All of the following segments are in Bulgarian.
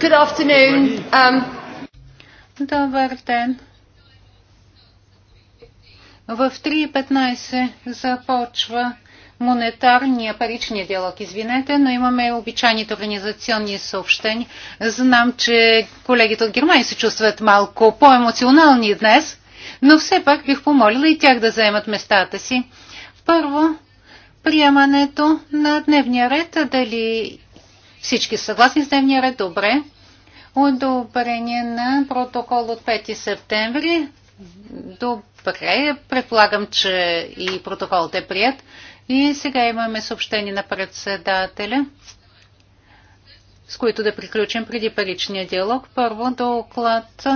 Good afternoon. Um... Добър ден. В 3.15 започва монетарния паричния диалог, извинете, но имаме обичайните организационни съобщения. Знам, че колегите от Германия се чувстват малко по-емоционални днес, но все пак бих помолила и тях да заемат местата си. Първо, приемането на дневния ред, дали всички съгласни с дневния ред? Добре. Одобрение на протокол от 5 септември. Добре. Предполагам, че и протоколът е прият. И сега имаме съобщение на председателя с които да приключим преди паричния диалог. Първо доклад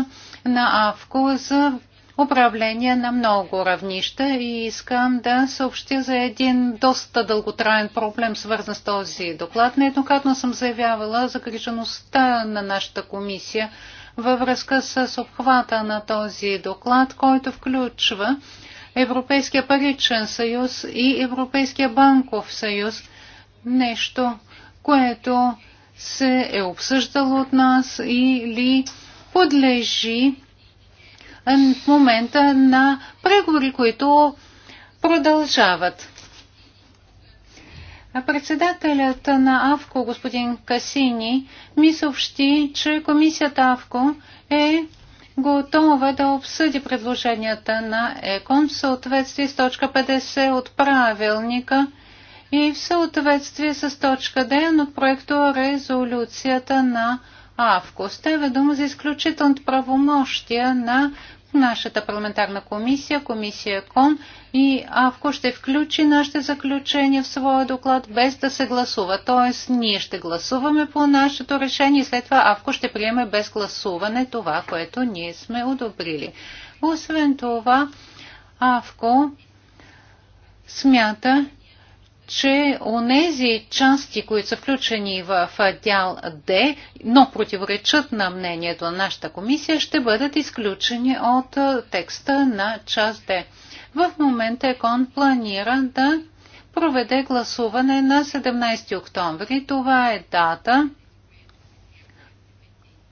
на АВКО за управление на много равнища и искам да съобщя за един доста дълготраен проблем, свързан с този доклад. Нееднократно съм заявявала загрижеността на нашата комисия във връзка с обхвата на този доклад, който включва Европейския паричен съюз и Европейския банков съюз. Нещо, което се е обсъждало от нас или подлежи в момента на преговори, които продължават. Председателят на АВКО, господин Касини, ми съобщи, че комисията АВКО е готова да обсъди предложенията на ЕКОН в съответствие с точка 50 от правилника и в съответствие с точка 9 от проекто резолюцията на АВКО. Става дума за изключителните правомощия на нашата парламентарна комисия, комисия КОН и АВКО ще включи нашите заключения в своя доклад без да се гласува. Тоест ние ще гласуваме по нашето решение и след това АВКО ще приеме без гласуване това, което ние сме одобрили. Освен това, АВКО смята, че онези части, които са включени в дял Д, но противоречат на мнението на нашата комисия, ще бъдат изключени от текста на част Д. В момента ЕКОН планира да проведе гласуване на 17 октомври. Това е дата,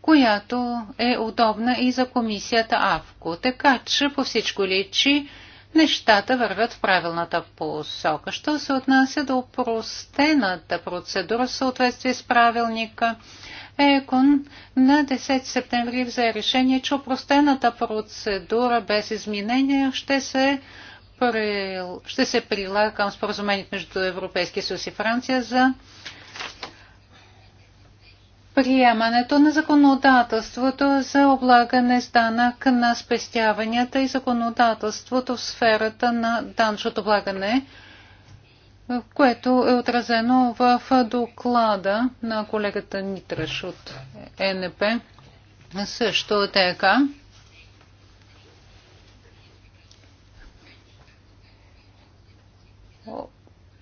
която е удобна и за комисията АВКО. Така че по всичко личи, нещата вървят в правилната посока. Що се отнася до простената процедура в съответствие с правилника, ЕКОН на 10 септември взе решение, че упростената процедура без изменения ще се ще се прилага към споразумението между Европейския съюз и Франция за приемането на законодателството за облагане с данък на спестяванията и законодателството в сферата на данчото облагане, което е отразено в доклада на колегата Нитраш от ЕНП. Също е така,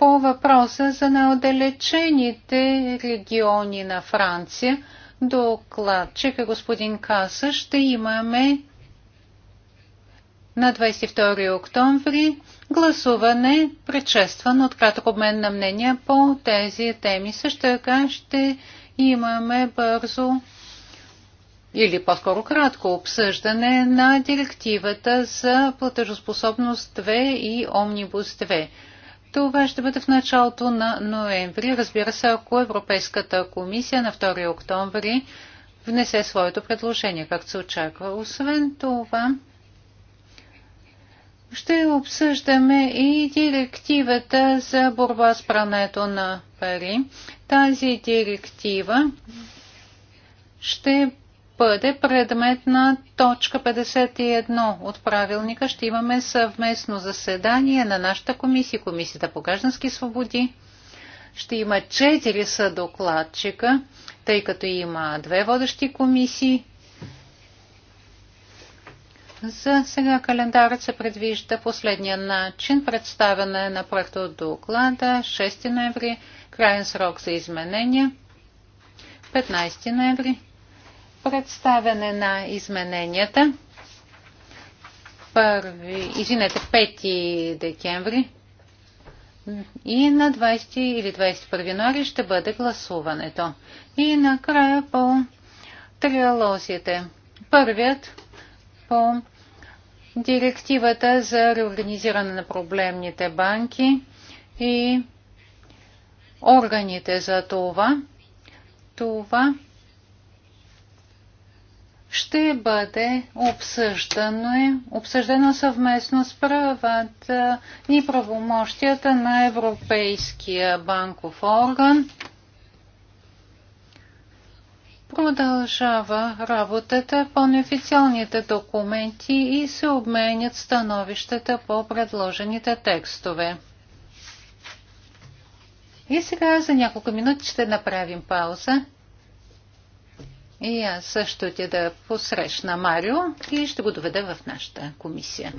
по въпроса за неотдалечените региони на Франция. Докладчика е господин Каса ще имаме на 22 октомври гласуване, предшестван от кратък обмен на мнения по тези теми. Също така ще имаме бързо или по-скоро кратко обсъждане на директивата за платежоспособност 2 и Омнибус 2. Това ще бъде в началото на ноември. Разбира се, ако Европейската комисия на 2 октомври внесе своето предложение, както се очаква. Освен това, ще обсъждаме и директивата за борба с прането на пари. Тази директива ще бъде предмет на точка 51 от правилника. Ще имаме съвместно заседание на нашата комисия, Комисията по граждански свободи. Ще има 4 съдокладчика, тъй като има две водещи комисии. За сега календарът се предвижда последния начин. Представяне на проекта от доклада 6 ноември, крайен срок за изменения 15 ноември представяне на измененията. Първи, извинете, 5 декември и на 20 или 21 януари ще бъде гласуването. И накрая по триалозите. Първият по директивата за реорганизиране на проблемните банки и органите за това. Това ще бъде обсъждано, е, обсъждано съвместно с правата и правомощията на Европейския банков орган. Продължава работата по неофициалните документи и се обменят становищата по предложените текстове. И сега за няколко минути ще направим пауза. И аз също ще да посрещна Марио и ще го доведа в нашата комисия.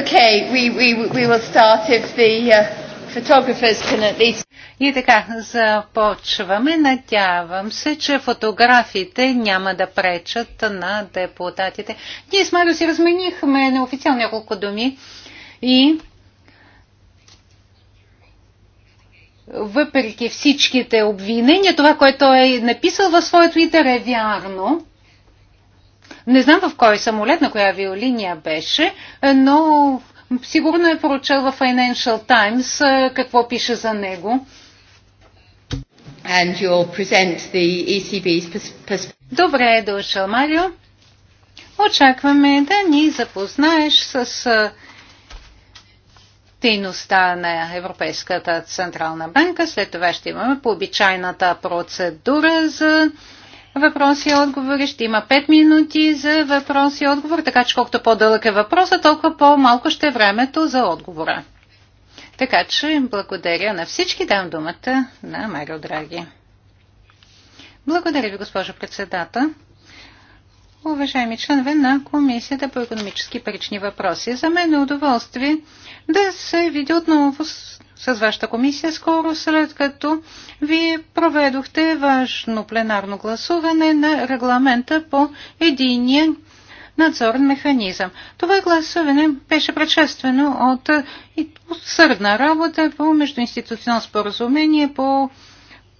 Okay, we, we, we will start if the uh, photographers can at least... И така, започваме. Надявам се, че фотографите няма да пречат на депутатите. Ние с Марио си разменихме неофициално няколко думи и въпреки всичките обвинения, това, което е написал във своето интер е вярно. Не знам в кой самолет, на коя авиолиния беше, е, но сигурно е поручал в Financial Times е, какво пише за него. And you'll present the ECB's Добре е дошъл, Марио. Очакваме да ни запознаеш с е, дейността на Европейската Централна банка. След това ще имаме по обичайната процедура за въпроси и отговори. Ще има 5 минути за въпроси и отговор, така че колкото по-дълъг е въпросът, толкова по-малко ще е времето за отговора. Така че благодаря на всички. Дам думата на Марио Драги. Благодаря ви, госпожо председател. Уважаеми членове на Комисията по економически парични въпроси, за мен е удоволствие да се видя отново с с вашата комисия скоро след като вие проведохте важно пленарно гласуване на регламента по единия надзорен механизъм. Това гласуване беше предшествено от усърдна работа по междуинституционално споразумение по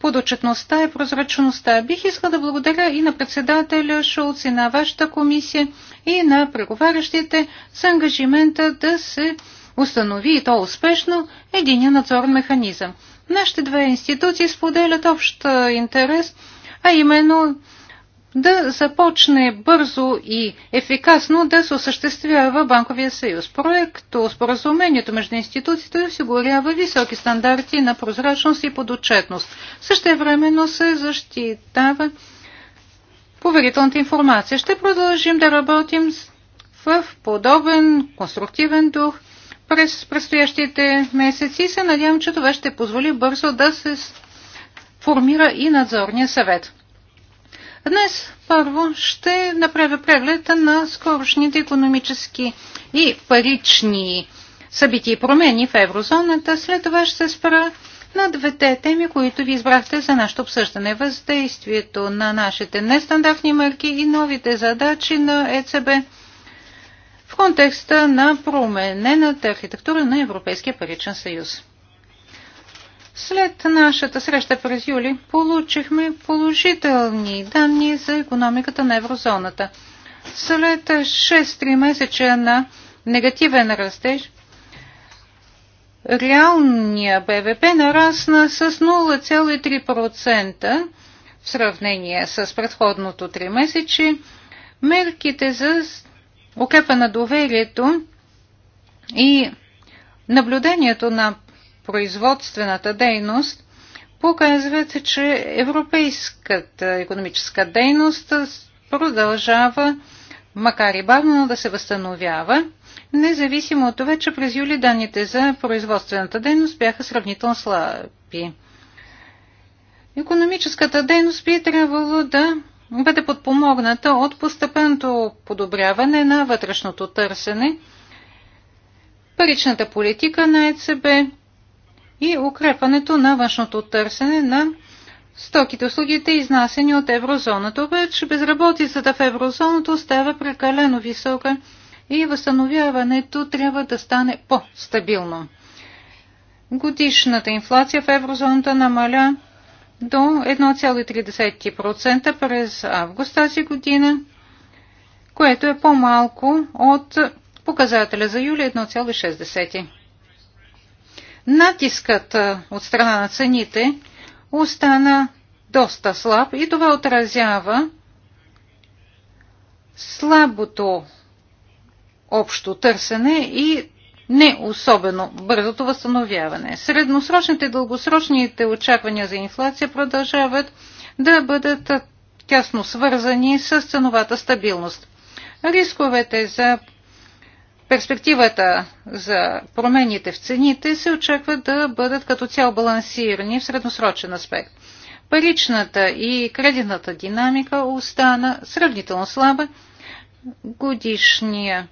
подочетността и прозрачността. Бих искал да благодаря и на председателя Шулц и на вашата комисия и на преговарящите с ангажимента да се установи и то успешно единия надзорен механизъм. Нашите две институции споделят общ интерес, а именно да започне бързо и ефикасно да се осъществява банковия съюз. Проекто споразумението между институциите осигурява високи стандарти на прозрачност и подотчетност. Същевременно се защитава поверителната информация. Ще продължим да работим в подобен конструктивен дух през предстоящите месеци и се надявам, че това ще позволи бързо да се формира и надзорния съвет. Днес първо ще направя преглед на скорошните економически и парични събития и промени в еврозоната. След това ще се спра на двете теми, които ви избрахте за нашето обсъждане. Въздействието на нашите нестандартни мерки и новите задачи на ЕЦБ – контекста на променената архитектура на Европейския паричен съюз. След нашата среща през юли получихме положителни данни за економиката на еврозоната. След 6-3 месеца на негативен растеж, реалният БВП нарасна с 0,3% в сравнение с предходното 3 месечи. Мерките за укрепа на доверието и наблюдението на производствената дейност показват, че европейската економическа дейност продължава, макар и бавно, да се възстановява, независимо от това, че през юли данните за производствената дейност бяха сравнително слаби. Економическата дейност би трябвало да бъде подпомогната от постепенното подобряване на вътрешното търсене, паричната политика на ЕЦБ и укрепването на външното търсене на стоките, услугите, изнасени от еврозоната. Обаче безработицата в еврозоната остава прекалено висока и възстановяването трябва да стане по-стабилно. Годишната инфлация в еврозоната намаля до 1,3% през август тази година, което е по-малко от показателя за юли 1,6%. Натискът от страна на цените остана доста слаб и това отразява слабото общо търсене и не особено бързото възстановяване. Средносрочните и дългосрочните очаквания за инфлация продължават да бъдат тясно свързани с ценовата стабилност. Рисковете за перспективата за промените в цените се очаква да бъдат като цяло балансирани в средносрочен аспект. Паричната и кредитната динамика остана сравнително слаба. Годишния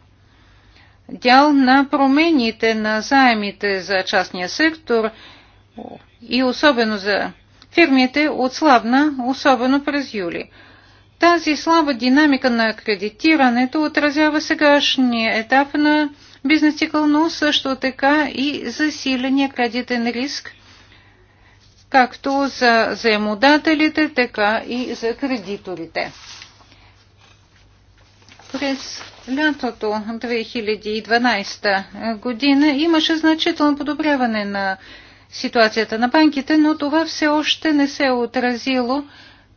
дял на промените на заемите за частния сектор и особено за фирмите отслабна, особено през юли. Тази слаба динамика на кредитирането отразява сегашния етап на бизнес цикъл, но също така и засиления кредитен риск, както за заемодателите, така и за кредиторите. През лятото 2012 година имаше значително подобряване на ситуацията на банките, но това все още не се е отразило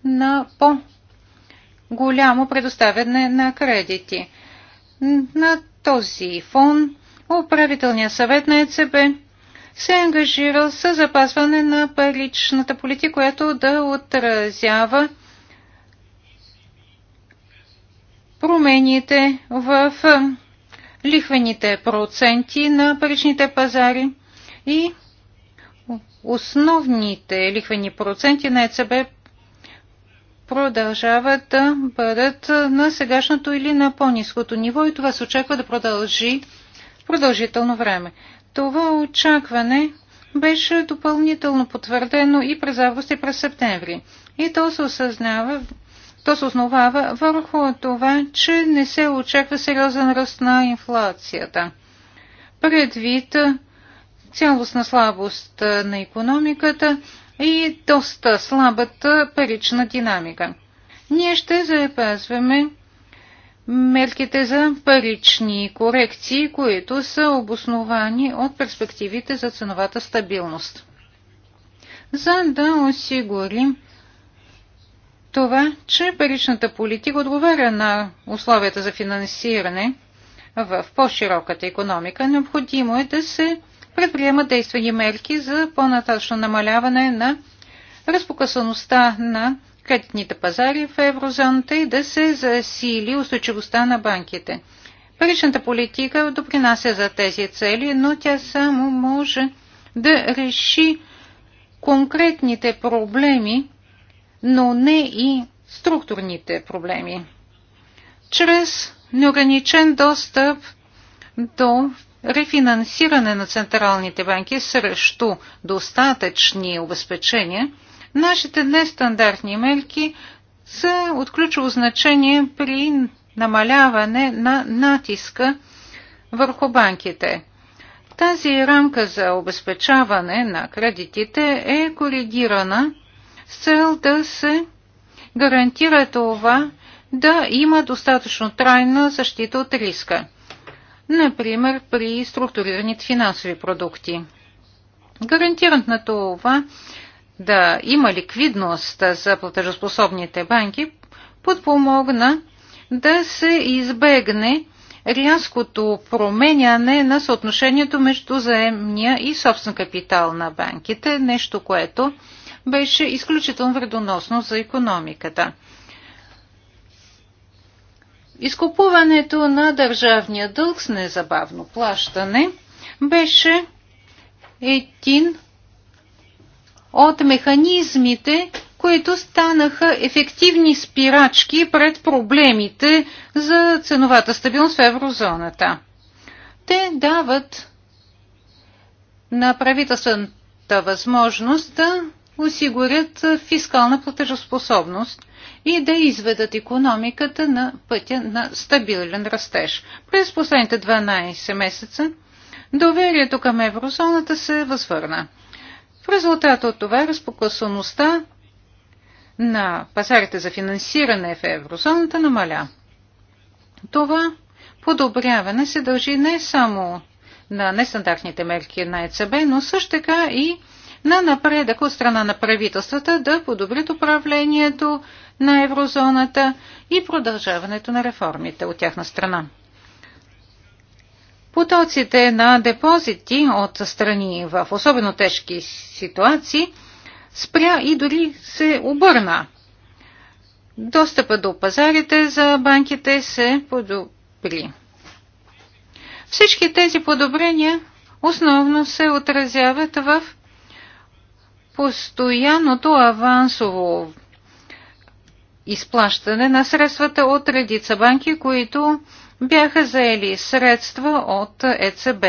на по-голямо предоставяне на кредити. На този фон управителният съвет на ЕЦБ се е ангажирал с запазване на паричната политика, която да отразява промените в лихвените проценти на паричните пазари и основните лихвени проценти на ЕЦБ продължават да бъдат на сегашното или на по-низкото ниво и това се очаква да продължи продължително време. Това очакване беше допълнително потвърдено и през август и през септември. И то се осъзнава то се основава върху това, че не се очаква сериозен ръст на инфлацията. Предвид цялостна слабост на економиката и доста слабата парична динамика. Ние ще запазваме мерките за парични корекции, които са обосновани от перспективите за ценовата стабилност. За да осигурим това, че паричната политика отговаря на условията за финансиране в по-широката економика, необходимо е да се предприемат действени мерки за по-нататъчно намаляване на разпокъсаността на кредитните пазари в еврозоната и да се засили устойчивостта на банките. Паричната политика допринася за тези цели, но тя само може да реши конкретните проблеми, но не и структурните проблеми. Чрез неограничен достъп до рефинансиране на централните банки срещу достатъчни обезпечения, нашите нестандартни мерки са от ключово значение при намаляване на натиска върху банките. Тази рамка за обезпечаване на кредитите е коригирана с цел да се гарантира това да има достатъчно трайна защита от риска. Например, при структурираните финансови продукти. Гарантирането на това да има ликвидност за платежоспособните банки подпомогна да се избегне рязкото променяне на съотношението между заемния и собствен капитал на банките, нещо, което беше изключително вредоносно за економиката. Изкупуването на държавния дълг с незабавно плащане беше един от механизмите, които станаха ефективни спирачки пред проблемите за ценовата стабилност в еврозоната. Те дават на правителствената възможност да осигурят фискална платежоспособност и да изведат економиката на пътя на стабилен растеж. През последните 12 месеца доверието към еврозоната се възвърна. В резултат от това разпокъсаността на пазарите за финансиране в еврозоната намаля. Това подобряване се дължи не само на нестандартните мерки на ЕЦБ, но също така и на напредък от страна на правителствата да подобрят управлението на еврозоната и продължаването на реформите от тяхна страна. Потоците на депозити от страни в особено тежки ситуации спря и дори се обърна. Достъпа до пазарите за банките се подобри. Всички тези подобрения основно се отразяват в постоянното авансово изплащане на средствата от редица банки, които бяха заели средства от ЕЦБ.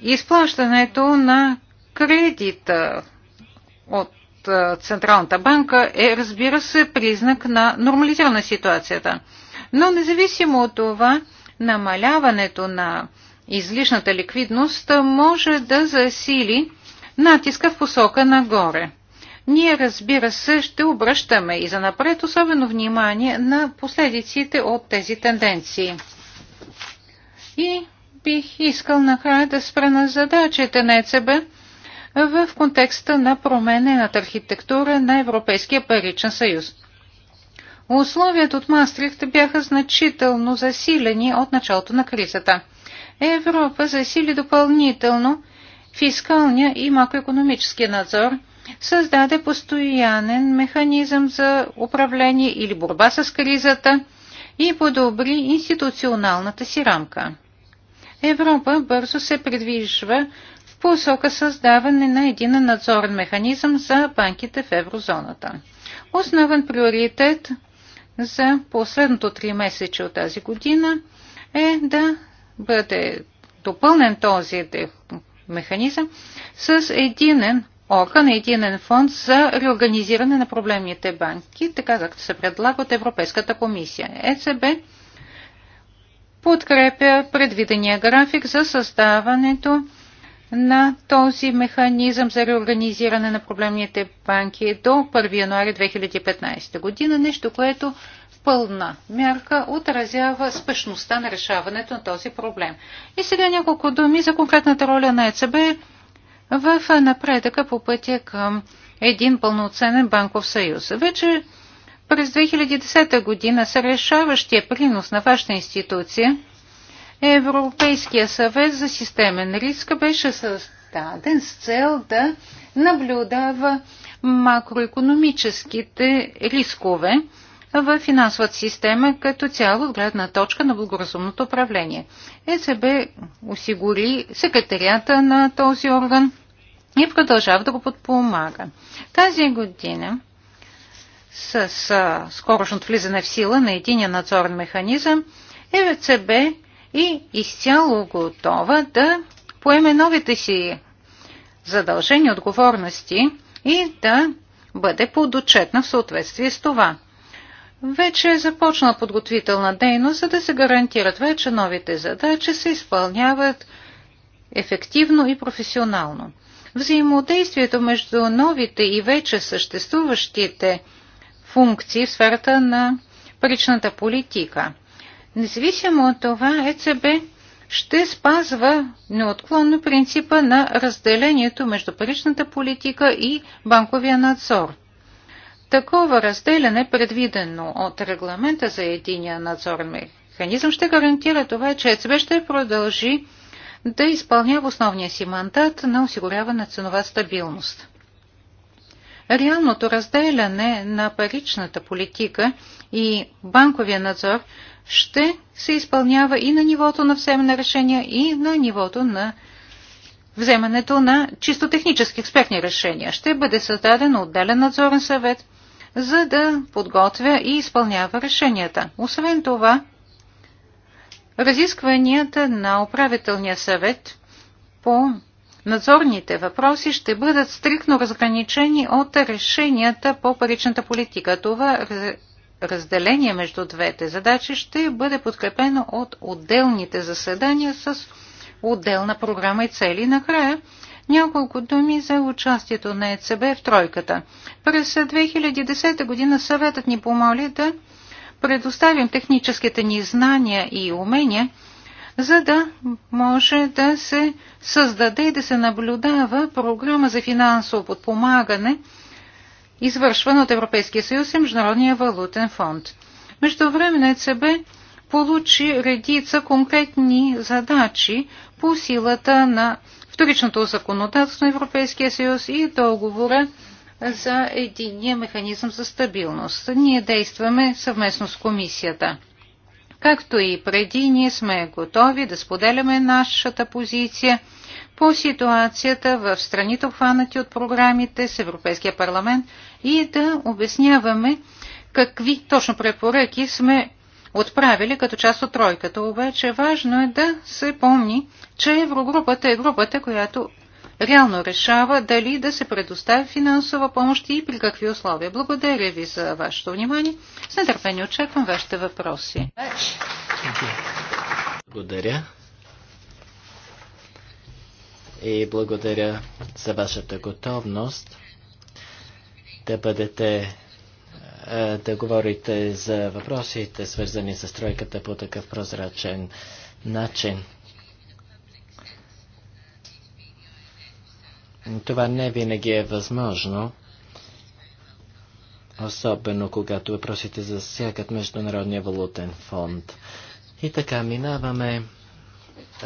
Изплащането на кредита от Централната банка е, разбира се, признак на нормализирана ситуацията. Но независимо от това, намаляването на излишната ликвидност може да засили натиска в посока нагоре. Ние, разбира се, ще обръщаме и занапред особено внимание на последиците от тези тенденции. И бих искал накрая да спра на задачите на ЕЦБ в контекста на променената архитектура на Европейския паричен съюз. Условията от Мастрихт бяха значително засилени от началото на кризата – Европа засили допълнително фискалния и макроекономически надзор, създаде постоянен механизъм за управление или борба с кризата и подобри институционалната си рамка. Европа бързо се придвижва в посока създаване на един надзорен механизъм за банките в еврозоната. Основен приоритет за последното три месече от тази година е да бъде допълнен този механизъм с единен орган, единен фонд за реорганизиране на проблемните банки, така както се предлага от Европейската комисия. ЕЦБ подкрепя предвидения график за създаването на този механизъм за реорганизиране на проблемните банки до 1 януари 2015 година, нещо, което пълна мярка отразява спешността на решаването на този проблем. И сега няколко думи за конкретната роля на ЕЦБ в напредъка по пътя към един пълноценен банков съюз. Вече през 2010 година с решаващия принос на вашата институция Европейския съвет за системен риск беше създаден с цел да наблюдава макроекономическите рискове в финансовата система като цяло от гледна точка на благоразумното управление. ЕЦБ осигури секретарията на този орган и продължава да го подпомага. Тази година с скорошното влизане в сила на единия надзорен механизъм ЕЦБ и изцяло готова да поеме новите си задължени отговорности и да бъде подотчетна в съответствие с това вече е започнала подготвителна дейност, за да се гарантират вече новите задачи се изпълняват ефективно и професионално. Взаимодействието между новите и вече съществуващите функции в сферата на паричната политика. Независимо от това, ЕЦБ ще спазва неотклонно принципа на разделението между паричната политика и банковия надзор. Такова разделяне, предвидено от регламента за единия надзорен механизъм, ще гарантира това, че ЕЦБ ще продължи да изпълнява основния си мандат на осигуряване на ценова стабилност. Реалното разделяне на паричната политика и банковия надзор ще се изпълнява и на нивото на вземане решения, и на нивото на вземането на чисто технически експертни решения. Ще бъде създаден отделен надзорен съвет – за да подготвя и изпълнява решенията. Освен това, разискванията на управителния съвет по надзорните въпроси ще бъдат стрикно разграничени от решенията по паричната политика. Това разделение между двете задачи ще бъде подкрепено от отделните заседания с отделна програма и цели. Накрая няколко думи за участието на ЕЦБ в тройката. През 2010 година съветът ни помоли да предоставим техническите ни знания и умения, за да може да се създаде и да се наблюдава програма за финансово подпомагане, извършвана от Европейския съюз и Международния валутен фонд. Междувременно ЕЦБ получи редица конкретни задачи по силата на вторичното законодателство на Европейския съюз и договора за единия механизъм за стабилност. Ние действаме съвместно с комисията. Както и преди, ние сме готови да споделяме нашата позиция по ситуацията в страните обхванати от програмите с Европейския парламент и да обясняваме какви точно препоръки сме отправили като част от тройката. Обаче важно е да се помни, че еврогрупата е групата, която реално решава дали да се предостави финансова помощ и при какви условия. Благодаря ви за вашето внимание. С нетърпение очаквам вашите въпроси. Благодаря. И благодаря за вашата готовност да бъдете е, да говорите за въпросите, свързани с тройката по такъв прозрачен начин. Това не винаги е възможно, особено когато въпросите засягат Международния валутен фонд. И така, минаваме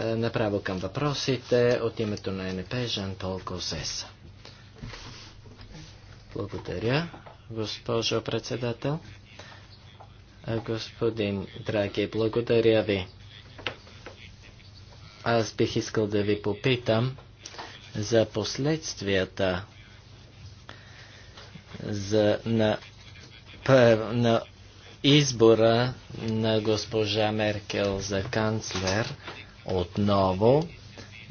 е, направо към въпросите от името на НП Жан Толко Сеса. Благодаря госпожо председател. Господин Драги, благодаря ви. Аз бих искал да ви попитам за последствията за, на, на избора на госпожа Меркел за канцлер отново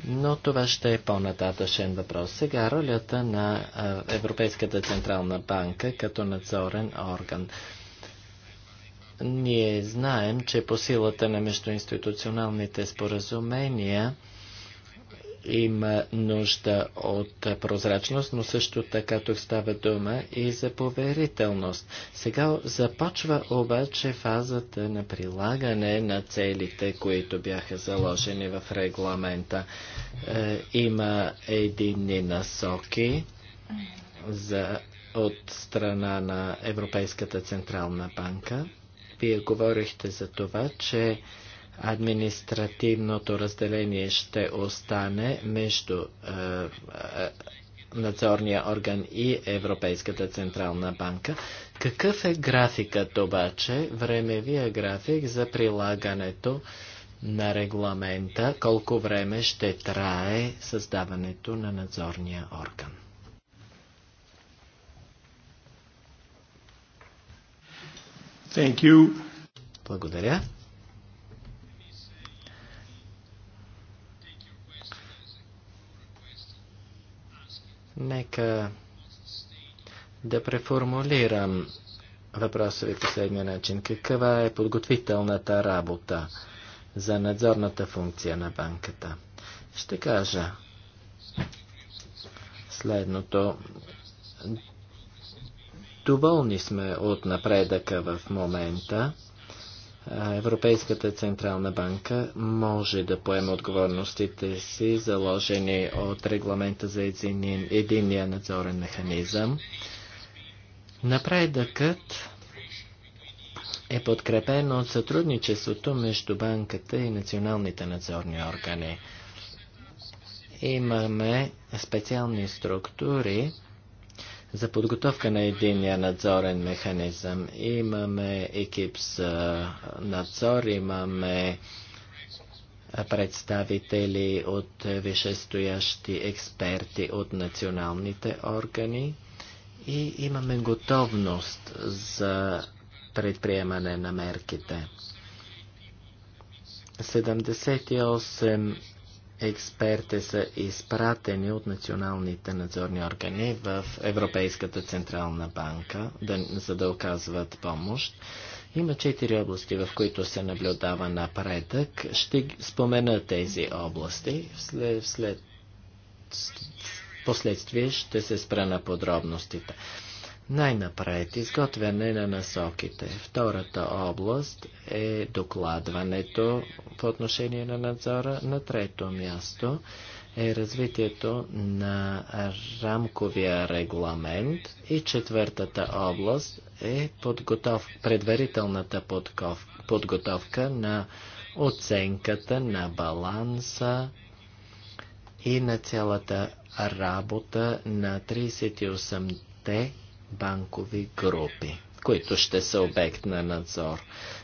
но това ще е по-нататъчен въпрос. Сега ролята на Европейската Централна банка като надзорен орган. Ние знаем, че по силата на междуинституционалните споразумения има нужда от прозрачност, но също така тук става дума и за поверителност. Сега започва обаче фазата на прилагане на целите, които бяха заложени в регламента. Е, има единни насоки за, от страна на Европейската Централна банка. Вие говорихте за това, че административното разделение ще остане между е, е, надзорния орган и Европейската централна банка. Какъв е графикът обаче, времевия график за прилагането на регламента, колко време ще трае създаването на надзорния орган? Thank you. Благодаря. нека да преформулирам въпроса ви последния начин. Каква е подготвителната работа за надзорната функция на банката? Ще кажа следното. Доволни сме от напредъка в момента. Европейската централна банка може да поеме отговорностите си, заложени от регламента за единия, надзорен механизъм. Напредъкът е подкрепен от сътрудничеството между банката и националните надзорни органи. Имаме специални структури, за подготовка на единия надзорен механизъм имаме екип за надзор, имаме представители от висшестоящи експерти от националните органи и имаме готовност за предприемане на мерките. 78 експерти са изпратени от националните надзорни органи в Европейската централна банка, да, за да оказват помощ. Има четири области, в които се наблюдава напредък. Ще спомена тези области. След, след, последствие ще се спра на подробностите. Най-напред изготвяне на насоките. Втората област е докладването по отношение на надзора. На трето място е развитието на рамковия регламент и четвъртата област е подготов, предварителната подков... подготовка на оценката на баланса и на цялата работа на 38-те банкови групи, които ще са обект на надзор.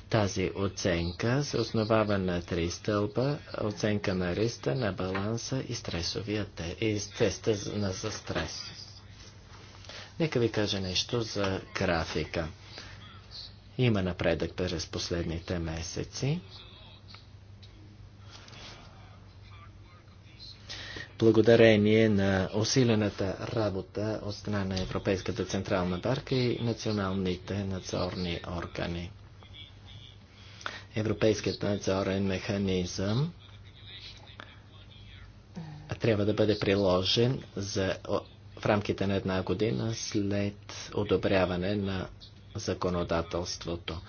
Тази оценка се основава на три стълба – оценка на риста, на баланса и стресовия те, и теста на за стрес. Нека ви кажа нещо за графика. Има напредък през последните месеци. благодарение на усилената работа от страна на Европейската централна банка и националните надзорни органи. Европейският надзорен механизъм трябва да бъде приложен за, в рамките на една година след одобряване на законодателството.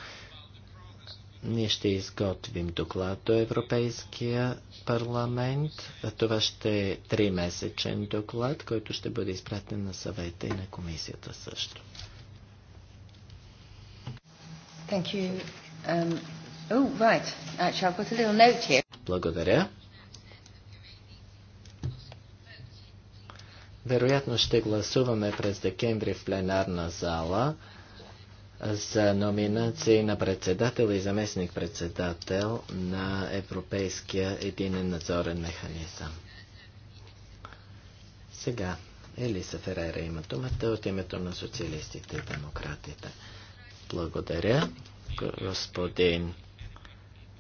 Ние ще изготвим доклад до Европейския парламент. Това ще е тримесечен доклад, който ще бъде изпратен на съвета и на комисията също. Thank you. Um, oh, right. Actually, I've got a little note here. Благодаря. Вероятно ще гласуваме през декември в пленарна зала за номинации на председател и заместник-председател на Европейския единен надзорен механизъм. Сега Елиса Ферера има думата от името на социалистите и демократите. Благодаря, господин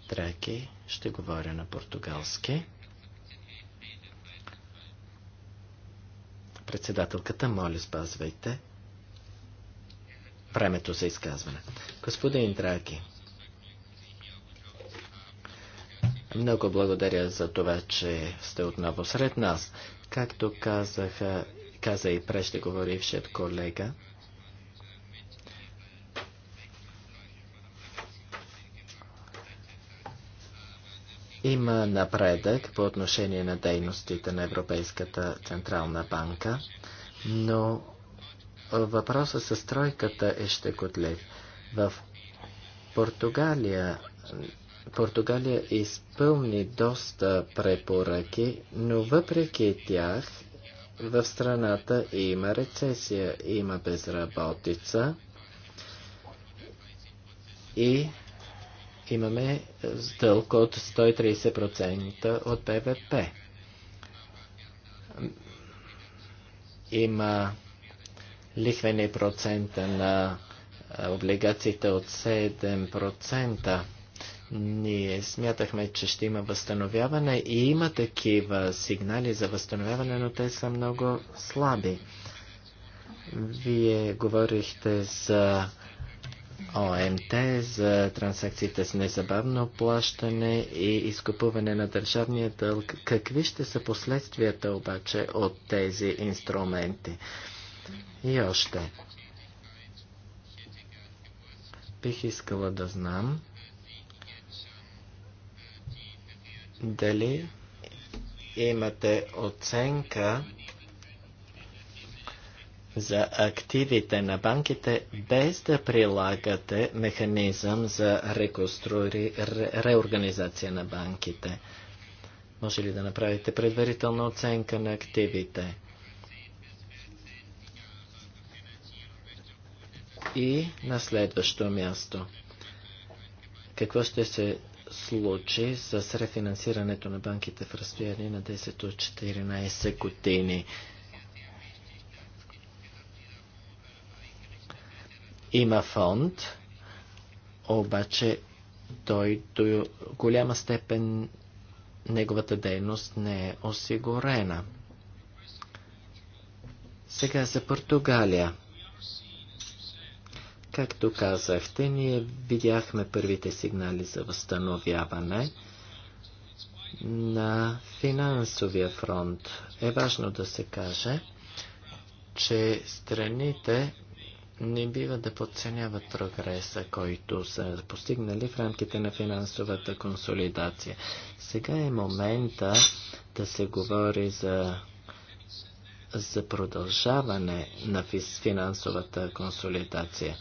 Траки. Ще говоря на португалски. Председателката, моля, спазвайте времето за изказване. Господин Драки, много благодаря за това, че сте отново сред нас. Както казаха, каза и преждеговорившият колега, Има напредък по отношение на дейностите на Европейската Централна банка, но въпроса с тройката е щекотлив. В Португалия Португалия изпълни доста препоръки, но въпреки тях в страната има рецесия, има безработица и имаме дълг от 130% от ПВП. Има лихвени процента на облигациите от 7%. Ние смятахме, че ще има възстановяване и има такива сигнали за възстановяване, но те са много слаби. Вие говорихте за ОМТ, за транзакциите с незабавно плащане и изкупуване на държавния дълг. Какви ще са последствията обаче от тези инструменти? И още. Бих искала да знам дали имате оценка за активите на банките, без да прилагате механизъм за реконструи... ре... реорганизация на банките. Може ли да направите предварителна оценка на активите? И на следващо място. Какво ще се случи с рефинансирането на банките в разстояние на 10 от 14 години? Има фонд, обаче той до голяма степен неговата дейност не е осигурена. Сега за Португалия. Както казахте, ние видяхме първите сигнали за възстановяване на финансовия фронт. Е важно да се каже, че страните не бива да подценяват прогреса, който са постигнали в рамките на финансовата консолидация. Сега е момента да се говори за, за продължаване на финансовата консолидация.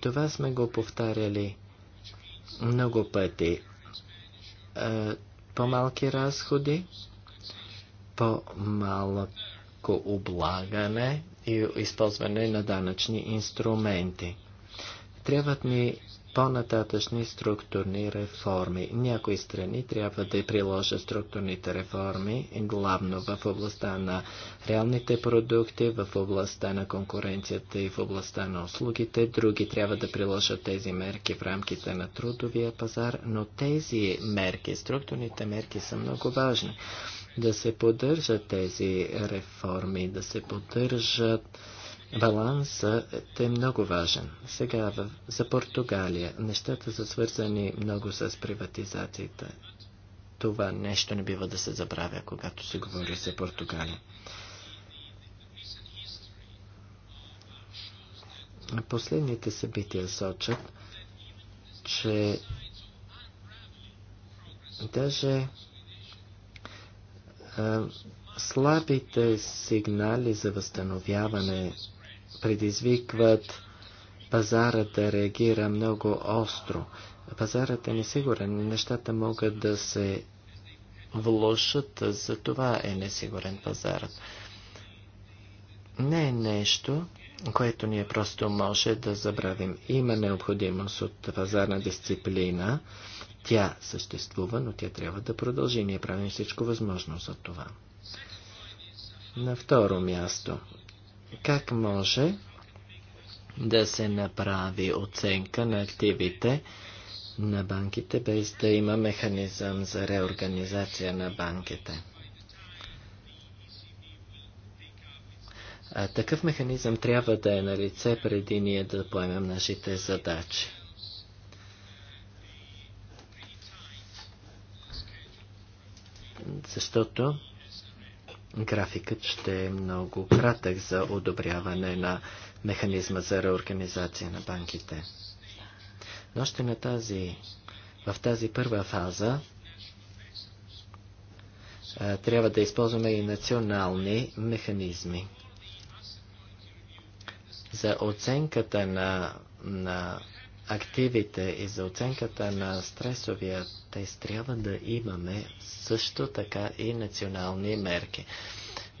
Това сме го повтаряли много пъти. По-малки разходи, по-малко облагане и използване на данъчни инструменти. Трябват ни по-нататъчни структурни реформи. Някои страни трябва да приложат структурните реформи, главно в областта на реалните продукти, в областта на конкуренцията и в областта на услугите. Други трябва да приложат тези мерки в рамките на трудовия пазар, но тези мерки, структурните мерки са много важни. Да се поддържат тези реформи, да се поддържат балансът е, е много важен. Сега за Португалия нещата са свързани много с приватизацията. Това нещо не бива да се забравя, когато се говори за Португалия. Последните събития сочат, че даже а, слабите сигнали за възстановяване предизвикват пазара да реагира много остро. Пазарът е несигурен, нещата могат да се влошат, за това е несигурен пазарът. Не е нещо, което ние просто може да забравим. Има необходимост от пазарна дисциплина. Тя съществува, но тя трябва да продължи. Ние правим всичко възможно за това. На второ място, как може да се направи оценка на активите на банките, без да има механизъм за реорганизация на банките? А, такъв механизъм трябва да е на лице преди ние да поемем нашите задачи. Защото Графикът ще е много кратък за одобряване на механизма за реорганизация на банките. Но още на тази, в тази първа фаза трябва да използваме и национални механизми. За оценката на, на активите и за оценката на стресовия тест трябва да имаме също така и национални мерки.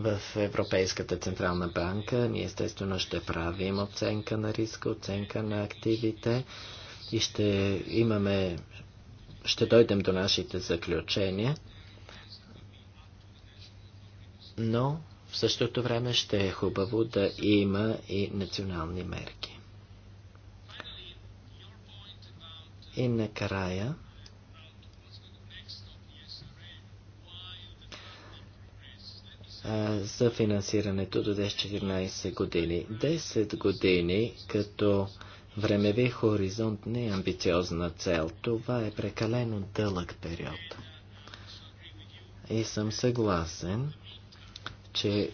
В Европейската Централна банка ние естествено ще правим оценка на риска, оценка на активите и ще имаме, ще дойдем до нашите заключения, но в същото време ще е хубаво да има и национални мерки. И накрая, за финансирането до 10-14 години. 10 години като времеви хоризонт не е амбициозна цел. Това е прекалено дълъг период. И съм съгласен, че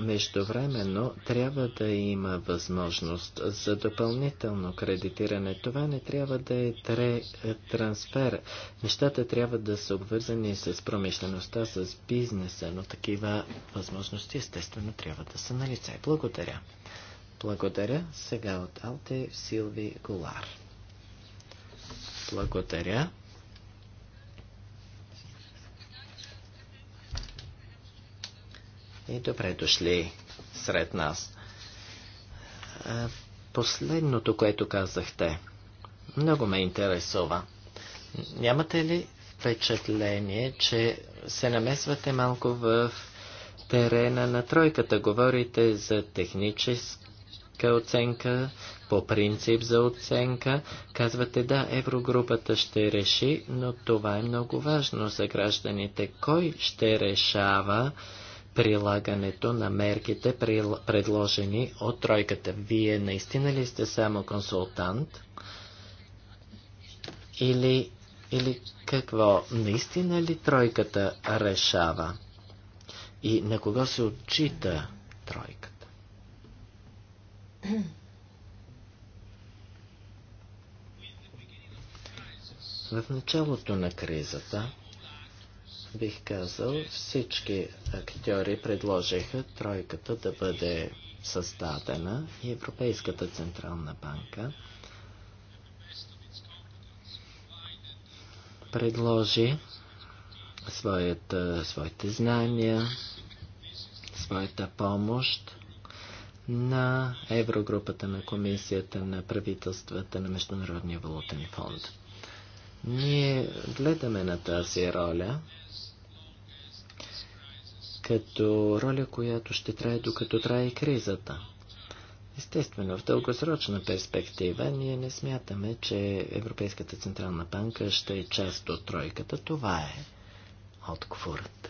Междувременно трябва да има възможност за допълнително кредитиране. Това не трябва да е тре, е, трансфер. Нещата трябва да са обвързани с промишлеността, с бизнеса, но такива възможности естествено трябва да са на лице. Благодаря. Благодаря. Сега от Алте Силви Голар. Благодаря. и добре дошли сред нас. Последното, което казахте, много ме интересува. Нямате ли впечатление, че се намесвате малко в терена на тройката? Говорите за техническа оценка, по принцип за оценка. Казвате да, еврогрупата ще реши, но това е много важно за гражданите. Кой ще решава? прилагането на мерките, предложени от тройката. Вие наистина ли сте само консултант? Или, или какво? Наистина ли тройката решава? И на кого се отчита тройката? В началото на кризата бих казал, всички актьори предложиха тройката да бъде създадена и Европейската Централна банка предложи своята, своите знания, своята помощ на Еврогрупата, на Комисията, на правителствата, на Международния валутен фонд. Ние гледаме на тази роля като роля, която ще трае докато трае кризата. Естествено, в дългосрочна перспектива ние не смятаме, че Европейската Централна банка ще е част от тройката. Това е отговорът.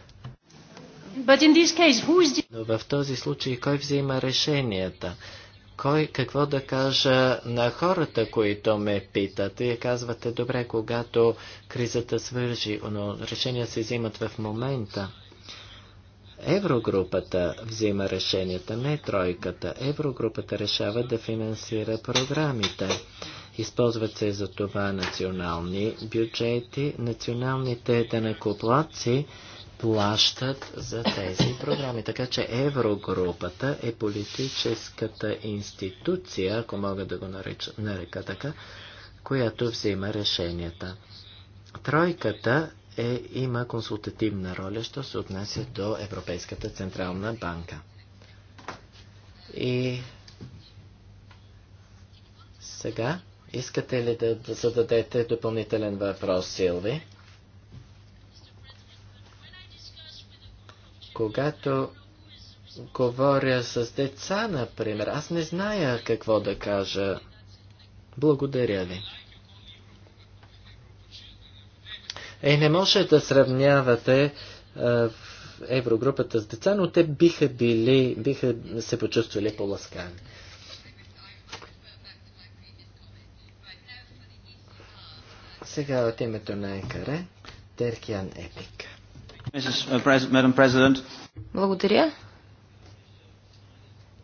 Но в този случай кой взима решенията? Кой какво да кажа на хората, които ме питат? Вие казвате, добре, когато кризата свържи, но решения се взимат в момента. Еврогрупата взима решенията, не тройката. Еврогрупата решава да финансира програмите. Използват се за това национални бюджети. Националните денакоплаци плащат за тези програми. Така че Еврогрупата е политическата институция, ако мога да го нарека така, която взима решенията. Тройката е, има консултативна роля, що се отнася до Европейската Централна банка. И сега, искате ли да зададете допълнителен въпрос, Силви? Когато говоря с деца, например, аз не зная какво да кажа. Благодаря ви. Е, не може да сравнявате е, в еврогрупата с деца, но те биха били, биха се почувствали по по-ласкани. Сега от името на Екаре, Теркиан Епик. Е, Благодаря.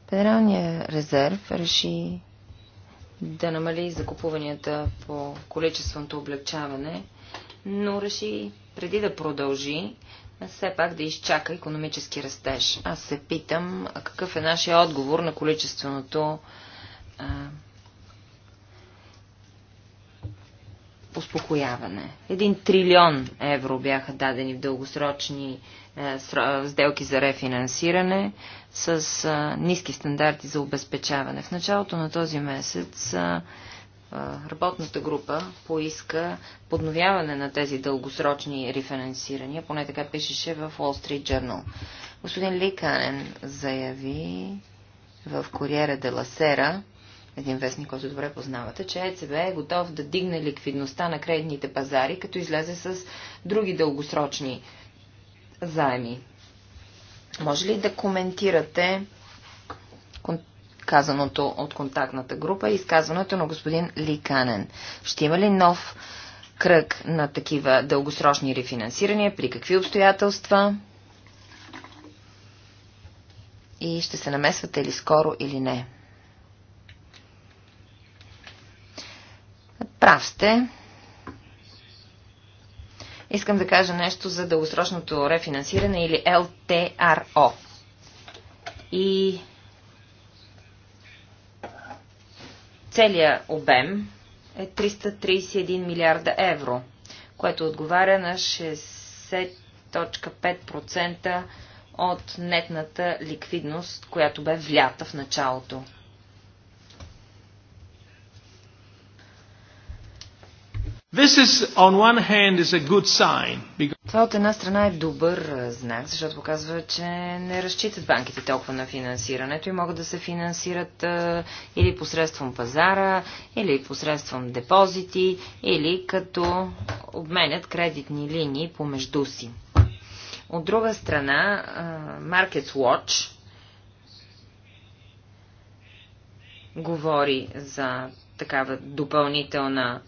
Федералният резерв реши да намали закупуванията по количественото облегчаване но реши преди да продължи, все пак да изчака економически растеж. Аз се питам какъв е нашия отговор на количественото а, успокояване. Един трилион евро бяха дадени в дългосрочни а, е, сделки за рефинансиране с а, ниски стандарти за обезпечаване. В началото на този месец а, работната група поиска подновяване на тези дългосрочни рефинансирания, поне така пишеше в Wall Street Journal. Господин Ликанен заяви в Куриера де Ласера, един вестник, който добре познавате, че ЕЦБ е готов да дигне ликвидността на кредитните пазари, като излезе с други дългосрочни заеми. Може ли да коментирате казаното от контактната група и изказването на господин Ли Канен. Ще има ли нов кръг на такива дългосрочни рефинансирания, при какви обстоятелства и ще се намесвате ли скоро или не. Прав сте. Искам да кажа нещо за дългосрочното рефинансиране или ЛТРО. И целият обем е 331 милиарда евро, което отговаря на 60.5% от нетната ликвидност, която бе влята в началото. Това от една страна е добър знак, защото показва, че не разчитат банките толкова на финансирането и могат да се финансират или посредством пазара, или посредством депозити, или като обменят кредитни линии помежду си. От друга страна, Markets Watch говори за такава допълнителна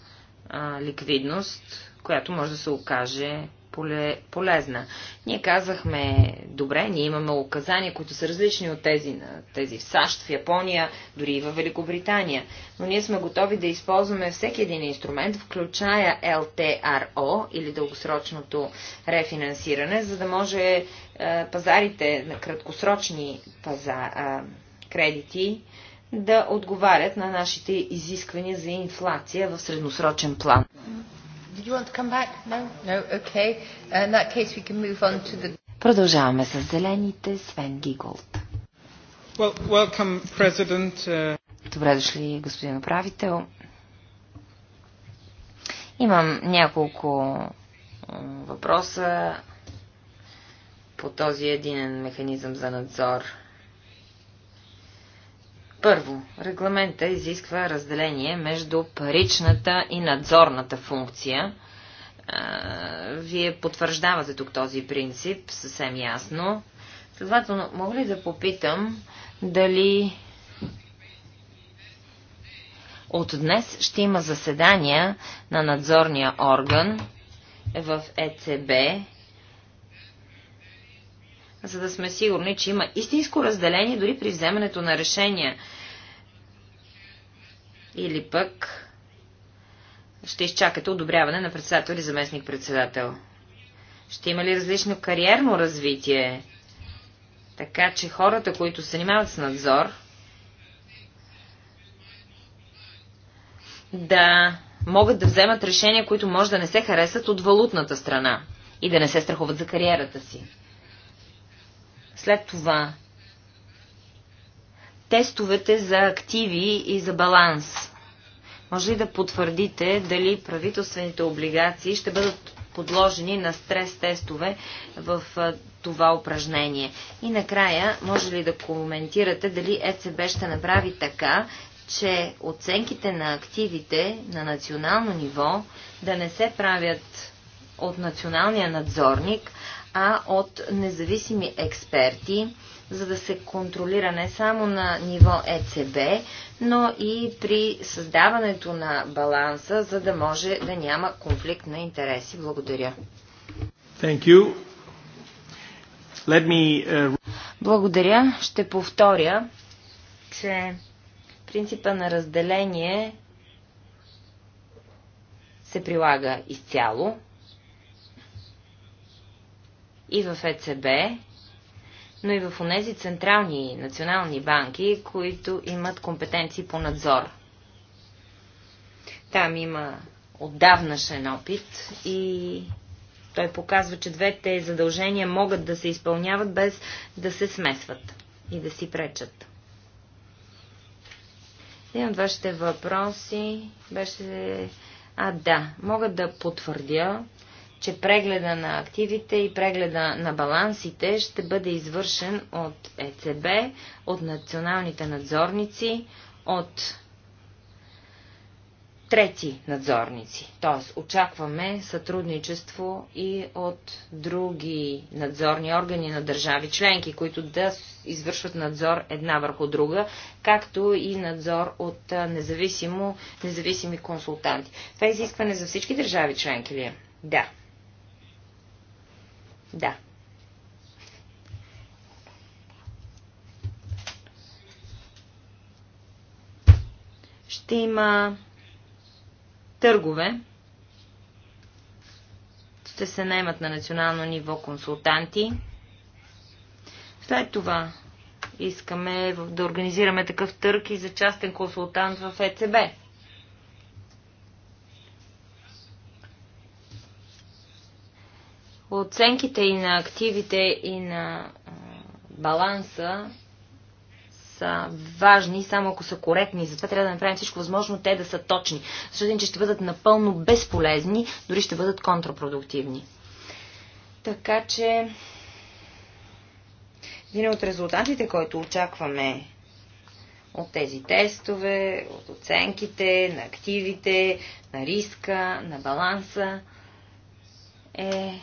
а, ликвидност, която може да се окаже поле, полезна. Ние казахме, добре, ние имаме указания, които са различни от тези, на тези в САЩ, в Япония, дори и в Великобритания. Но ние сме готови да използваме всеки един инструмент, включая LTRO или дългосрочното рефинансиране, за да може е, пазарите на краткосрочни паза, е, кредити да отговарят на нашите изисквания за инфлация в средносрочен план. Uh, Продължаваме с зелените Свен Гиголд. Well, uh, Добре дошли, господин управител. Имам няколко въпроса по този единен механизъм за надзор първо, регламента изисква разделение между паричната и надзорната функция. Вие потвърждавате тук този принцип съвсем ясно. Следователно, мога ли да попитам дали от днес ще има заседания на надзорния орган в ЕЦБ за да сме сигурни, че има истинско разделение дори при вземането на решения. Или пък ще изчакате одобряване на председател или заместник председател. Ще има ли различно кариерно развитие? Така че хората, които се занимават с надзор, да могат да вземат решения, които може да не се харесат от валутната страна и да не се страхуват за кариерата си. След това тестовете за активи и за баланс. Може ли да потвърдите дали правителствените облигации ще бъдат подложени на стрес тестове в това упражнение? И накрая, може ли да коментирате дали ЕЦБ ще направи така, че оценките на активите на национално ниво да не се правят от националния надзорник, а от независими експерти, за да се контролира не само на ниво ЕЦБ, но и при създаването на баланса, за да може да няма конфликт на интереси. Благодаря. Thank you. Let me, uh... Благодаря. Ще повторя, че принципа на разделение се прилага изцяло и в ЕЦБ, но и в онези централни национални банки, които имат компетенции по надзор. Там има отдавнашен опит и той показва, че двете задължения могат да се изпълняват без да се смесват и да си пречат. Един от вашите въпроси беше... А, да, мога да потвърдя, че прегледа на активите и прегледа на балансите ще бъде извършен от ЕЦБ, от националните надзорници, от трети надзорници. Т.е. очакваме сътрудничество и от други надзорни органи на държави членки, които да извършват надзор една върху друга, както и надзор от независимо, независими консултанти. Това е изискване за всички държави членки ли е? Да, да. Ще има търгове. Ще се наймат на национално ниво консултанти. След това искаме да организираме такъв търг и за частен консултант в ЕЦБ. Оценките и на активите и на баланса са важни, само ако са коректни. Затова трябва да направим всичко възможно те да са точни. Защото че ще бъдат напълно безполезни, дори ще бъдат контрапродуктивни. Така че един от резултатите, който очакваме от тези тестове, от оценките, на активите, на риска, на баланса, е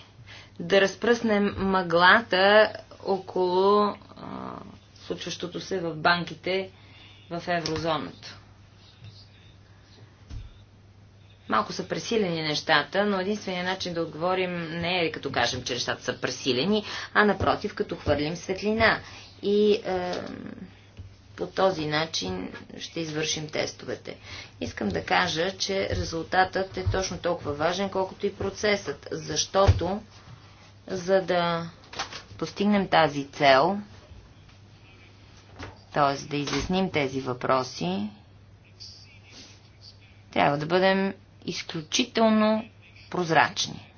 да разпръснем мъглата около а, случващото се в банките в еврозоната. Малко са пресилени нещата, но единственият начин да отговорим не е като кажем, че нещата са пресилени, а напротив, като хвърлим светлина. И е, по този начин ще извършим тестовете. Искам да кажа, че резултатът е точно толкова важен, колкото и процесът, защото за да постигнем тази цел, т.е. да изясним тези въпроси, трябва да бъдем изключително прозрачни.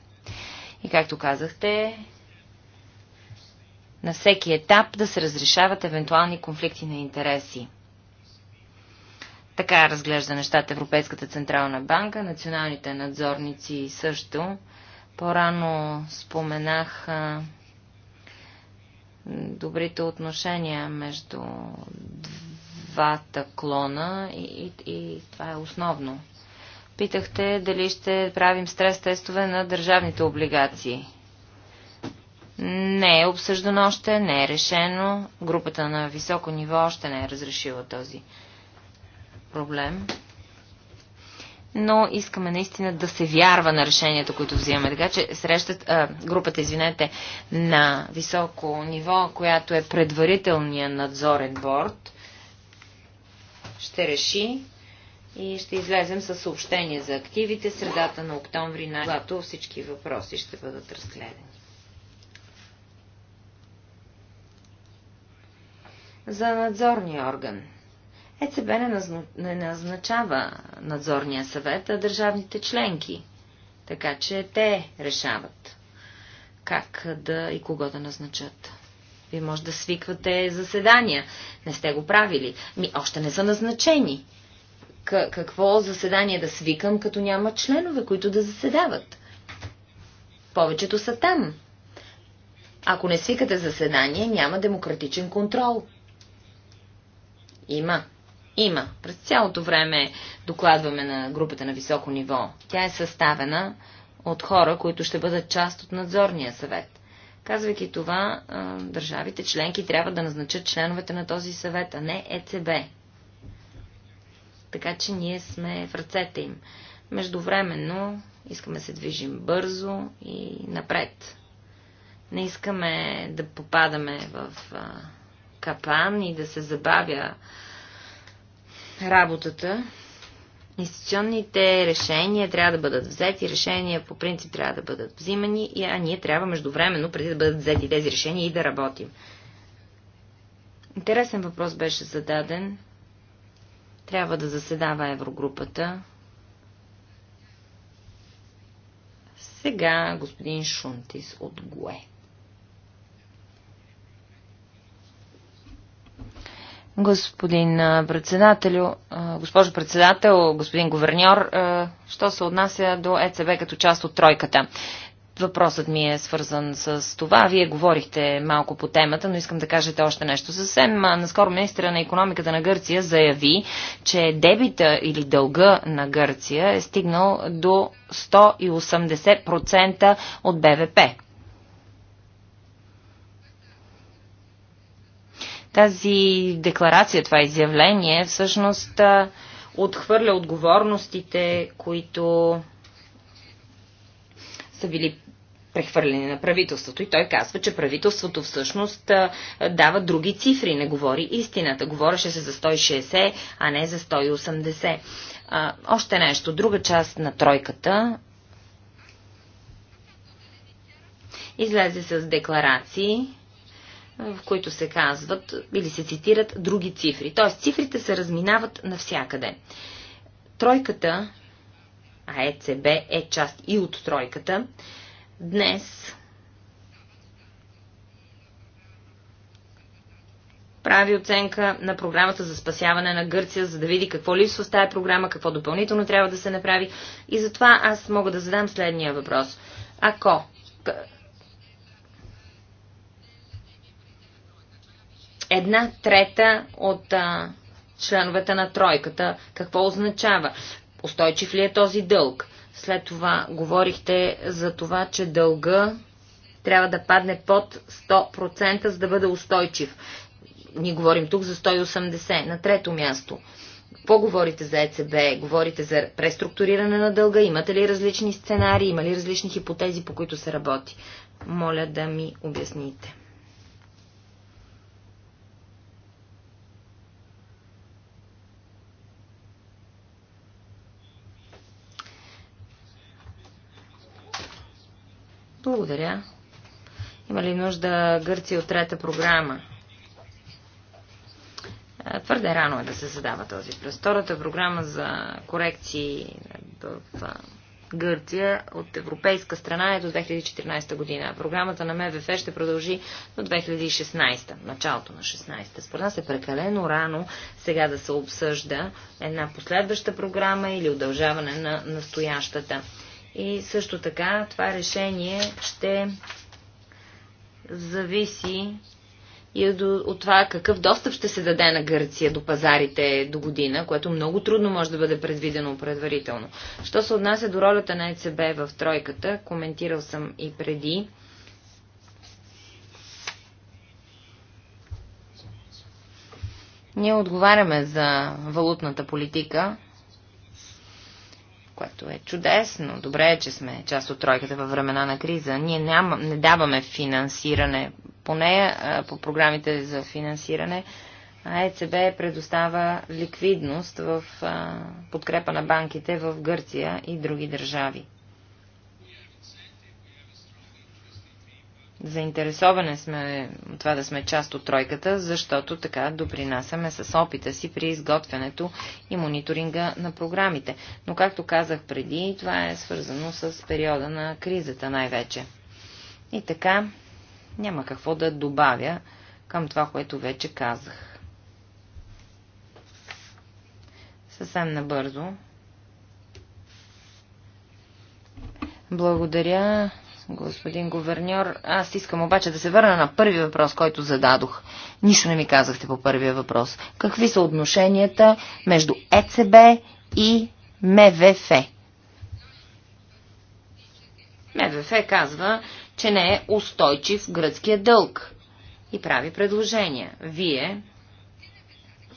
И както казахте, на всеки етап да се разрешават евентуални конфликти на интереси. Така разглежда нещата Европейската Централна банка, националните надзорници също по-рано споменах добрите отношения между двата клона и, и, и това е основно. Питахте дали ще правим стрес тестове на държавните облигации. Не е обсъждано още, не е решено. Групата на високо ниво още не е разрешила този проблем но искаме наистина да се вярва на решенията, които взимаме. Така че срещат, а, групата, извинете, на високо ниво, която е предварителния надзорен борт, ще реши и ще излезем със съобщение за активите средата на октомври, когато всички въпроси ще бъдат разгледани. За надзорния орган – ЕЦБ не назначава надзорния съвет, а държавните членки. Така че те решават как да и кого да назначат. Вие може да свиквате заседания. Не сте го правили. Ми, още не са назначени. К- какво заседание да свикам, като няма членове, които да заседават? Повечето са там. Ако не свикате заседание, няма демократичен контрол. Има има. През цялото време докладваме на групата на високо ниво. Тя е съставена от хора, които ще бъдат част от надзорния съвет. Казвайки това, държавите членки трябва да назначат членовете на този съвет, а не ЕЦБ. Така че ние сме в ръцете им. Междувременно искаме да се движим бързо и напред. Не искаме да попадаме в капан и да се забавя работата. Институционните решения трябва да бъдат взети, решения по принцип трябва да бъдат взимани, а ние трябва междувременно, преди да бъдат взети тези решения и да работим. Интересен въпрос беше зададен. Трябва да заседава Еврогрупата. Сега господин Шунтис от ГУЕК. Господин председателю, госпожо председател, господин говерньор, що се отнася до ЕЦБ като част от тройката? Въпросът ми е свързан с това. Вие говорихте малко по темата, но искам да кажете още нещо. Съвсем наскоро министра на економиката на Гърция заяви, че дебита или дълга на Гърция е стигнал до 180% от БВП. Тази декларация, това изявление всъщност отхвърля отговорностите, които са били прехвърлени на правителството. И той казва, че правителството всъщност дава други цифри, не говори истината. Говореше се за 160, а не за 180. още нещо. Друга част на тройката излезе с декларации, в които се казват или се цитират други цифри. Т.е. цифрите се разминават навсякъде. Тройката, а ЕЦБ е част и от тройката, днес прави оценка на програмата за спасяване на Гърция, за да види какво липсва в тази програма, какво допълнително трябва да се направи. И затова аз мога да задам следния въпрос. Ако една трета от а, членовете на тройката. Какво означава? Устойчив ли е този дълг? След това говорихте за това, че дълга трябва да падне под 100%, за да бъде устойчив. Ние говорим тук за 180. На трето място. Какво говорите за ЕЦБ? Говорите за преструктуриране на дълга? Имате ли различни сценарии? Има ли различни хипотези, по които се работи? Моля да ми обясните. Благодаря. Има ли нужда Гърция от трета програма? Твърде рано е да се задава този плюс. Втората програма за корекции в Гърция от европейска страна е до 2014 година. Програмата на МВФ ще продължи до 2016, началото на 16. Според нас е прекалено рано сега да се обсъжда една последваща програма или удължаване на настоящата. И също така това решение ще зависи и от това какъв достъп ще се даде на Гърция до пазарите до година, което много трудно може да бъде предвидено предварително. Що се отнася до ролята на ЕЦБ в тройката, коментирал съм и преди. Ние отговаряме за валутната политика което е чудесно. Добре е, че сме част от тройката във времена на криза. Ние няма, не даваме финансиране по нея, по програмите за финансиране, а ЕЦБ предостава ликвидност в подкрепа на банките в Гърция и други държави. Заинтересовани сме от това да сме част от тройката, защото така допринасяме с опита си при изготвянето и мониторинга на програмите. Но, както казах преди, това е свързано с периода на кризата най-вече. И така, няма какво да добавя към това, което вече казах. Съвсем набързо. Благодаря господин говерньор. Аз искам обаче да се върна на първи въпрос, който зададох. Нищо не ми казахте по първия въпрос. Какви са отношенията между ЕЦБ и МВФ? МВФ казва, че не е устойчив гръцкия дълг и прави предложения. Вие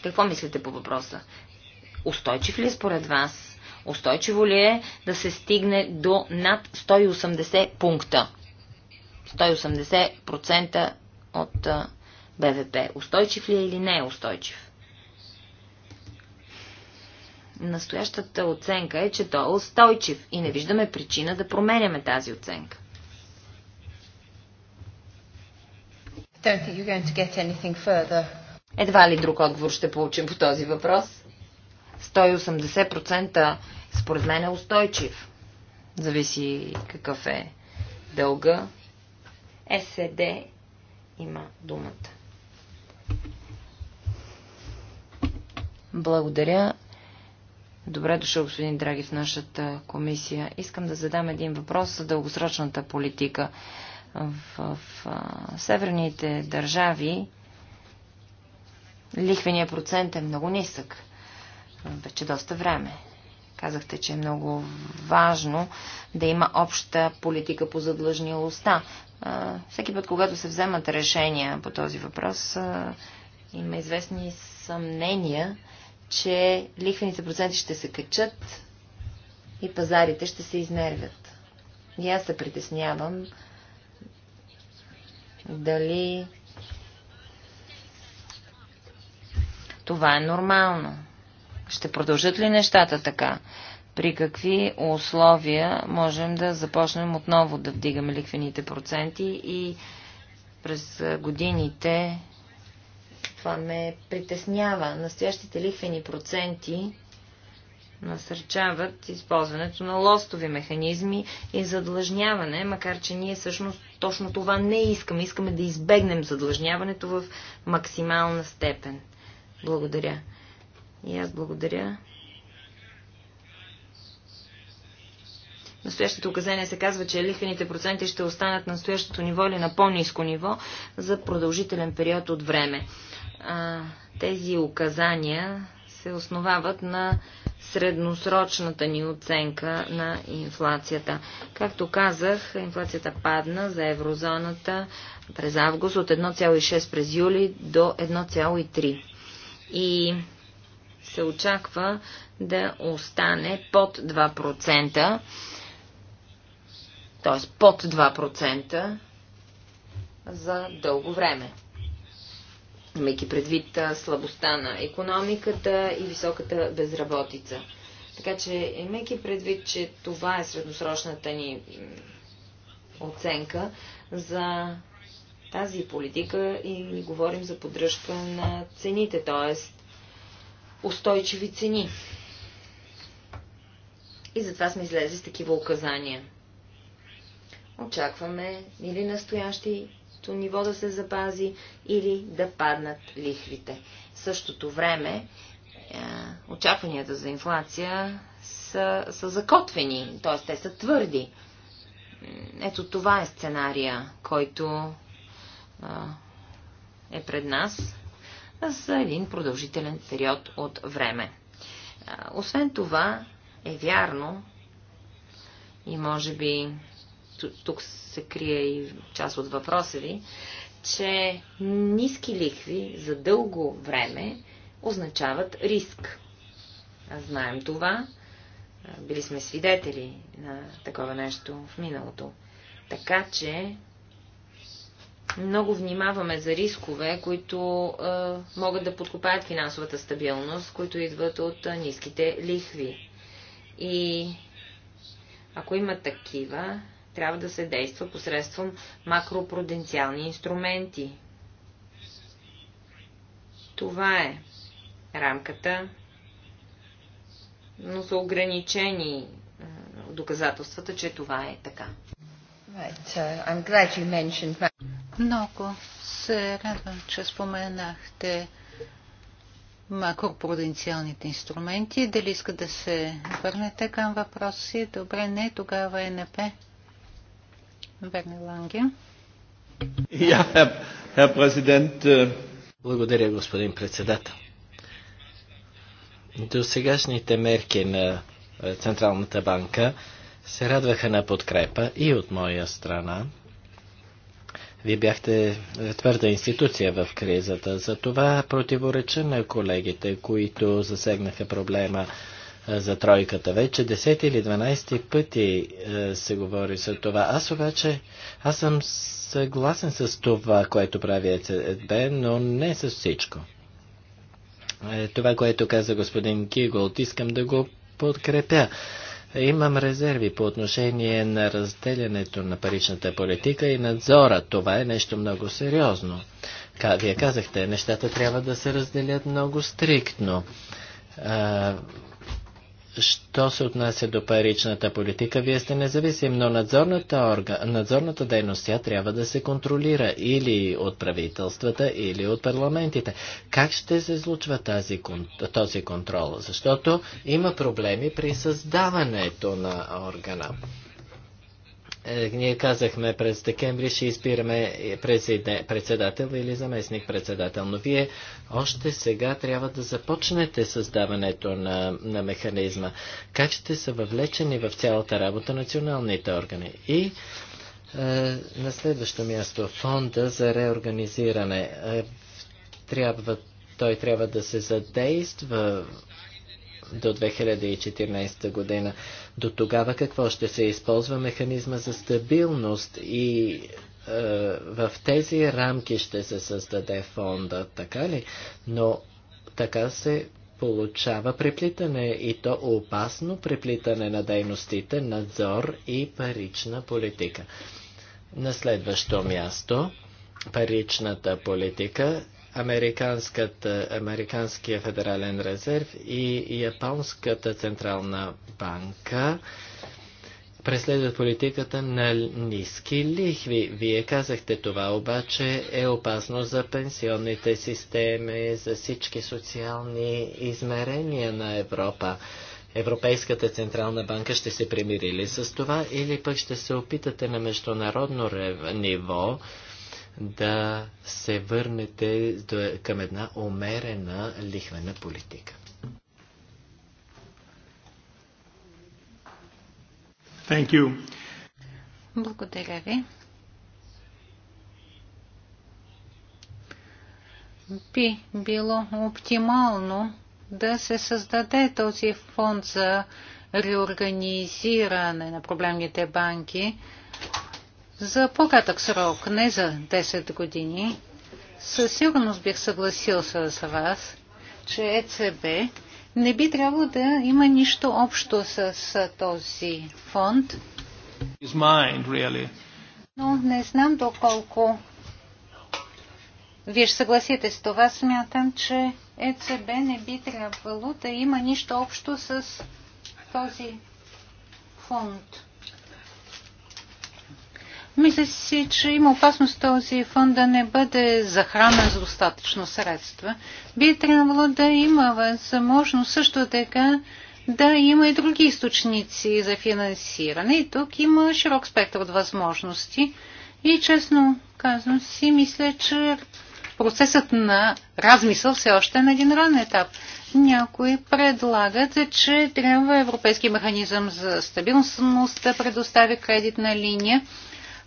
какво мислите по въпроса? Устойчив ли е според вас Устойчиво ли е да се стигне до над 180 пункта? 180% от БВП. Устойчив ли е или не е устойчив? Настоящата оценка е, че той е устойчив и не виждаме причина да променяме тази оценка. Едва ли друг отговор ще получим по този въпрос? 180% според мен е устойчив. Зависи какъв е дълга. СД е има думата. Благодаря. Добре дошъл, господин Драги, в нашата комисия. Искам да задам един въпрос за дългосрочната политика. В, в, в северните държави лихвения процент е много нисък вече доста време. Казахте, че е много важно да има обща политика по задлъжнилостта. Всеки път, когато се вземат решения по този въпрос, има известни съмнения, че лихвените проценти ще се качат и пазарите ще се изнервят. И аз се притеснявам дали това е нормално. Ще продължат ли нещата така? При какви условия можем да започнем отново да вдигаме ликвените проценти и през годините това ме притеснява. Настоящите ликвени проценти насърчават използването на лостови механизми и задлъжняване, макар че ние всъщност точно това не искаме. Искаме да избегнем задлъжняването в максимална степен. Благодаря. И аз благодаря. Настоящото указание се казва, че лихвените проценти ще останат на настоящото ниво или на по-низко ниво за продължителен период от време. А, тези указания се основават на средносрочната ни оценка на инфлацията. Както казах, инфлацията падна за еврозоната през август от 1,6 през юли до 1,3. И се очаква да остане под 2%, т.е. под 2% за дълго време. Имайки предвид слабостта на економиката и високата безработица. Така че, имайки предвид, че това е средносрочната ни оценка за тази политика и ни говорим за поддръжка на цените, т.е устойчиви цени. И затова сме излезли с такива указания. Очакваме или настоящото ниво да се запази, или да паднат лихвите. В същото време очакванията за инфлация са, са закотвени, т.е. те са твърди. Ето това е сценария, който е пред нас за един продължителен период от време. Освен това, е вярно и може би тук се крие и част от въпроса ви, че ниски лихви за дълго време означават риск. Знаем това. Били сме свидетели на такова нещо в миналото. Така че много внимаваме за рискове, които а, могат да подкопаят финансовата стабилност, които идват от а, ниските лихви. И ако има такива, трябва да се действа посредством макропруденциални инструменти. Това е рамката, но са ограничени доказателствата, че това е така. Right, uh, I'm glad you mentioned много се радвам, че споменахте макропруденциалните инструменти. Дали иска да се върнете към въпроси? Добре, не, тогава е НП. Верни Ланге. Я, Herr президент. Äh, Благодаря, господин председател. До сегашните мерки на е, Централната банка се радваха на подкрепа и от моя страна, вие бяхте е, твърда институция в кризата. За това противореча на колегите, които засегнаха проблема е, за тройката. Вече 10 или 12 пъти е, се говори за това. Аз обаче, аз съм съгласен с това, което прави ЕЦБ, но не с всичко. това, което каза господин Кигол, искам да го подкрепя. Имам резерви по отношение на разделянето на паричната политика и надзора. Това е нещо много сериозно. Вие казахте, нещата трябва да се разделят много стриктно. Що се отнася до паричната политика, вие сте независим, но надзорната, орга, надзорната дейност тя трябва да се контролира или от правителствата, или от парламентите. Как ще се случва тази, този контрол? Защото има проблеми при създаването на органа. Е, ние казахме през декември ще избираме председател или заместник председател, но вие още сега трябва да започнете създаването на, на механизма. Как ще са въвлечени в цялата работа националните органи? И е, на следващо място фонда за реорганизиране. Е, трябва, той трябва да се задейства до 2014 година. До тогава какво ще се използва механизма за стабилност и е, в тези рамки ще се създаде фонда, така ли? Но така се получава преплитане и то опасно преплитане на дейностите, надзор и парична политика. На следващо място паричната политика Американския федерален резерв и Японската централна банка преследват политиката на ниски лихви. Вие казахте това, обаче е опасно за пенсионните системи, за всички социални измерения на Европа. Европейската Централна банка ще се примири ли с това или пък ще се опитате на международно ниво да се върнете към една умерена лихвена политика. Thank you. Благодаря ви. Би било оптимално да се създаде този фонд за реорганизиране на проблемните банки, за по-кратък срок, не за 10 години, със сигурност бих съгласил с вас, че ЕЦБ не би трябвало да има нищо общо с този фонд. Mind, really. Но не знам доколко вие ще съгласите с това. Смятам, че ЕЦБ не би трябвало да има нищо общо с този фонд. Мисля си, че има опасност този фонд да не бъде захранен с достатъчно средства. Би трябвало да има възможност също така да има и други източници за финансиране. И тук има широк спектър от възможности. И честно казвам си, мисля, че процесът на размисъл все още е на един ранен етап. Някои предлагат, че трябва Европейски механизъм за стабилност да предостави кредитна линия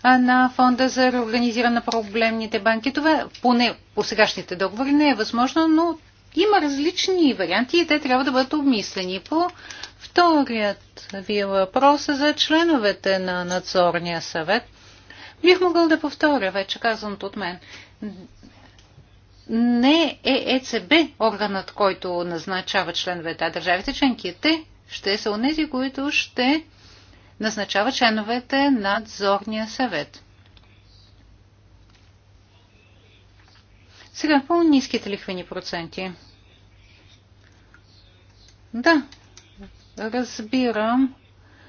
на фонда за реорганизиране на проблемните банки. Това поне по сегашните договори не е възможно, но има различни варианти и те трябва да бъдат обмислени. По вторият ви въпрос за членовете на надзорния съвет. Бих могъл да повторя вече казаното от мен. Не е ЕЦБ органът, който назначава членовете, а държавите членки. Те ще са онези, които ще назначава членовете на надзорния съвет. Сега по-низките е лихвени проценти. Да, разбирам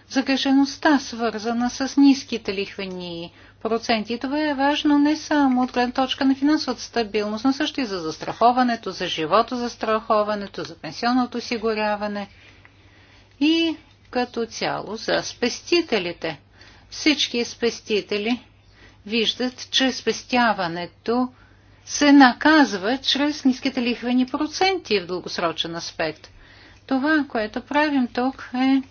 загрежеността, свързана с ниските лихвени проценти. Това е важно не само от гледна точка на финансовата стабилност, но също и за застраховането, за живото застраховането, за пенсионното осигуряване. И като цяло за спестителите. Всички спестители виждат, че спестяването се наказва чрез ниските лихвени проценти в дългосрочен аспект. Това, което правим тук е,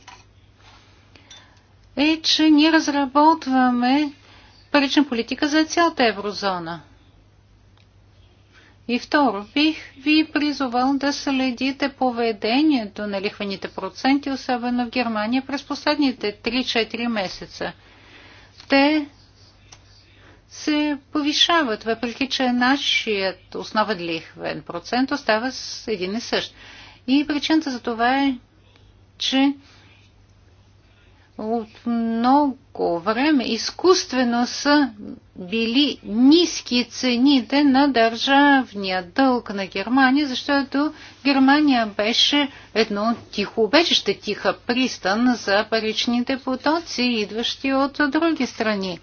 е че ние разработваме парична политика за цялата еврозона – и второ, бих ви призовал да следите поведението на лихвените проценти, особено в Германия, през последните 3-4 месеца. Те се повишават, въпреки че нашият основен лихвен процент остава с един и същ. И причината за това е, че от много време изкуствено са били ниски цените на държавния дълг на Германия, защото Германия беше едно тихо обечеще, тиха пристан за паричните потоци, идващи от други страни.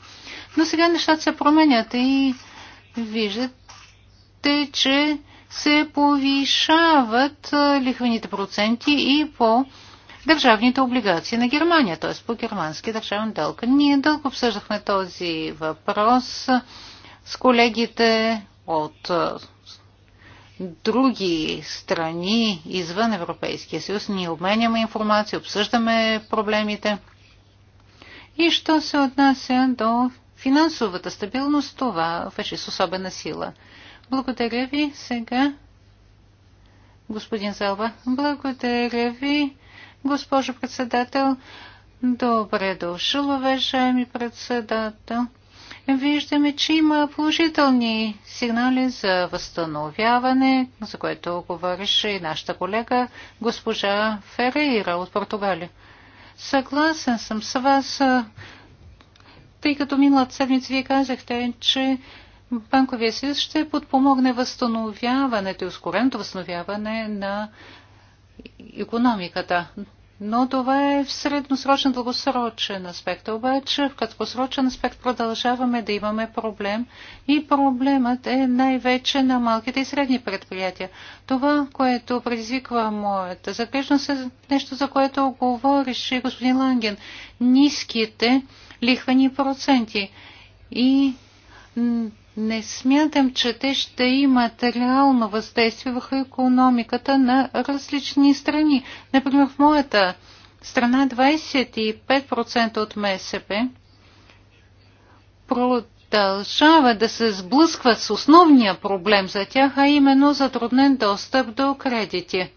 Но сега нещата се променят и виждате, че се повишават лихвените проценти и по държавните облигации на Германия, т.е. по германски държавен дълг. Ние дълго обсъждахме този въпрос с колегите от други страни извън Европейския съюз. Ние обменяме информация, обсъждаме проблемите. И що се отнася до финансовата стабилност, това беше с особена сила. Благодаря ви сега, господин Залба. Благодаря ви госпожо председател. Добре дошъл, уважаеми председател. Виждаме, че има положителни сигнали за възстановяване, за което говореше и нашата колега госпожа Ферейра от Португалия. Съгласен съм с вас, тъй като миналата седмица вие казахте, че Банковия съюз ще подпомогне възстановяването и ускореното възстановяване на економиката. Но това е в средносрочен, дългосрочен аспект. Обаче в краткосрочен аспект продължаваме да имаме проблем и проблемът е най-вече на малките и средни предприятия. Това, което предизвиква моята загриженост е нещо, за което говорише, господин Ланген. Ниските лихвени проценти. И не смятам, че те ще имат реално въздействие върху економиката на различни страни. Например, в моята страна 25% от МСП продължава да се сблъсква с основния проблем за тях, а именно затруднен достъп до кредити.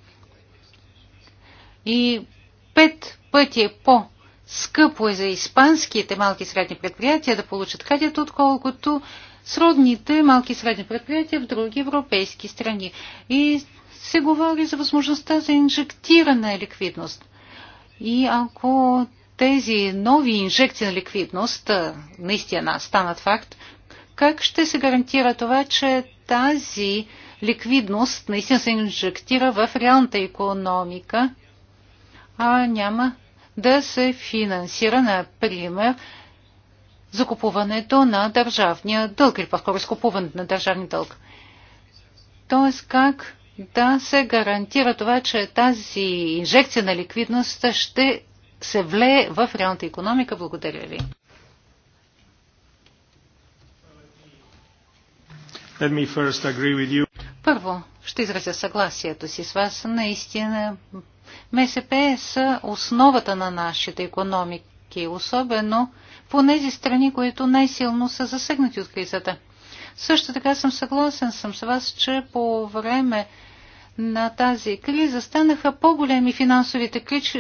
И пет пъти е по скъпо е за испанските малки и средни предприятия да получат кредит, отколкото сродните малки и средни предприятия в други европейски страни. И се говори за възможността за инжектирана ликвидност. И ако тези нови инжекции на ликвидност наистина станат факт, как ще се гарантира това, че тази ликвидност наистина се инжектира в реалната економика, а няма да се финансира, например, закупуването на държавния дълг или по-скоро изкупуването на държавния дълг. Тоест как да се гарантира това, че тази инжекция на ликвидност ще се влее в реалната економика. Благодаря ви. Първо, ще изразя съгласието си с вас. Наистина, МСП е са основата на нашата економика мерки, особено в тези страни, които най-силно са засегнати от кризата. Също така съм съгласен съм с вас, че по време на тази криза станаха по-големи финансовите клич...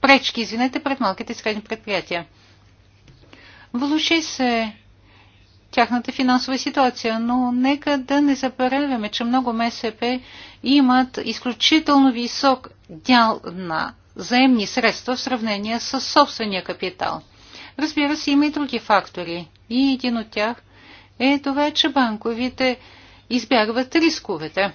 пречки извинете, пред малките и средни предприятия. Влуши се тяхната финансова ситуация, но нека да не забравяме, че много МСП имат изключително висок дял на заемни средства в сравнение с собствения капитал. Разбира се, има и други фактори. И един от тях е това, че банковите избягват рисковете.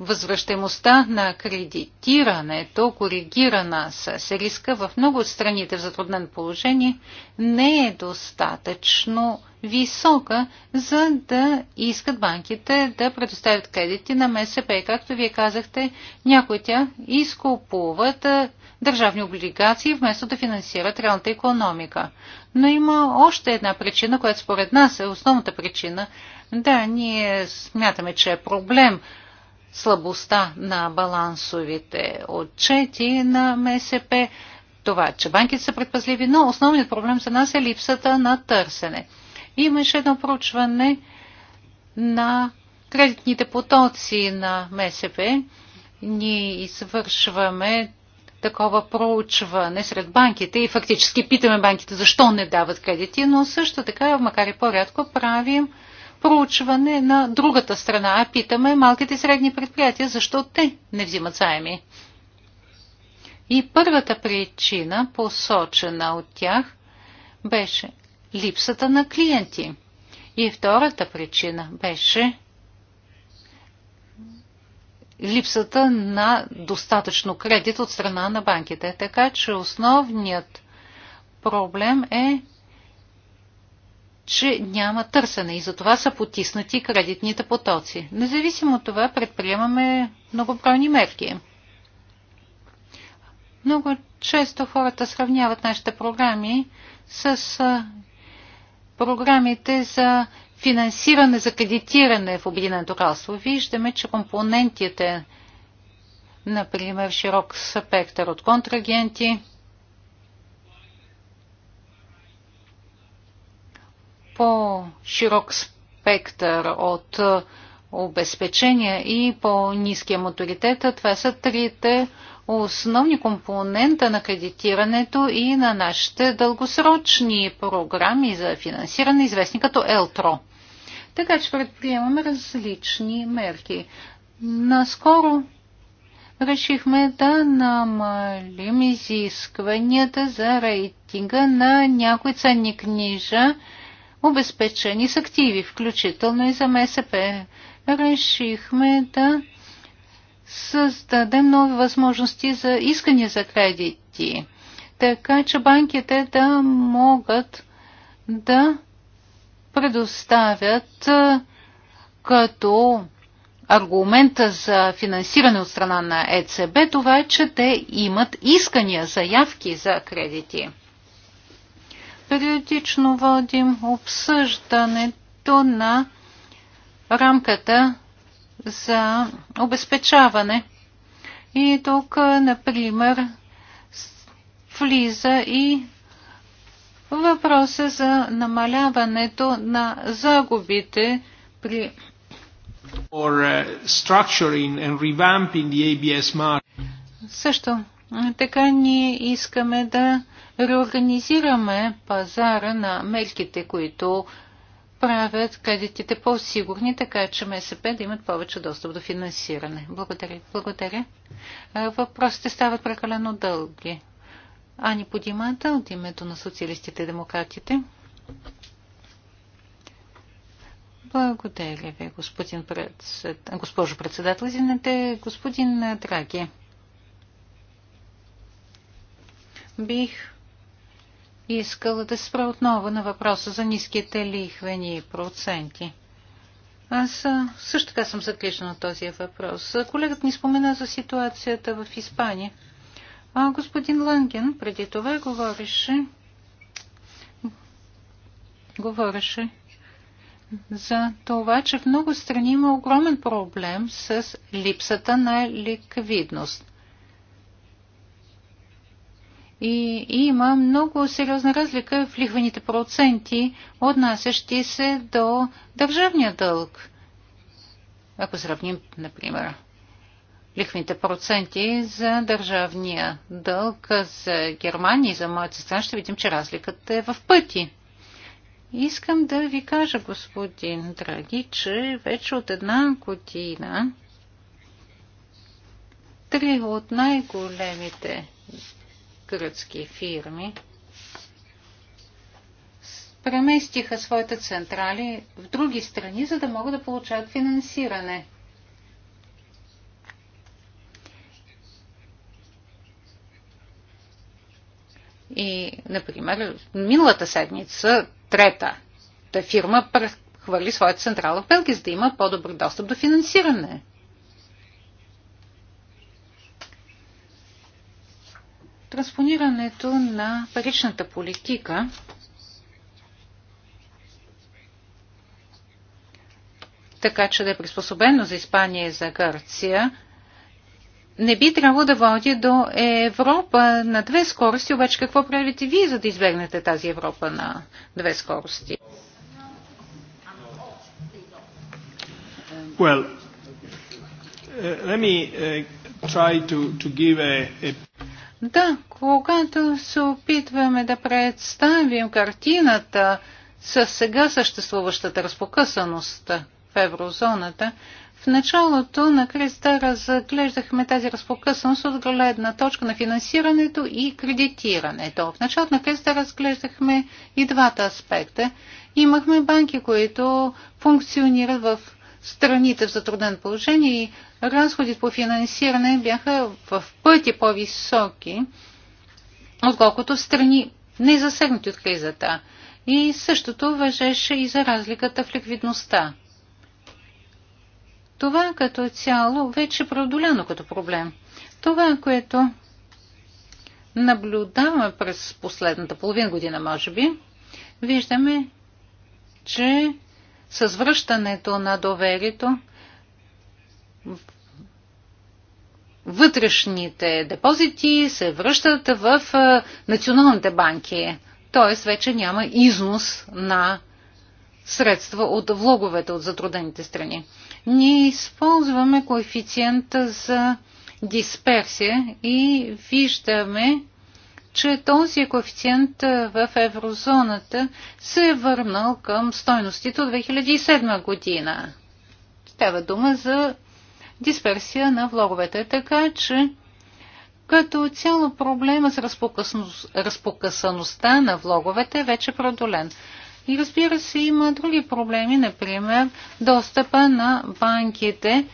Възвръщаемостта на кредитирането, коригирана с риска в много от страните в затруднен положение, не е достатъчно висока, за да искат банките да предоставят кредити на МСП. Както вие казахте, някои тях изкупуват държавни облигации, вместо да финансират реалната економика. Но има още една причина, която според нас е основната причина. Да, ние смятаме, че е проблем слабостта на балансовите отчети на МСП, това, че банките са предпазливи, но основният проблем за нас е липсата на търсене. Имаше едно проучване на кредитните потоци на МСП. Ние извършваме такова проучване сред банките и фактически питаме банките защо не дават кредити, но също така, макар и по-рядко, правим проучване на другата страна, а питаме малките и средни предприятия защо те не взимат заеми. И първата причина, посочена от тях, беше липсата на клиенти. И втората причина беше липсата на достатъчно кредит от страна на банките. Така че основният проблем е, че няма търсене и затова са потиснати кредитните потоци. Независимо от това, предприемаме многобройни мерки. Много често хората сравняват нашите програми с програмите за финансиране, за кредитиране в Обединеното кралство. Виждаме, че компонентите, например, широк спектър от контрагенти, по-широк спектър от обезпечения и по-низкия моторитет. Това са трите основни компонента на кредитирането и на нашите дългосрочни програми за финансиране, известни като ЕЛТРО. Така че предприемаме различни мерки. Наскоро решихме да намалим изискванията за рейтинга на някои ценни книжа, обезпечени с активи, включително и за МСП решихме да създадем нови възможности за искания за кредити, така че банките да могат да предоставят като аргумента за финансиране от страна на ЕЦБ това е, че те имат искания, заявки за кредити. Периодично водим обсъждането на рамката за обезпечаване. И тук, например, влиза и въпроса за намаляването на загубите при Or, uh, Също така ние искаме да реорганизираме пазара на мерките, които правят кредитите по-сигурни, така че МСП да имат повече достъп до финансиране. Благодаря. Благодаря. Въпросите стават прекалено дълги. Ани Подимата от името на социалистите и демократите. Благодаря ви, господин председ... госпожо председател. Извинете, господин Драги. Бих искала да спра отново на въпроса за ниските лихвени проценти. Аз също така съм заклична на този въпрос. Колегът ни спомена за ситуацията в Испания. А господин Ланген преди това говореше, говореше за това, че в много страни има огромен проблем с липсата на ликвидност. И има много сериозна разлика в лихвените проценти, отнасящи се до държавния дълг. Ако сравним, например, лихвените проценти за държавния дълг за Германия и за моята страна, ще видим, че разликата е в пъти. Искам да ви кажа, господин Драги, че вече от една година три от най-големите гръцки фирми преместиха своите централи в други страни, за да могат да получат финансиране. И, например, миналата седмица трета фирма хвърли своята централа в Белгия, за да има по-добър достъп до финансиране. Транспонирането на паричната политика така че да е приспособено за Испания и за Гърция, не би трябвало да води до Европа на две скорости, обаче какво правите вие, за да избегнете тази Европа на две скорости? Well, uh, let me uh, try to, to give a, a... Да, когато се опитваме да представим картината с сега съществуващата разпокъсаност в еврозоната, в началото на кризата разглеждахме тази разпокъсаност от гледна точка на финансирането и кредитирането. В началото на кризата разглеждахме и двата аспекта. Имахме банки, които функционират в страните в затруднен положение и разходите по финансиране бяха в пъти по-високи, отколкото страни не засегнати от кризата. И същото въжеше и за разликата в ликвидността. Това като цяло вече преодоляно като проблем. Това, което наблюдаваме през последната половин година, може би, виждаме, че с връщането на доверието вътрешните депозити се връщат в националните банки. Т.е. вече няма износ на средства от влоговете от затрудените страни. Ние използваме коефициента за дисперсия и виждаме, че този коефициент в еврозоната се е върнал към стойностите от 2007 година. Става дума за дисперсия на влоговете. Така че като цяло проблема с разпокъсаността на влоговете е вече продолен. И разбира се, има други проблеми, например достъпа на банките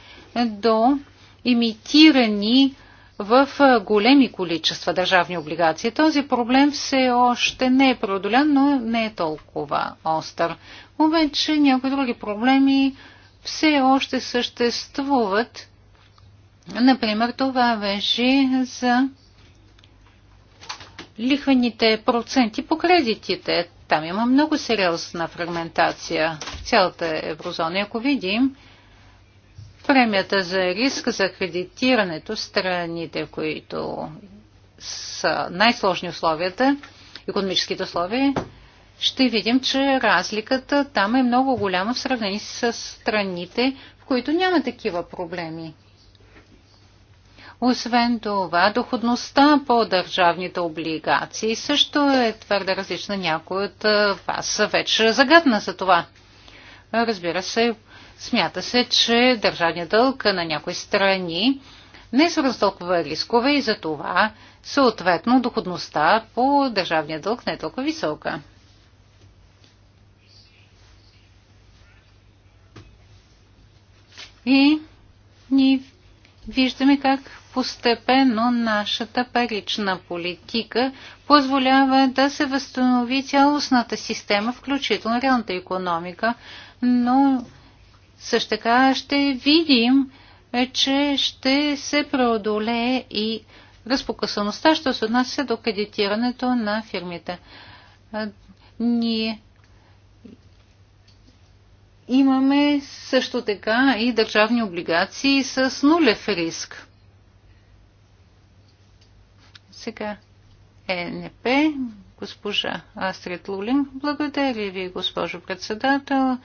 до имитирани в големи количества държавни облигации. Този проблем все още не е продолен, но не е толкова остър. Обаче някои други проблеми все още съществуват. Например, това вежи за лихвените проценти по кредитите. Там има много сериозна фрагментация в цялата еврозона. Ако видим премията за риск за кредитирането в страните, които са най-сложни условията, економическите условия, ще видим, че разликата там е много голяма в сравнение с страните, в които няма такива проблеми. Освен това, доходността по държавните облигации също е твърде различна. Някой от вас вече загадна за това. Разбира се, смята се, че държавният дълг на някои страни не е свързан толкова рискове и за това съответно доходността по държавния дълг не е толкова висока. и ни виждаме как постепенно нашата парична политика позволява да се възстанови цялостната система, включително реалната економика, но също така ще видим, е, че ще се преодолее и разпокъсаността, що се отнася до кредитирането на фирмите. Ние Имаме също така и държавни облигации с нулев риск. Сега ЕНП, госпожа Астрид Лулин. Благодаря ви, госпожо председател.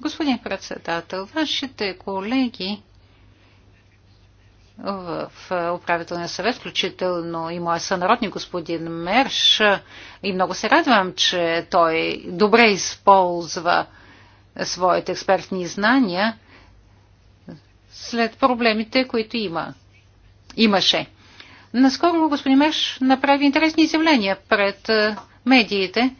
Господин председател, вашите колеги в управителния съвет, включително и моя сънародник господин Мерш. И много се радвам, че той добре използва своите експертни знания след проблемите, които има. имаше. Наскоро господин Мерш направи интересни изявления пред е, медиите.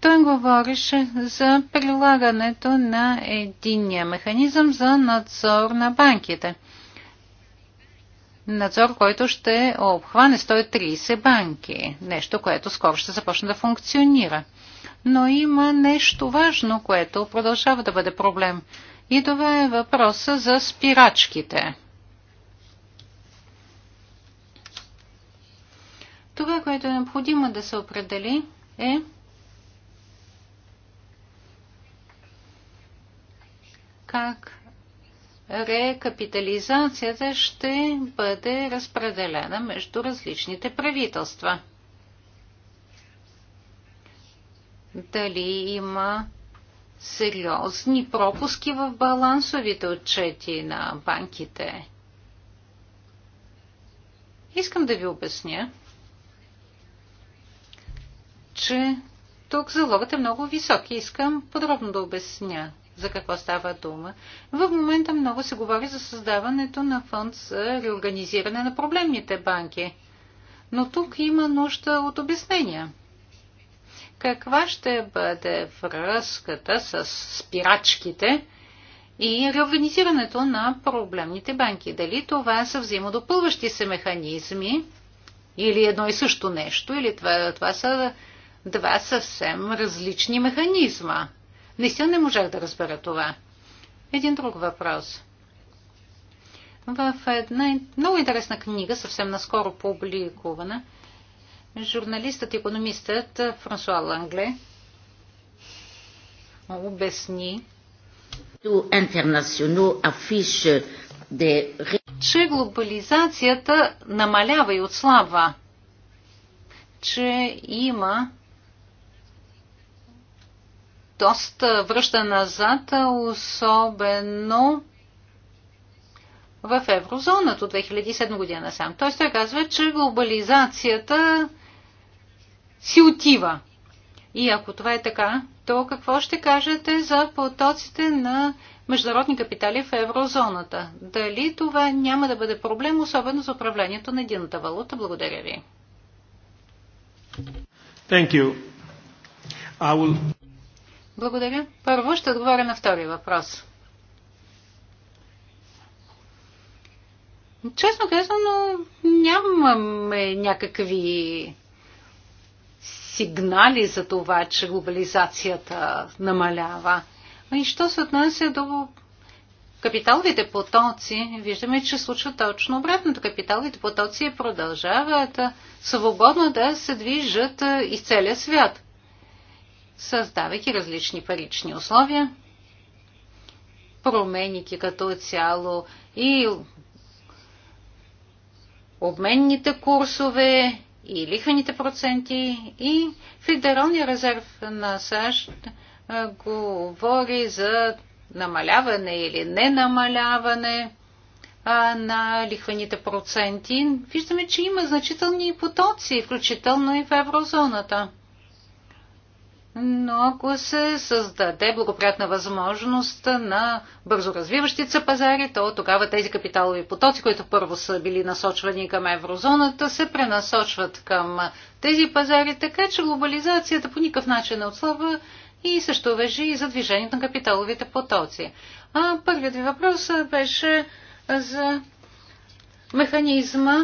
Той говореше за прилагането на единния механизъм за надзор на банките – надзор, който ще обхване 130 банки. Нещо, което скоро ще започне да функционира. Но има нещо важно, което продължава да бъде проблем. И това е въпроса за спирачките. Това, което е необходимо да се определи е как рекапитализацията ще бъде разпределена между различните правителства. Дали има сериозни пропуски в балансовите отчети на банките? Искам да ви обясня, че тук залогът е много висок и искам подробно да обясня за какво става дума. В момента много се говори за създаването на фонд за реорганизиране на проблемните банки. Но тук има нужда от обяснения. Каква ще бъде връзката с спирачките и реорганизирането на проблемните банки? Дали това са взаимодопълващи се механизми или едно и също нещо, или това, това са два съвсем различни механизма? Наистина не можах да разбера това. Един друг въпрос. В една много интересна книга, съвсем наскоро публикувана, журналистът и економистът Франсуа Лангле обясни, че глобализацията намалява и отслабва, че има доста връща назад, особено в еврозоната от 2007 година сам. Тоест той казва, че глобализацията си отива. И ако това е така, то какво ще кажете за потоците на международни капитали в еврозоната? Дали това няма да бъде проблем, особено за управлението на едината валута? Благодаря ви. Thank you. I will... Благодаря. Първо ще отговоря на втори въпрос. Честно казано, нямаме някакви сигнали за това, че глобализацията намалява. И що се отнася до капиталовите потоци, виждаме, че случва точно обратното. Капиталовите потоци продължават свободно да се движат из целия свят създавайки различни парични условия, променики като цяло и обменните курсове и лихвените проценти и Федералния резерв на САЩ говори за намаляване или не намаляване на лихвените проценти. Виждаме, че има значителни потоци, включително и в еврозоната но ако се създаде благоприятна възможност на бързо развиващите се пазари, то тогава тези капиталови потоци, които първо са били насочвани към еврозоната, се пренасочват към тези пазари, така че глобализацията по никакъв начин не отслабва и също вежи и за движението на капиталовите потоци. А първият ви въпрос беше за механизма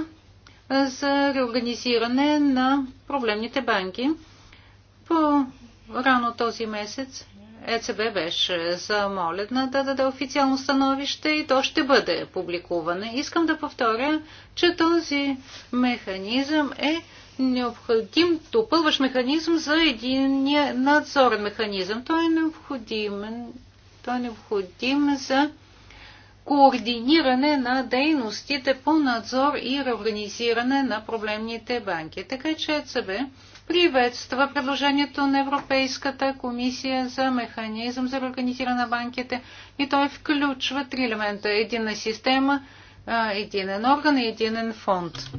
за реорганизиране на проблемните банки. По рано този месец ЕЦБ беше замолена да даде официално становище и то ще бъде публикуване. Искам да повторя, че този механизъм е необходим допълваш механизъм за един надзорен механизъм. Той е необходим, той е необходим за координиране на дейностите по надзор и реорганизиране на проблемните банки. Така че ЕЦБ приветства предложението на Европейската комисия за механизъм за организиране на банките и той включва три елемента. Единна е система, единен орган и единен фонд.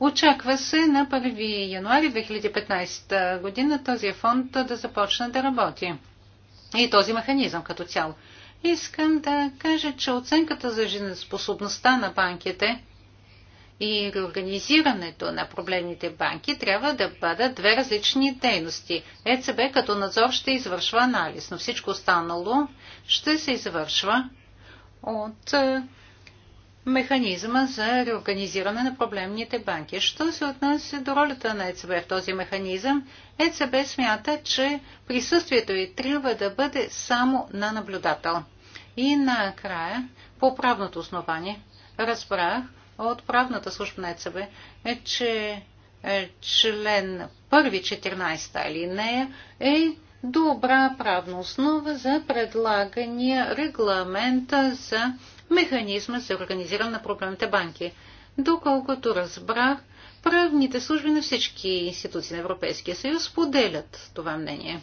Очаква се на 1 януари 2015 година този фонд да започне да работи. И този механизъм като цяло. Искам да кажа, че оценката за жизнеспособността на банките и реорганизирането на проблемните банки трябва да бъдат две различни дейности. ЕЦБ като надзор ще извършва анализ, но всичко останало ще се извършва от е, механизма за реорганизиране на проблемните банки. Що се отнася до ролята на ЕЦБ в този механизъм, ЕЦБ смята, че присъствието й трябва да бъде само на наблюдател. И накрая, по правното основание, разбрах, от правната служба на ЕЦБ е, че е, член 1-14 алинея е добра правна основа за предлагания регламент за механизма за организиране на проблемните банки. Доколкото разбрах, правните служби на всички институции на Европейския съюз поделят това мнение.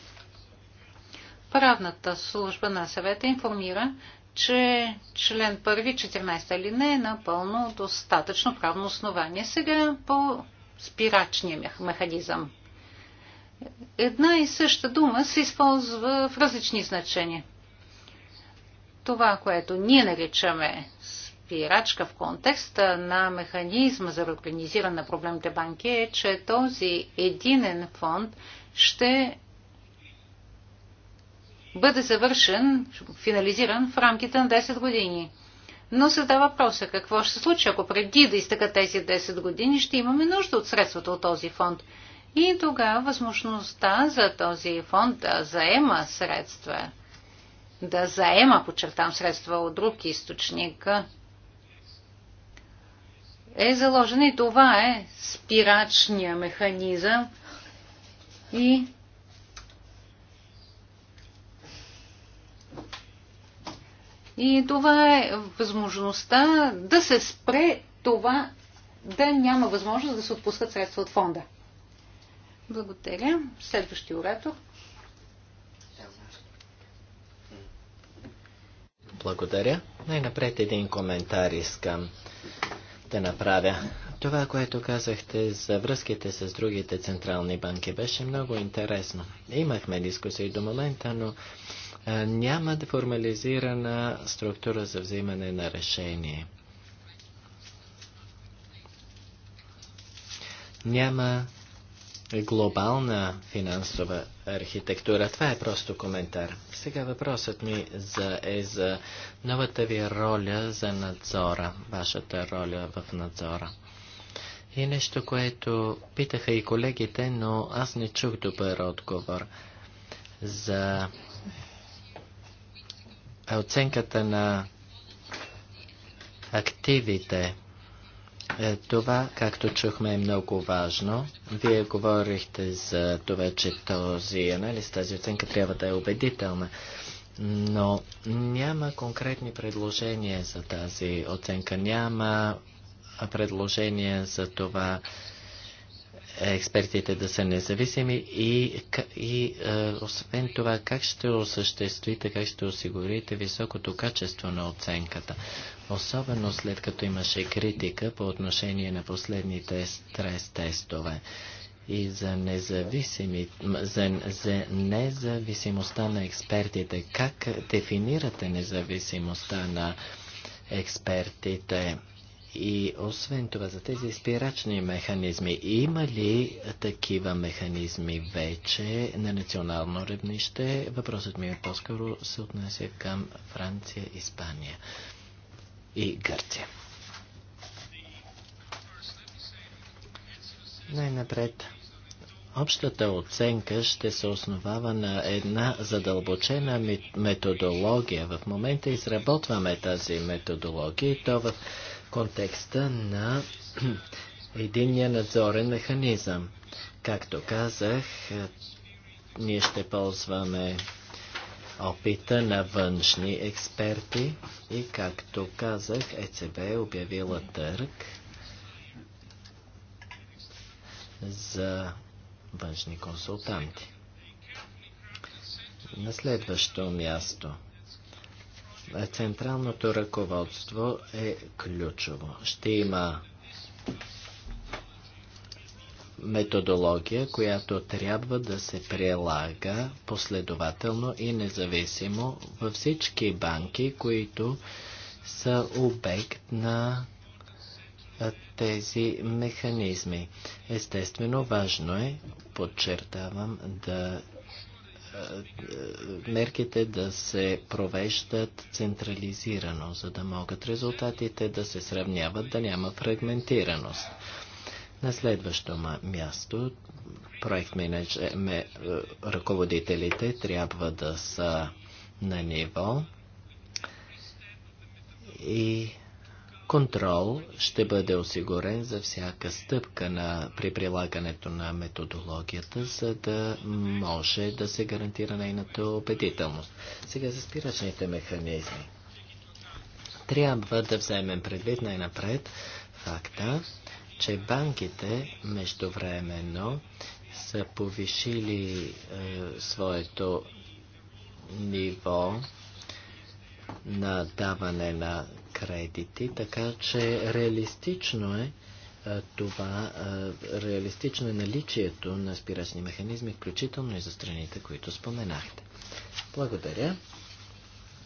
Правната служба на съвета информира, че член 1, 14 ли не е напълно достатъчно правно основание. Сега по спирачния механизъм. Една и съща дума се използва в различни значения. Това, което ние наричаме спирачка в контекста на механизма за организиране на проблемните банки е, че този единен фонд ще бъде завършен, финализиран в рамките на 10 години. Но задава въпроса какво ще се случи, ако преди да изтъкат тези 10 години ще имаме нужда от средствата от този фонд. И тогава възможността за този фонд да заема средства, да заема, подчертам, средства от друг източник, е заложена и това е спирачния механизъм и И това е възможността да се спре това да няма възможност да се отпускат средства от фонда. Благодаря. Следващия оратор. Благодаря. Най-напред един коментар искам да направя. Това, което казахте за връзките с другите централни банки, беше много интересно. Имахме дискусии до момента, но нямат формализирана структура за взимане на решение. Няма глобална финансова архитектура. Това е просто коментар. Сега въпросът ми за, е за новата ви роля за надзора, вашата роля в надзора. И нещо, което питаха и колегите, но аз не чух добър отговор за е оценката на активите. е Това, както чухме, е много важно. Вие говорихте за това, че този анализ, тази оценка трябва да е убедителна. Но няма конкретни предложения за тази оценка. Няма предложения за това експертите да са независими и, и е, освен това как ще осъществите, как ще осигурите високото качество на оценката. Особено след като имаше критика по отношение на последните стрес тестове и за, независими, за, за независимостта на експертите. Как дефинирате независимостта на експертите? И освен това, за тези спирачни механизми, има ли такива механизми вече на национално ревнище? Въпросът ми е по-скоро се отнася към Франция, Испания и Гърция. Най-напред. Общата оценка ще се основава на една задълбочена методология. В момента изработваме тази методология и то в контекста на единния надзорен механизъм. Както казах, е, ние ще ползваме опита на външни експерти и както казах, ЕЦБ е обявила търг за външни консултанти. На следващо място – е централното ръководство е ключово. Ще има методология, която трябва да се прилага последователно и независимо във всички банки, които са обект на тези механизми. Естествено, важно е, подчертавам, да е, е, мерките да се провеждат централизирано, за да могат резултатите да се сравняват, да няма фрагментираност. На следващо място, проект менедж... Е, ме... ръководителите трябва да са на ниво и Контрол ще бъде осигурен за всяка стъпка на, при прилагането на методологията, за да може да се гарантира нейната убедителност. Сега за спирачните механизми. Трябва да вземем предвид най-напред факта, че банките междувременно са повишили е, своето ниво на даване на кредити, така че реалистично е това, реалистично е наличието на спирачни механизми, включително и за страните, които споменахте. Благодаря.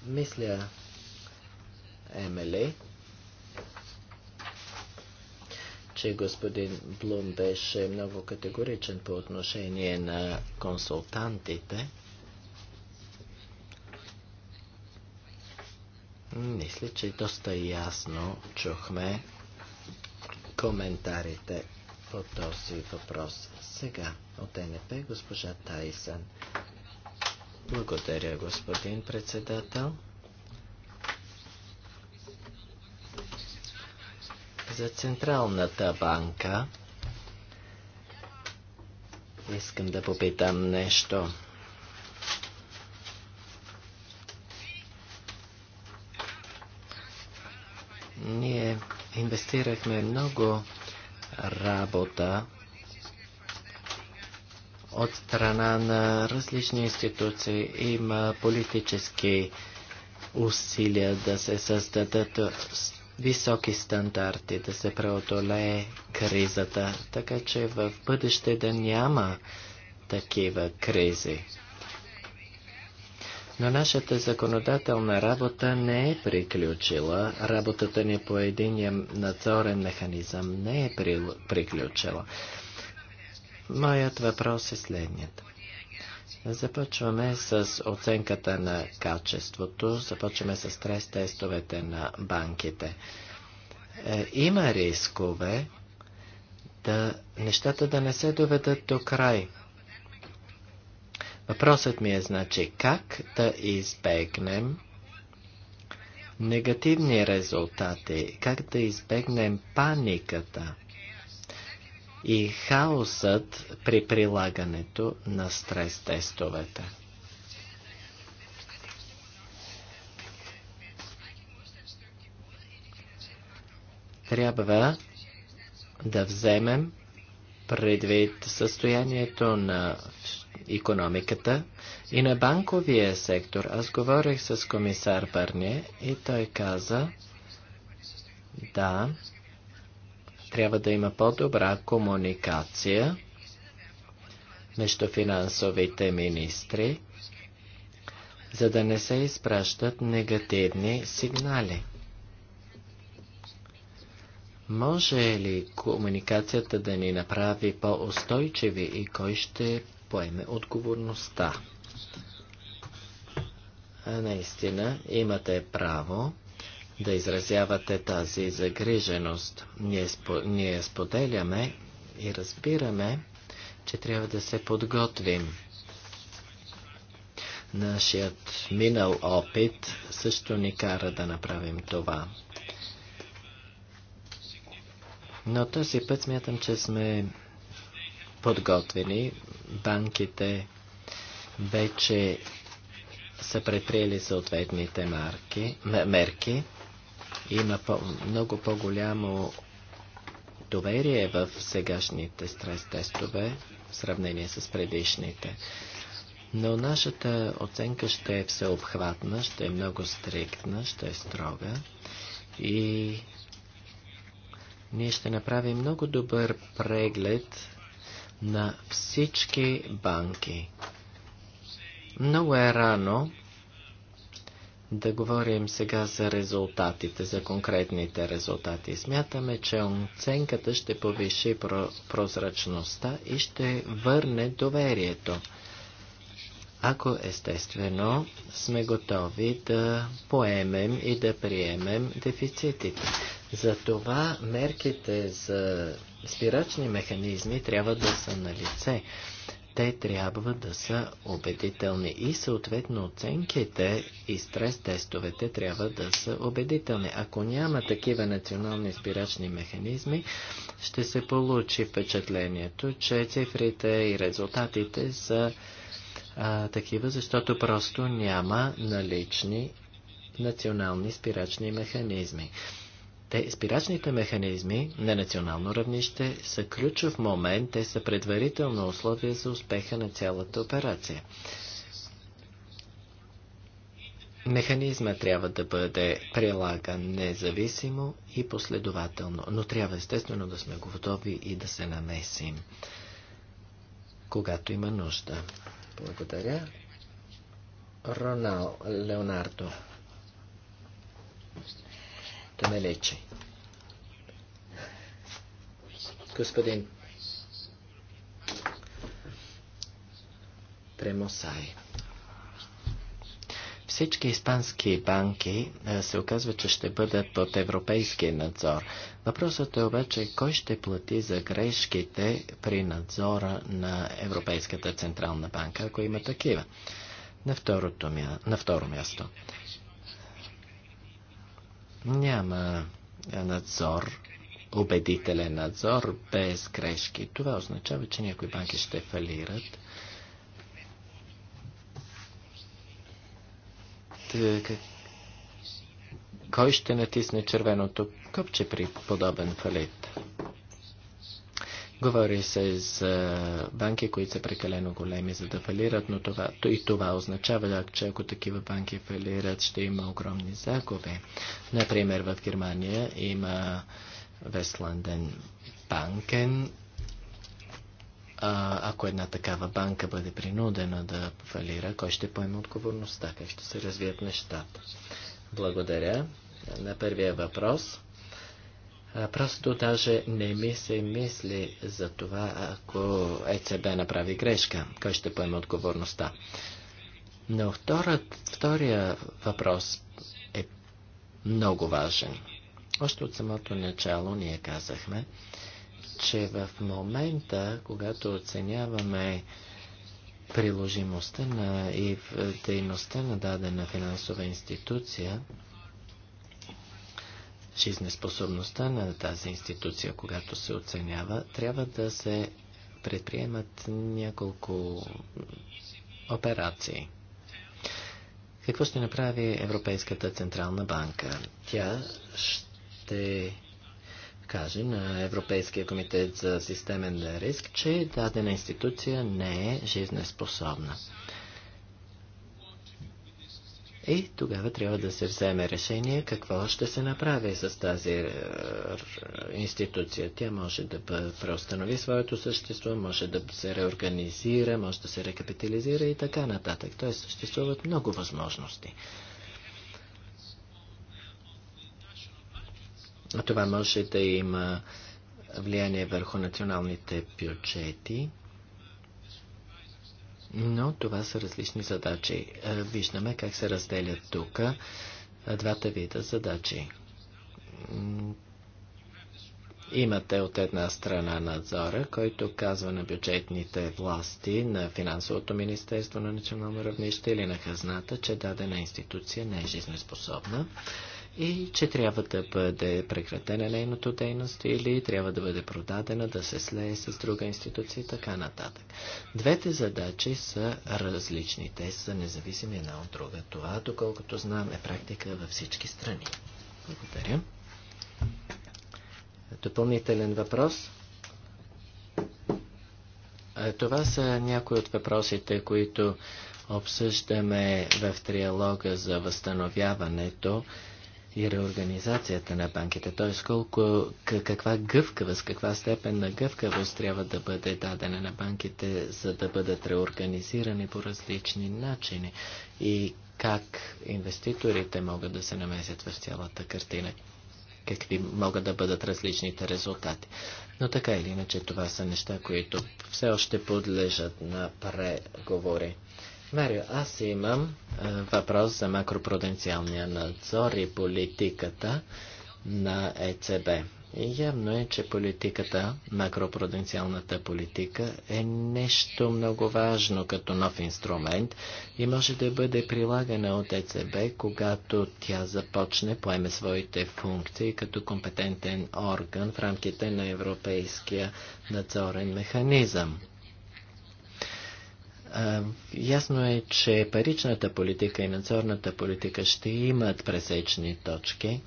Мисля, Емели, че господин Блум беше много категоричен по отношение на консултантите. Мисля, че е доста ясно чухме коментарите по този въпрос. Сега от НП госпожа Тайсън. Благодаря, господин председател. За Централната банка искам да попитам нещо. Ние инвестирахме много работа от страна на различни институции. Има политически усилия да се създадат високи стандарти, да се преодолее кризата, така че в бъдеще да няма такива кризи. Но нашата законодателна работа не е приключила. Работата ни по единия надзорен механизъм не е приключила. Моят въпрос е следният. Започваме с оценката на качеството, започваме с стрес-тестовете на банките. Е, има рискове да нещата да не се доведат до край. Въпросът ми е значи как да избегнем негативни резултати, как да избегнем паниката и хаосът при прилагането на стрес-тестовете. Трябва да вземем предвид състоянието на економиката и на банковия сектор. Аз говорих с комисар Бърне и той каза, да, трябва да има по-добра комуникация между финансовите министри, за да не се изпращат негативни сигнали. Може ли комуникацията да ни направи по-устойчиви и кой ще поеме отговорността? А Наистина, имате право да изразявате тази загриженост. Ние, спо, ние споделяме и разбираме, че трябва да се подготвим. Нашият минал опит също ни кара да направим това. Но този път смятам, че сме подготвени. Банките вече са предприели съответните марки, мерки. Има по- много по-голямо доверие в сегашните стрес-тестове в сравнение с предишните. Но нашата оценка ще е всеобхватна, ще е много стриктна, ще е строга и ние ще направим много добър преглед на всички банки. Много е рано да говорим сега за резултатите, за конкретните резултати. Смятаме, че оценката ще повиши прозрачността и ще върне доверието ако естествено сме готови да поемем и да приемем дефицитите. Затова мерките за спирачни механизми трябва да са на лице. Те трябва да са убедителни и съответно оценките и стрес-тестовете трябва да са убедителни. Ако няма такива национални спирачни механизми, ще се получи впечатлението, че цифрите и резултатите са а, такива, защото просто няма налични национални спирачни механизми. Те, спирачните механизми на национално равнище са ключов момент, те са предварително условие за успеха на цялата операция. Механизма трябва да бъде прилаган независимо и последователно, но трябва естествено да сме готови и да се намесим, когато има нужда. Благодаря. Ронал Леонардо. Да ме лечи. Господин Премосай. Всички испански банки се оказва, че ще бъдат под европейски надзор. Въпросът е обаче кой ще плати за грешките при надзора на Европейската централна банка, ако има такива. На, второто, на второ място. Няма надзор, убедителен надзор без грешки. Това означава, че някои банки ще фалират Е, кой ще натисне червеното копче при подобен фалит? Говори се за банки, които са прекалено големи за да фалират, но това, то и това означава, че ако такива банки фалират, ще има огромни загуби. Например, в Германия има Вестланден банкен а, ако една такава банка бъде принудена да фалира, кой ще поеме отговорността? Как ще се развият нещата? Благодаря. На първия въпрос. А, просто даже не ми се мисли за това, ако ЕЦБ направи грешка, кой ще поеме отговорността. Но вторът, втория въпрос е много важен. Още от самото начало ние казахме, че в момента, когато оценяваме приложимостта на и е, дейността на дадена финансова институция, жизнеспособността на тази институция, когато се оценява, трябва да се предприемат няколко операции. Какво ще направи Европейската Централна банка? Тя ще каже на Европейския комитет за системен риск, че дадена институция не е жизнеспособна. И тогава трябва да се вземе решение какво ще се направи с тази е, институция. Тя може да преустанови своето същество, може да се реорганизира, може да се рекапитализира и така нататък. Тоест съществуват много възможности. Това може да има влияние върху националните бюджети, но това са различни задачи. Е, виждаме как се разделят тук е, двата вида задачи. Имате от една страна надзора, който казва на бюджетните власти, на финансовото министерство на национално равнище или на хазната, че дадена институция не е жизнеспособна и че трябва да бъде прекратена нейното дейност или трябва да бъде продадена, да се слее с друга институция и така нататък. Двете задачи са различни. Те са независими една от друга. Това, доколкото знам, е практика във всички страни. Благодаря. Допълнителен въпрос. Това са някои от въпросите, които обсъждаме в триалога за възстановяването и реорганизацията на банките, т.е. колко, каква гъвкавост, каква степен на гъвкавост трябва да бъде дадена на банките, за да бъдат реорганизирани по различни начини и как инвеститорите могат да се намесят в цялата картина, какви могат да бъдат различните резултати. Но така или иначе това са неща, които все още подлежат на преговори. Марио, аз имам е, въпрос за макропруденциалния надзор и политиката на ЕЦБ. И Явно е, че политиката, макропруденциалната политика е нещо много важно като нов инструмент и може да бъде прилагана от ЕЦБ, когато тя започне, поеме своите функции като компетентен орган в рамките на Европейския надзорен механизъм. Ясно е, че паричната политика и надзорната политика ще имат пресечни точки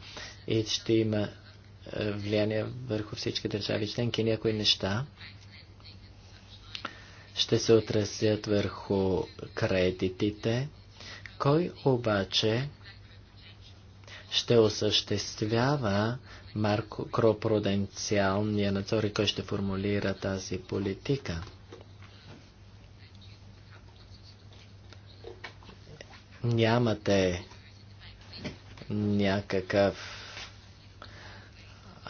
и ще има влияние върху всички държави членки. Някои неща ще се отразят върху кредитите. Кой обаче ще осъществява макропруденциалния надзор и кой ще формулира тази политика? нямате някакъв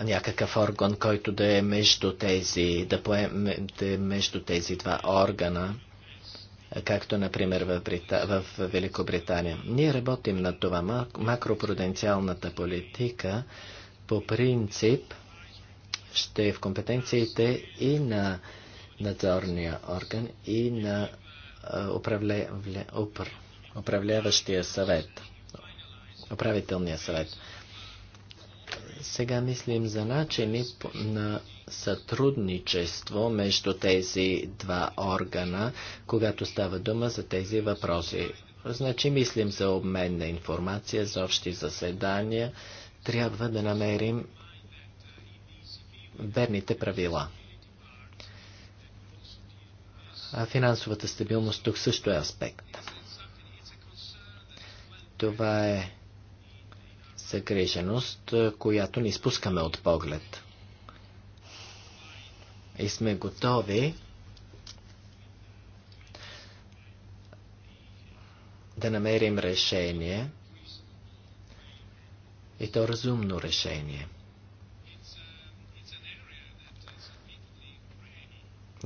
някакъв орган, който да е между тези, да, поемете между тези два органа, както например в, Брита... в Великобритания. Ние работим на това. Макропруденциалната политика по принцип ще е в компетенциите и на надзорния орган, и на управле управляващия съвет, управителния съвет. Сега мислим за начини на сътрудничество между тези два органа, когато става дума за тези въпроси. Значи мислим за обмен на информация, за общи заседания. Трябва да намерим верните правила. А финансовата стабилност тук също е аспект. Това е съгреженост, е, която ни спускаме от поглед. И сме готови да намерим решение и то разумно решение.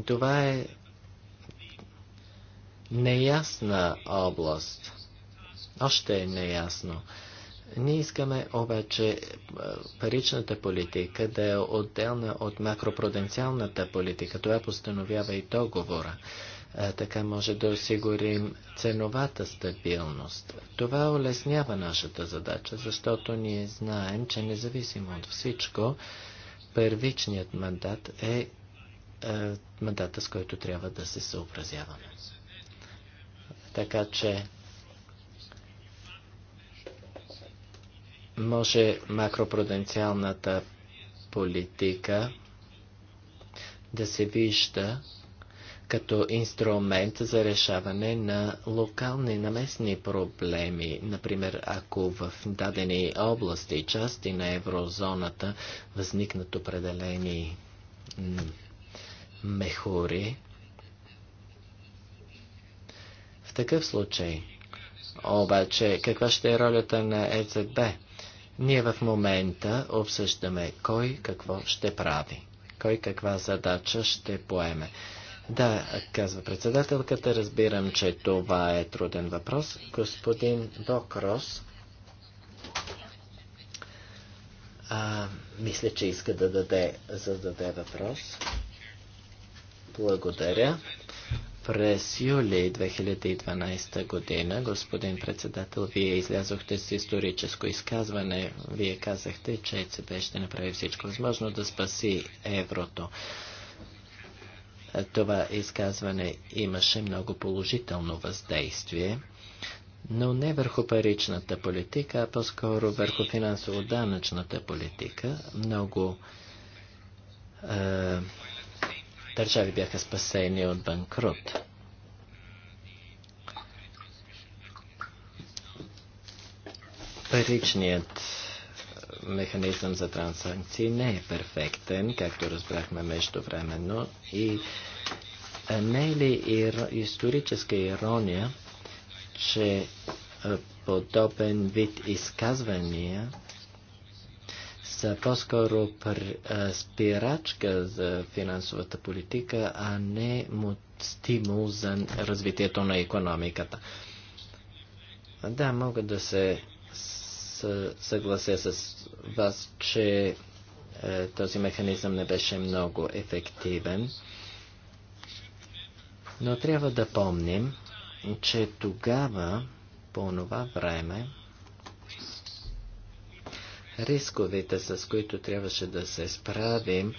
Това е неясна област още е неясно. Ние искаме обаче е, паричната политика да е отделна от макропруденциалната политика. Това постановява и договора. Е, така може да осигурим ценовата стабилност. Това улеснява нашата задача, защото ние знаем, че независимо от всичко, първичният мандат е, е мандата, с който трябва да се съобразяваме. Така че може макропруденциалната политика да се вижда като инструмент за решаване на локални, на местни проблеми. Например, ако в дадени области, части на еврозоната възникнат определени мехури, в такъв случай, обаче, каква ще е ролята на ЕЦБ? Ние в момента обсъждаме кой какво ще прави, кой каква задача ще поеме. Да, казва председателката, разбирам, че това е труден въпрос. Господин Докрос, а, мисля, че иска да даде, зададе въпрос. Благодаря. През юли 2012 година, господин председател, вие излязохте с историческо изказване. Вие казахте, че ЕЦБ ще направи всичко възможно да спаси еврото. Това изказване имаше много положително въздействие, но не върху паричната политика, а по-скоро върху финансово-данъчната политика. Много е, държави бяха спасени от банкрут. Паричният е, механизъм за трансакции не е перфектен, както разбрахме междувременно и е, не е ли ир... историческа ирония, че е, подобен вид изказвания са е, по-скоро е, спирачка за финансовата политика, а не стимул за развитието на економиката. Да, мога да се съглася с вас, че е, този механизъм не беше много ефективен. Но трябва да помним, че тогава, по това време, рисковете, с които трябваше да се справим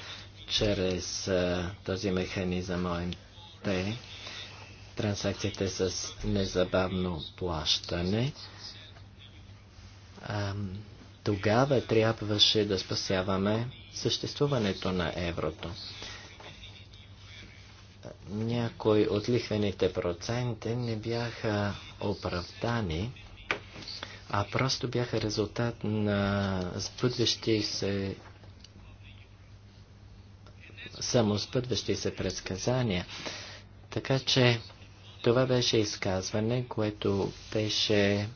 чрез а, този механизъм ОМТ, транзакциите с незабавно плащане, а, тогава трябваше да спасяваме съществуването на еврото. Някои от лихвените проценти не бяха оправдани а просто бяха резултат на сбъдващи се самоспътващи се предсказания. Така че това беше изказване, което беше е,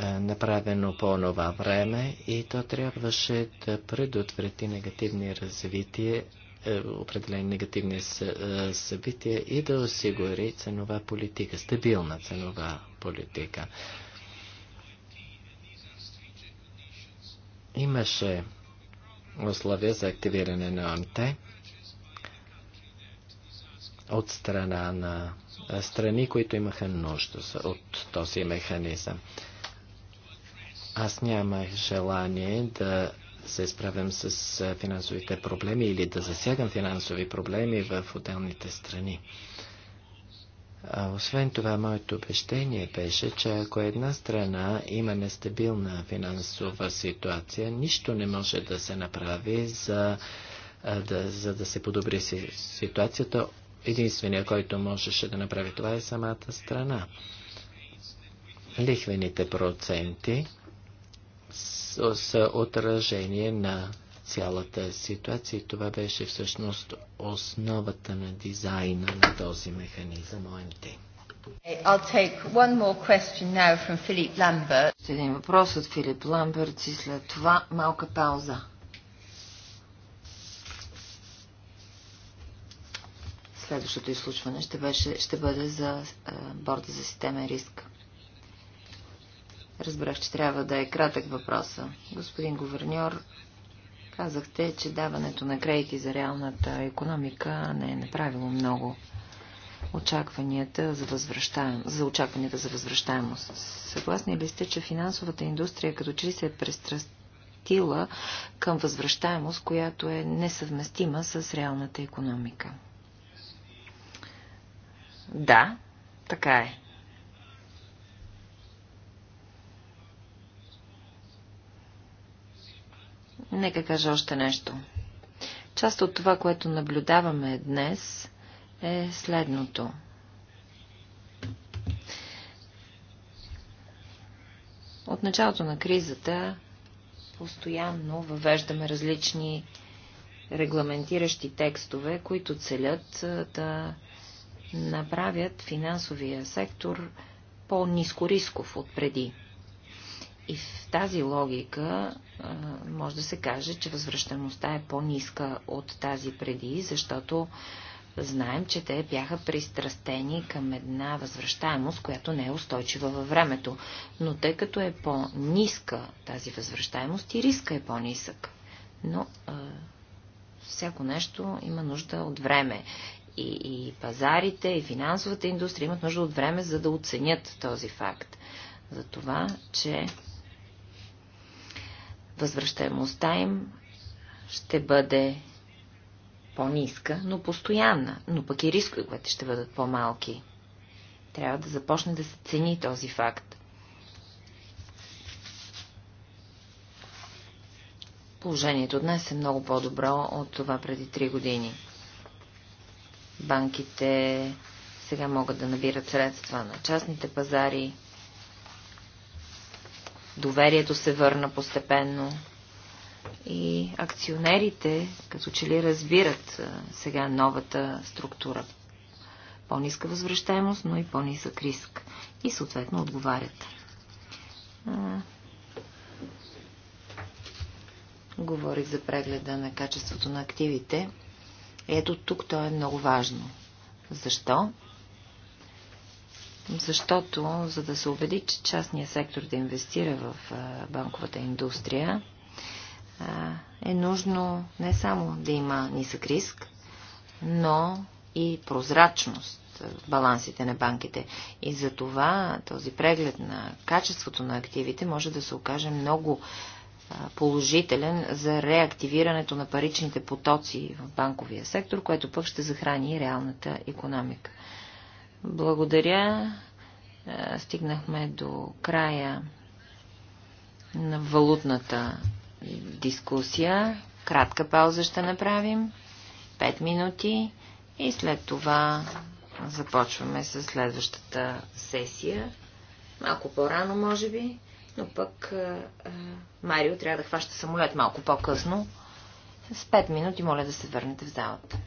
направено по нова време и то трябваше да предотврати негативни развитие е, определени негативни е, събития и да осигури ценова политика, стабилна ценова политика. Имаше условия за активиране на ОНТ от страна на е, страни, които имаха нужда от този механизъм. Аз нямах желание да се справям с финансовите проблеми или да засягам финансови проблеми в отделните страни. А освен това, моето обещение беше, че ако една страна има нестабилна финансова ситуация, нищо не може да се направи за да, за да се подобри ситуацията. единственият, който можеше да направи това е самата страна. Лихвените проценти са отражение на цялата ситуация и това беше всъщност основата на дизайна на този механизъм ОМТ. един въпрос от Филип Ламберт и след това малка пауза. Следващото изслушване ще, беше, ще бъде за е, борда за системен риск. Разбрах, че трябва да е кратък въпроса. Господин говерньор, казахте, че даването на кредити за реалната економика не е направило много. Очакванията за, възвръщаем... за очакванията за възвръщаемост. Съгласни ли сте, че финансовата индустрия като че ли се е престрастила към възвръщаемост, която е несъвместима с реалната економика? Да, така е. Нека кажа още нещо. Част от това, което наблюдаваме днес, е следното. От началото на кризата постоянно въвеждаме различни регламентиращи текстове, които целят да направят финансовия сектор по-низкорисков от преди. И в тази логика може да се каже, че възвръщаемостта е по-ниска от тази преди, защото знаем, че те бяха пристрастени към една възвръщаемост, която не е устойчива във времето. Но тъй като е по-ниска тази възвръщаемост и риска е по-нисък. Но е, всяко нещо има нужда от време. И, и пазарите, и финансовата индустрия имат нужда от време, за да оценят този факт. За това, че Възвръщаемостта им ще бъде по-ниска, но постоянна, но пък и рисковете ще бъдат по-малки. Трябва да започне да се цени този факт. Положението днес е много по-добро от това преди 3 години. Банките сега могат да набират средства на частните пазари, доверието се върна постепенно. И акционерите, като че ли разбират сега новата структура. По-ниска възвръщаемост, но и по-нисък риск. И съответно отговарят. Говорих за прегледа на качеството на активите. Ето тук то е много важно. Защо? защото за да се убеди, че частния сектор да инвестира в банковата индустрия, е нужно не само да има нисък риск, но и прозрачност в балансите на банките. И за това този преглед на качеството на активите може да се окаже много положителен за реактивирането на паричните потоци в банковия сектор, което пък ще захрани реалната економика. Благодаря. Е, стигнахме до края на валутната дискусия. Кратка пауза ще направим. 5 минути. И след това започваме с следващата сесия. Малко по-рано, може би. Но пък е, е, Марио трябва да хваща самолет малко по-късно. С 5 минути моля да се върнете в залата.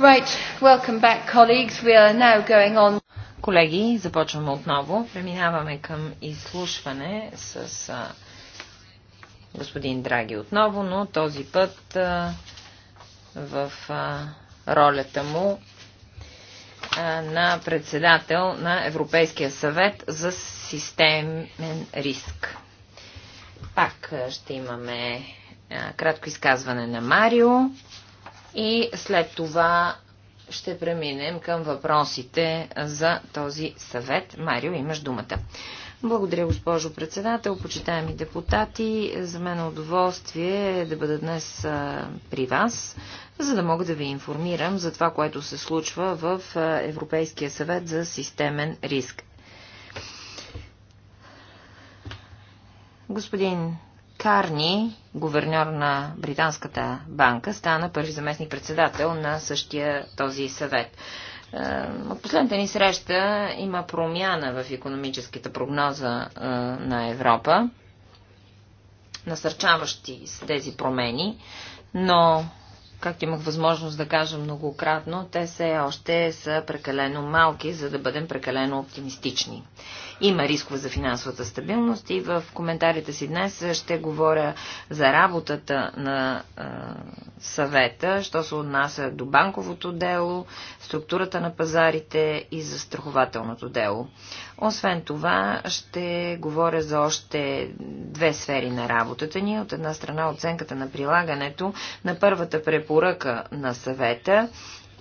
Right, welcome back colleagues. We are now going on. Колеги, започваме отново. Преминаваме към изслушване с а, господин Драги отново, но този път а, в а, ролята му а, на председател на Европейския съвет за системен риск. Пак ще имаме а, кратко изказване на Марио и след това ще преминем към въпросите за този съвет. Марио, имаш думата. Благодаря, госпожо председател, почитаеми депутати. За мен е удоволствие да бъда днес при вас, за да мога да ви информирам за това, което се случва в Европейския съвет за системен риск. Господин Карни, гуверньор на Британската банка, стана първи заместник председател на същия този съвет. Е, от последната ни среща има промяна в економическата прогноза е, на Европа, насърчаващи с тези промени, но, както имах възможност да кажа многократно, те все още са прекалено малки, за да бъдем прекалено оптимистични. Има рискове за финансовата стабилност и в коментарите си днес ще говоря за работата на съвета, що се отнася до банковото дело, структурата на пазарите и за страхователното дело. Освен това, ще говоря за още две сфери на работата ни. От една страна оценката на прилагането на първата препоръка на съвета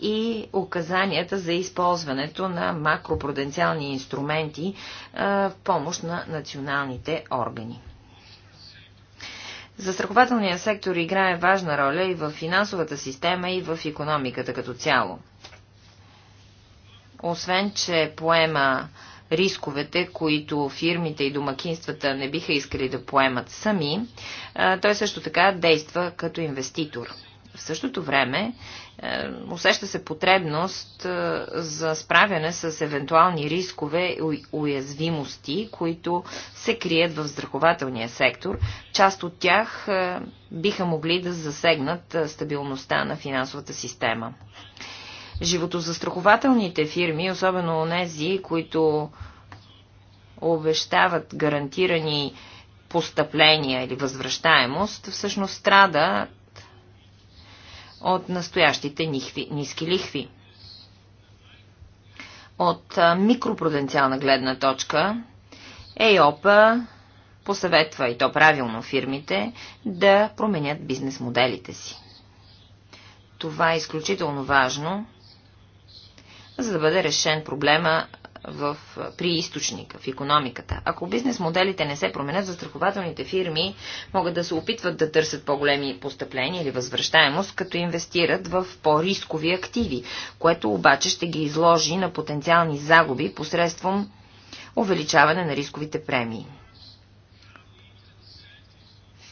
и указанията за използването на макропруденциални инструменти в помощ на националните органи. Застрахователният сектор играе важна роля и в финансовата система, и в економиката като цяло. Освен, че поема рисковете, които фирмите и домакинствата не биха искали да поемат сами, той също така действа като инвеститор. В същото време е, усеща се потребност е, за справяне с евентуални рискове и уязвимости, които се крият в страхователния сектор. Част от тях е, биха могли да засегнат стабилността на финансовата система. Животозастрахователните фирми, особено онези, които обещават гарантирани постъпления или възвръщаемост, всъщност страда от настоящите нихви, ниски лихви. От микропруденциална гледна точка ЕОПа посъветва и то правилно фирмите да променят бизнес моделите си. Това е изключително важно, за да бъде решен проблема в, при източника, в економиката. Ако бизнес моделите не се променят, застрахователните фирми могат да се опитват да търсят по-големи постъпления или възвръщаемост, като инвестират в по-рискови активи, което обаче ще ги изложи на потенциални загуби посредством увеличаване на рисковите премии.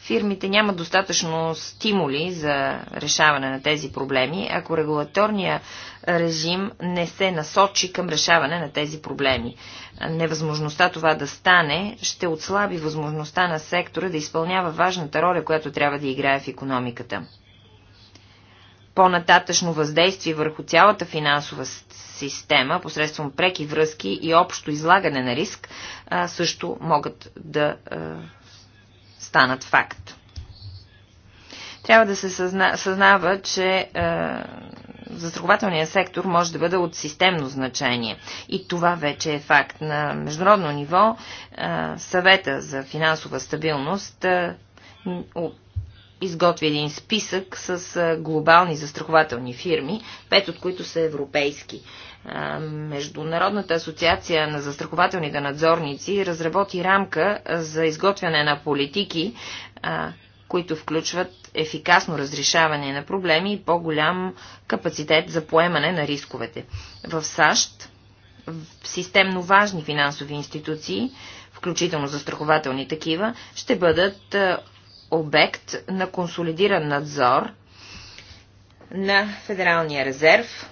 Фирмите нямат достатъчно стимули за решаване на тези проблеми, ако регулаторния режим не се насочи към решаване на тези проблеми. Невъзможността това да стане ще отслаби възможността на сектора да изпълнява важната роля, която трябва да играе в економиката. По-нататъчно въздействие върху цялата финансова система, посредством преки връзки и общо излагане на риск, също могат да станат факт. Трябва да се съзна, съзнава, че е, застрахователният сектор може да бъде от системно значение. И това вече е факт. На международно ниво е, съвета за финансова стабилност е, изготви един списък с е, глобални застрахователни фирми, пет от които са европейски. Международната асоциация на застрахователните надзорници разработи рамка за изготвяне на политики, които включват ефикасно разрешаване на проблеми и по-голям капацитет за поемане на рисковете. В САЩ в системно важни финансови институции, включително застрахователни такива, ще бъдат обект на консолидиран надзор на Федералния резерв,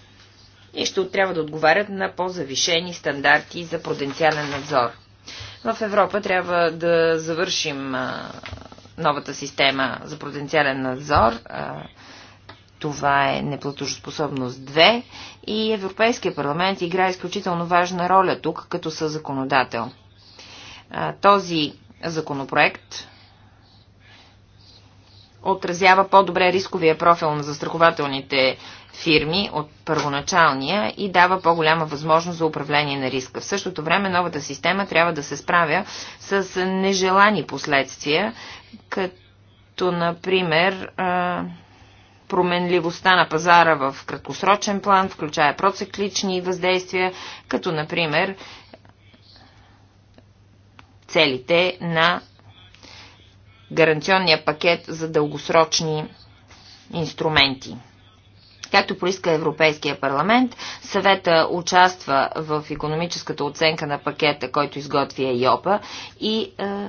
и ще трябва да отговарят на по-завишени стандарти за пруденциален надзор. В Европа трябва да завършим новата система за пруденциален надзор. Това е неплатежоспособност 2 и Европейския парламент играе изключително важна роля тук като съзаконодател. Този законопроект отразява по-добре рисковия профил на застрахователните фирми от първоначалния и дава по-голяма възможност за управление на риска. В същото време новата система трябва да се справя с нежелани последствия, като например променливостта на пазара в краткосрочен план, включая проциклични въздействия, като например целите на гаранционния пакет за дългосрочни инструменти. Както поиска Европейския парламент, съвета участва в економическата оценка на пакета, който изготви ЙОПА и е,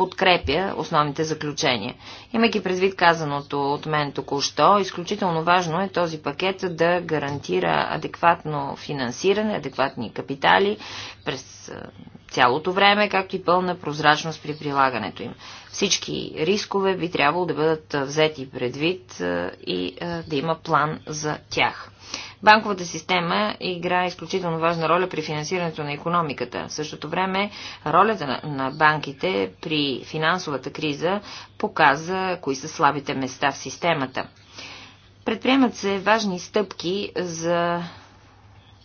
подкрепя основните заключения. Имайки предвид казаното от мен току-що, изключително важно е този пакет да гарантира адекватно финансиране, адекватни капитали през цялото време, както и пълна прозрачност при прилагането им. Всички рискове би трябвало да бъдат взети предвид и да има план за тях. Банковата система играе изключително важна роля при финансирането на економиката. В същото време ролята на банките при финансовата криза показа кои са слабите места в системата. Предприемат се важни стъпки за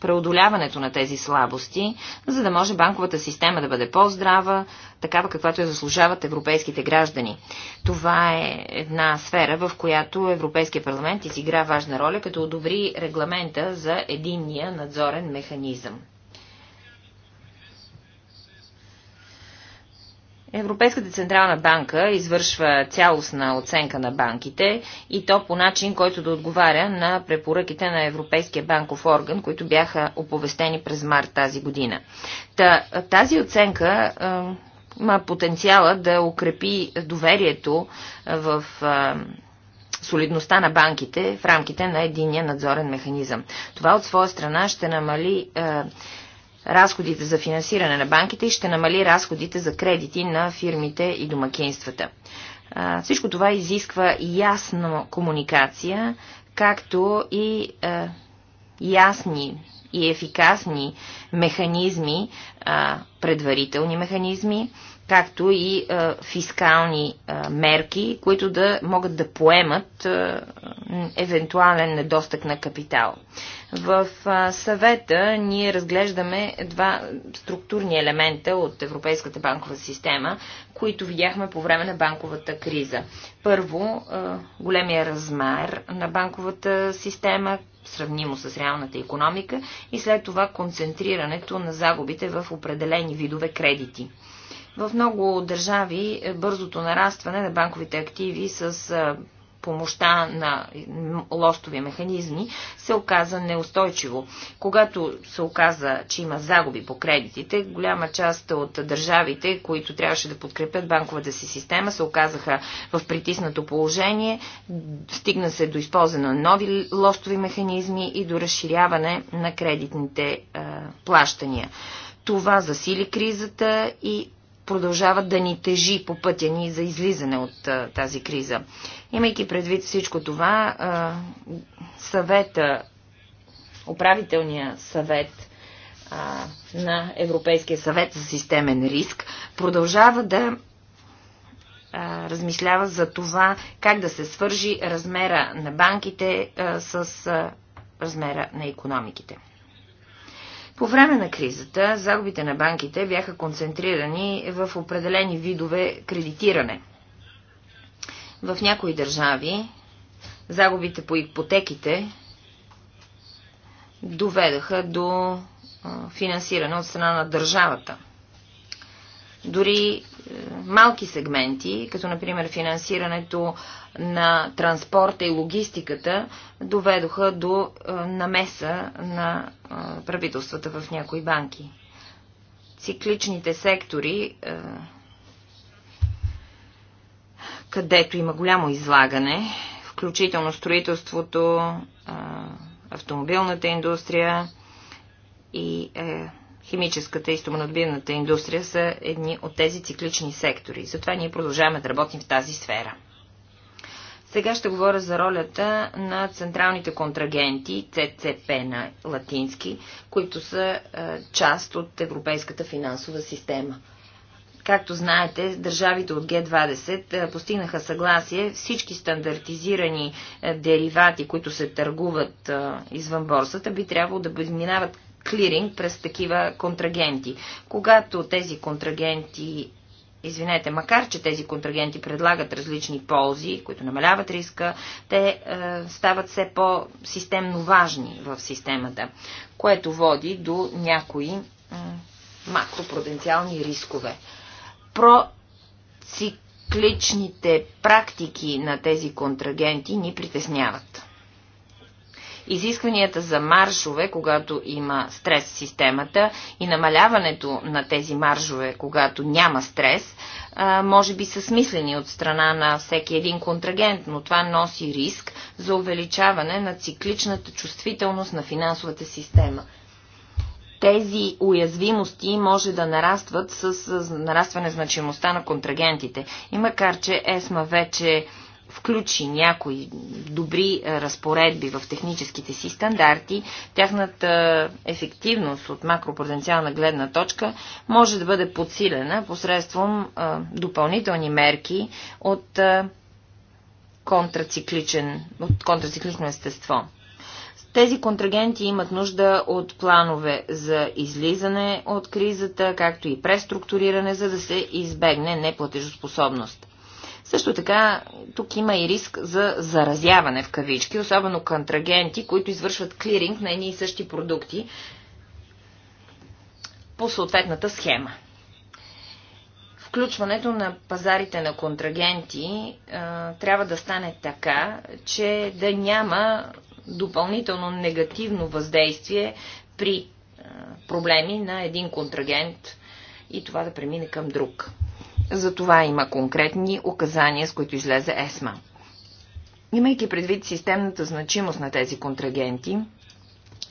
преодоляването на тези слабости, за да може банковата система да бъде по-здрава, такава каквато я заслужават европейските граждани. Това е една сфера, в която Европейския парламент изигра важна роля, като одобри регламента за единния надзорен механизъм. Европейската централна банка извършва цялостна оценка на банките и то по начин, който да отговаря на препоръките на Европейския банков орган, които бяха оповестени през март тази година. Та, тази оценка е, има потенциала да укрепи доверието в е, солидността на банките в рамките на единия надзорен механизъм. Това от своя страна ще намали е, разходите за финансиране на банките и ще намали разходите за кредити на фирмите и домакинствата. Всичко това изисква ясна комуникация, както и ясни и ефикасни механизми, предварителни механизми, както и а, фискални а, мерки, които да могат да поемат а, евентуален недостъг на капитал. В а, съвета ние разглеждаме два структурни елемента от Европейската банкова система, които видяхме по време на банковата криза. Първо, а, големия размер на банковата система, сравнимо с реалната економика, и след това концентрирането на загубите в определени видове кредити. В много държави е бързото нарастване на банковите активи с е, помощта на лостови механизми се оказа неустойчиво. Когато се оказа, че има загуби по кредитите, голяма част от държавите, които трябваше да подкрепят банковата си система, се оказаха в притиснато положение, стигна се до използване на нови лостови механизми и до разширяване на кредитните е, плащания. Това засили кризата и продължават да ни тежи по пътя ни за излизане от а, тази криза. Имайки предвид всичко това, а, съвета, управителния съвет а, на Европейския съвет за системен риск продължава да размишлява за това как да се свържи размера на банките с размера на економиките. По време на кризата загубите на банките бяха концентрирани в определени видове кредитиране. В някои държави загубите по ипотеките доведаха до финансиране от страна на държавата. Дори малки сегменти, като например финансирането на транспорта и логистиката, доведоха до е, намеса на е, правителствата в някои банки. Цикличните сектори, е, където има голямо излагане, включително строителството, автомобилната индустрия и химическата и стоманодбивната индустрия са едни от тези циклични сектори. Затова ние продължаваме да работим в тази сфера. Сега ще говоря за ролята на централните контрагенти, ЦЦП на латински, които са е, част от европейската финансова система. Както знаете, държавите от Г-20 е, постигнаха съгласие всички стандартизирани е, деривати, които се търгуват извън борсата, би трябвало да минават клиринг през такива контрагенти. Когато тези контрагенти Извинете, макар че тези контрагенти предлагат различни ползи, които намаляват риска, те е, стават все по-системно важни в системата, което води до някои е, макропруденциални рискове. Процикличните практики на тези контрагенти ни притесняват изискванията за маршове, когато има стрес в системата и намаляването на тези маржове, когато няма стрес, може би са смислени от страна на всеки един контрагент, но това носи риск за увеличаване на цикличната чувствителност на финансовата система тези уязвимости може да нарастват с нарастване значимостта на контрагентите. И макар, че ЕСМА вече включи някои добри е, разпоредби в техническите си стандарти, тяхната е, ефективност от макропотенциална гледна точка може да бъде подсилена посредством е, допълнителни мерки от, от контрациклично естество. Тези контрагенти имат нужда от планове за излизане от кризата, както и преструктуриране, за да се избегне неплатежоспособност. Също така, тук има и риск за заразяване в кавички, особено контрагенти, които извършват клиринг на едни и същи продукти по съответната схема. Включването на пазарите на контрагенти а, трябва да стане така, че да няма допълнително негативно въздействие при а, проблеми на един контрагент и това да премине към друг. За това има конкретни указания, с които излезе ЕСМА. Имайки предвид системната значимост на тези контрагенти,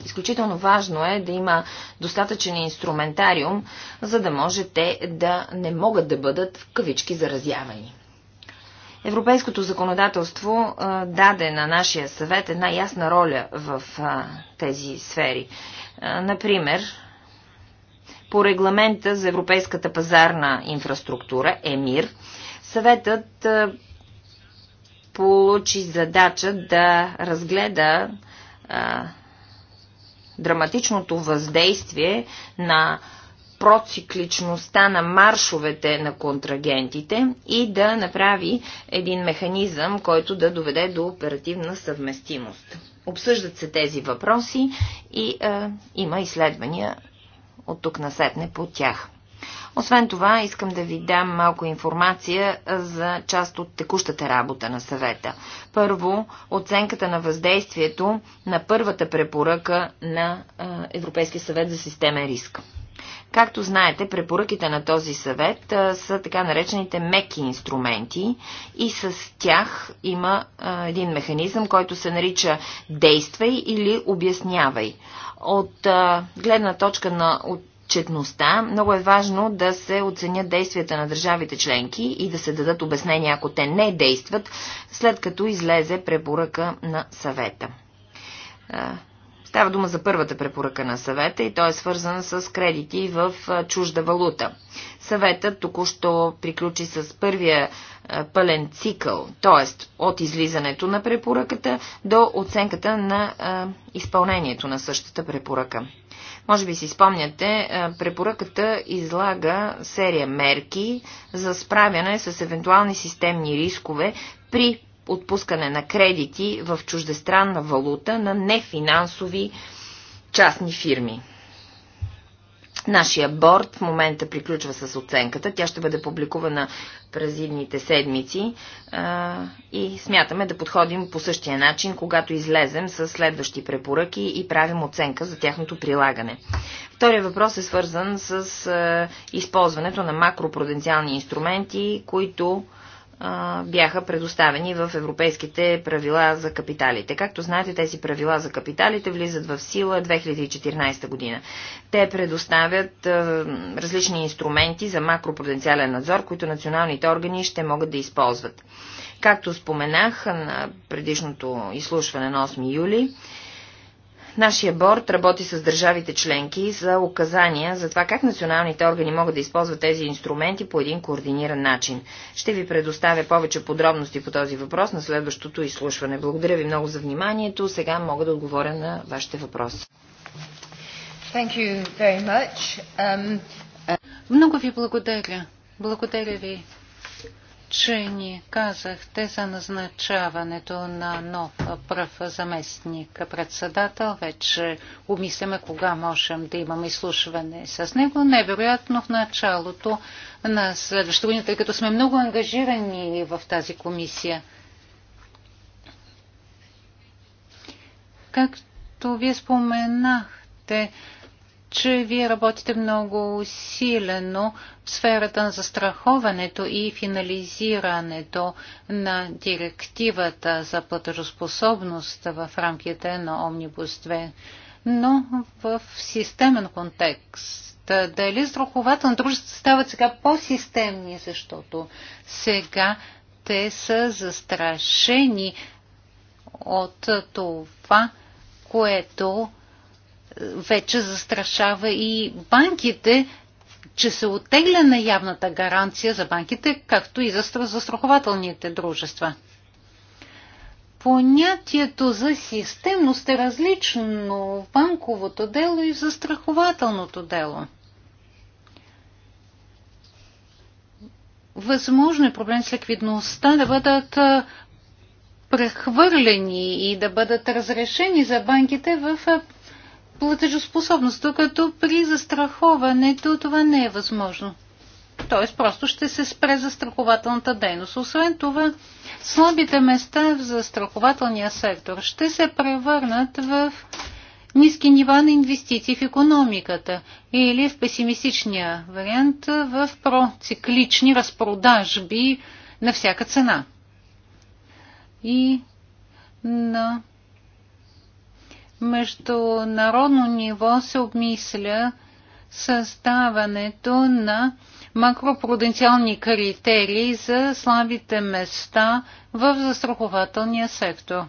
Изключително важно е да има достатъчен инструментариум, за да може те да не могат да бъдат в кавички заразявани. Европейското законодателство а, даде на нашия съвет една ясна роля в а, тези сфери. А, например, по регламента за Европейската пазарна инфраструктура, ЕМИР, съветът е, получи задача да разгледа а, е, драматичното въздействие на процикличността на маршовете на контрагентите и да направи един механизъм, който да доведе до оперативна съвместимост. Обсъждат се тези въпроси и а, е, има изследвания от тук насетне по тях. Освен това, искам да ви дам малко информация за част от текущата работа на съвета. Първо, оценката на въздействието на първата препоръка на Европейския съвет за системен риск. Както знаете, препоръките на този съвет са така наречените меки инструменти и с тях има един механизъм, който се нарича действай или обяснявай. От а, гледна точка на отчетността, много е важно да се оценят действията на държавите членки и да се дадат обяснения, ако те не действат, след като излезе препоръка на съвета. Става дума за първата препоръка на съвета и той е свързан с кредити в чужда валута. Съветът току-що приключи с първия е, пълен цикъл, т.е. от излизането на препоръката до оценката на е, изпълнението на същата препоръка. Може би си спомняте, е, препоръката излага серия мерки за справяне с евентуални системни рискове при отпускане на кредити в чуждестранна валута на нефинансови частни фирми. Нашия борт в момента приключва с оценката. Тя ще бъде публикувана през идните седмици и смятаме да подходим по същия начин, когато излезем с следващи препоръки и правим оценка за тяхното прилагане. Втория въпрос е свързан с използването на макропруденциални инструменти, които бяха предоставени в европейските правила за капиталите. Както знаете, тези правила за капиталите влизат в сила 2014 година. Те предоставят различни инструменти за макропруденциален надзор, които националните органи ще могат да използват. Както споменах на предишното изслушване на 8 юли, Нашия борт работи с държавите членки за указания за това как националните органи могат да използват тези инструменти по един координиран начин. Ще ви предоставя повече подробности по този въпрос на следващото изслушване. Благодаря ви много за вниманието. Сега мога да отговоря на вашите въпроси. Um... Uh, много ви благодаря. Благодаря ви че ни казахте за назначаването на нов пръв заместник председател. Вече обмисляме кога можем да имаме изслушване с него. Невероятно в началото на следващата година, тъй като сме много ангажирани в тази комисия. Както вие споменахте, че вие работите много усилено в сферата на застраховането и финализирането на директивата за платежоспособност в рамките на Омнибус 2. Но в системен контекст, дали страхователни дружества стават сега по-системни, защото сега те са застрашени от това, което вече застрашава и банките, че се оттегля на явната гаранция за банките, както и за застрахователните дружества. Понятието за системност е различно в банковото дело и в застрахователното дело. Възможно е проблем с ликвидността да бъдат прехвърлени и да бъдат разрешени за банките в платежоспособност, докато при застраховането това не е възможно. Т.е. просто ще се спре застрахователната дейност. Освен това, слабите места в застрахователния сектор ще се превърнат в ниски нива на инвестиции в економиката или в песимистичния вариант в проциклични разпродажби на всяка цена. И на международно ниво се обмисля създаването на макропруденциални критерии за слабите места в застрахователния сектор.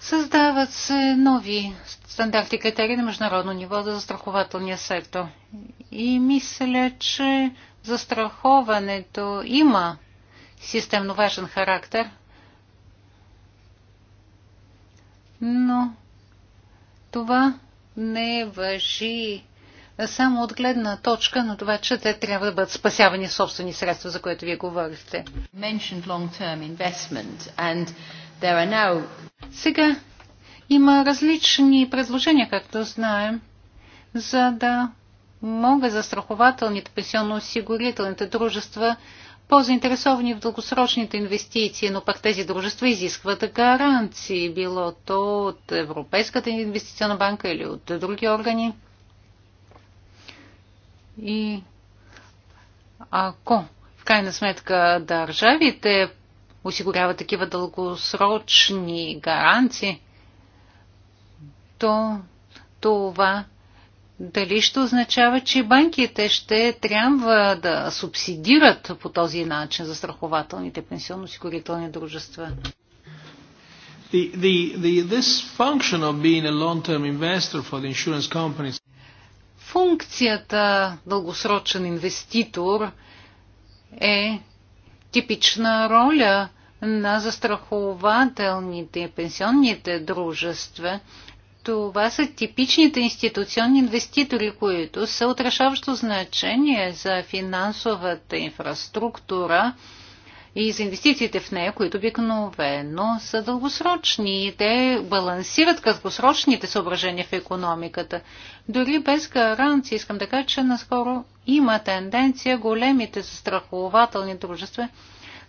Създават се нови стандарти критерии на международно ниво за застрахователния сектор. И мисля, че застраховането има системно важен характер – но това не въжи само от гледна точка на това, че те трябва да бъдат спасявани собствени средства, за което вие говорихте. Сега има различни предложения, както знаем, за да могат застрахователните пенсионно-осигурителните дружества по-заинтересовани в дългосрочните инвестиции, но пък тези дружества изискват гаранции, било то от Европейската инвестиционна банка или от други органи. И ако в крайна сметка държавите осигуряват такива дългосрочни гаранции, то това дали ще означава, че банките ще трябва да субсидират по този начин застрахователните пенсионно-осигурителни дружества? Функцията дългосрочен инвеститор е типична роля на застрахователните пенсионните дружества. Това са типичните институционни инвеститори, които са отрешаващо значение за финансовата инфраструктура и за инвестициите в нея, които обикновено са дългосрочни и те балансират краткосрочните съображения в економиката. Дори без гаранции искам да кажа, че наскоро има тенденция големите застрахователни дружества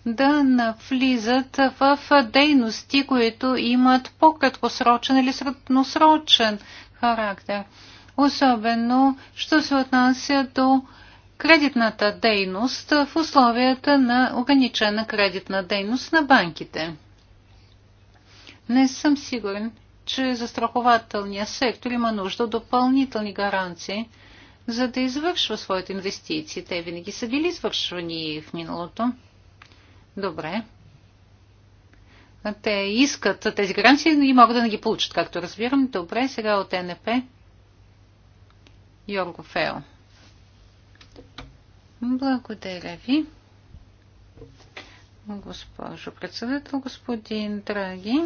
да навлизат в дейности, които имат по-краткосрочен или средносрочен характер. Особено, що се отнася до кредитната дейност в условията на ограничена кредитна дейност на банките. Не съм сигурен, че застрахователният сектор има нужда от допълнителни гаранции, за да извършва своите инвестиции. Те винаги са били извършвани в миналото. Добре. Те искат тези гаранции и могат да не ги получат, както разбирам. Добре, сега от НП. Йорго Фео. Благодаря ви. Госпожо председател, господин Драги.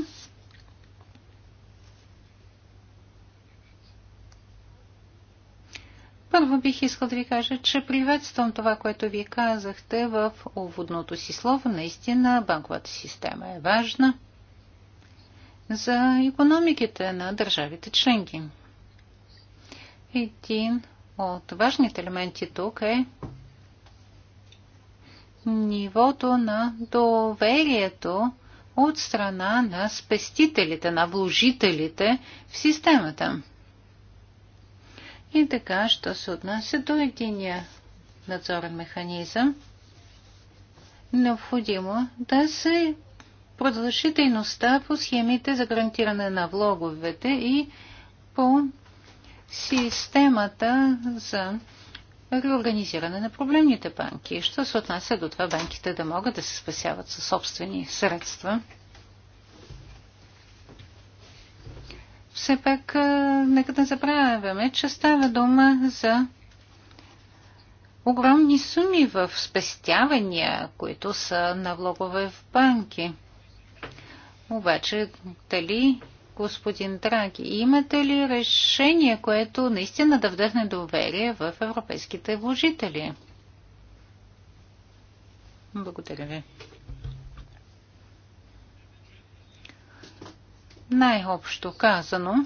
Първо бих искал да ви кажа, че приветствам това, което ви казахте в уводното си слово. Наистина банковата система е важна за економиките на държавите членки. Един от важните елементи тук е нивото на доверието от страна на спестителите, на вложителите в системата – и така, що се отнася до единия надзорен механизъм, необходимо да се продължи дейността по схемите за гарантиране на влоговете и по системата за реорганизиране на проблемните банки. Що се отнася до това банките да могат да се спасяват със собствени средства? все пак нека да забравяме, че става дума за огромни суми в спестявания, които са на влогове в банки. Обаче, дали, господин Драги, имате ли решение, което наистина да вдъхне доверие в европейските вложители? Благодаря ви. Най-общо казано,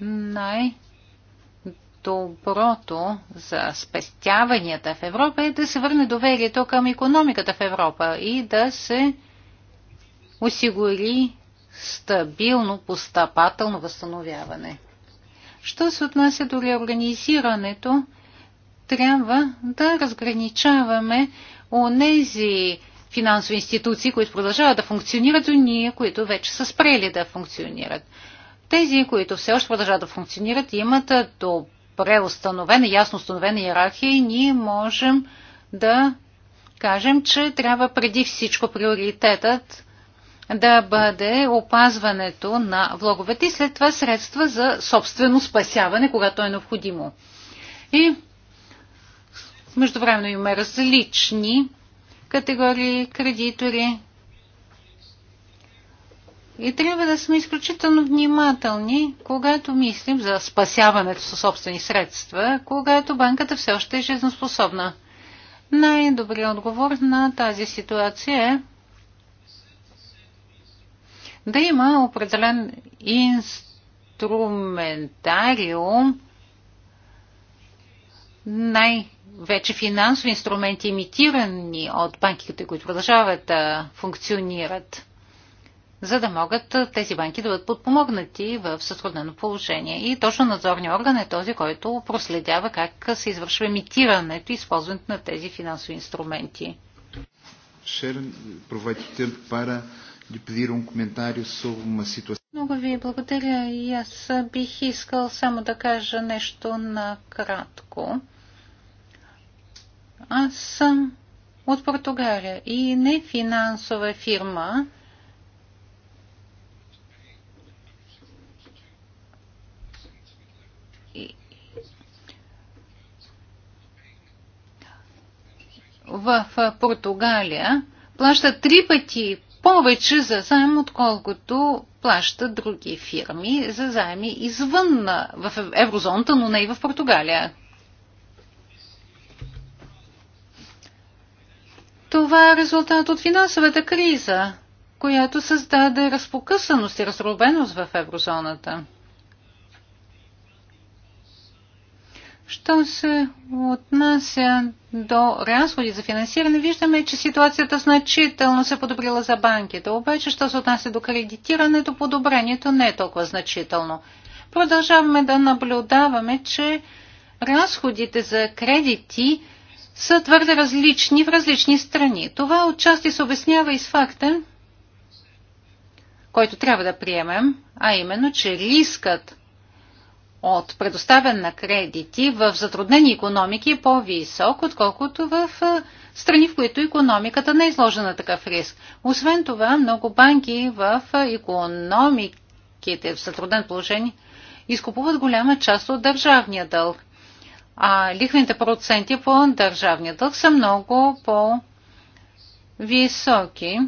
най-доброто за спестяванията в Европа е да се върне доверието към економиката в Европа и да се осигури стабилно постъпателно възстановяване. Що се отнася до реорганизирането, трябва да разграничаваме онези нези финансови институции, които продължават да функционират, и ние, които вече са спрели да функционират. Тези, които все още продължават да функционират, имат добре установена, ясно установена иерархия и ние можем да кажем, че трябва преди всичко приоритетът да бъде опазването на влоговете и след това средства за собствено спасяване, когато е необходимо. И междувременно имаме различни категории кредитори. И трябва да сме изключително внимателни, когато мислим за спасяването със собствени средства, когато банката все още е жизнеспособна. Най-добрият отговор на тази ситуация е да има определен инструментариум, най- вече финансови инструменти, имитирани от банките, които продължават да функционират, за да могат тези банки да бъдат подпомогнати в сътруднено положение. И точно надзорният орган е този, който проследява как се извършва имитирането и използването на тези финансови инструменти. Шерен, pedir um comentário sobre uma situação. Много ви благодаря и аз бих искал само да кажа нещо накратко. Аз съм от Португалия и не финансова фирма. В Португалия плаща три пъти повече за заем, отколкото плащат други фирми за заеми извън в еврозоната, но не и в Португалия. Това е резултат от финансовата криза, която създаде разпокъсаност и разрубеност в еврозоната. Що се отнася до разходи за финансиране, виждаме, че ситуацията значително се подобрила за банките. Обаче, що се отнася до кредитирането, подобрението не е толкова значително. Продължаваме да наблюдаваме, че разходите за кредити са твърде различни в различни страни. Това отчасти се обяснява и с факта, който трябва да приемем, а именно, че рискът от предоставен на кредити в затруднени економики е по-висок, отколкото в страни, в които економиката не е изложена на такъв риск. Освен това, много банки в економиките в затруднен положение изкупуват голяма част от държавния дълг а лихвените проценти по държавния дълг са много по-високи,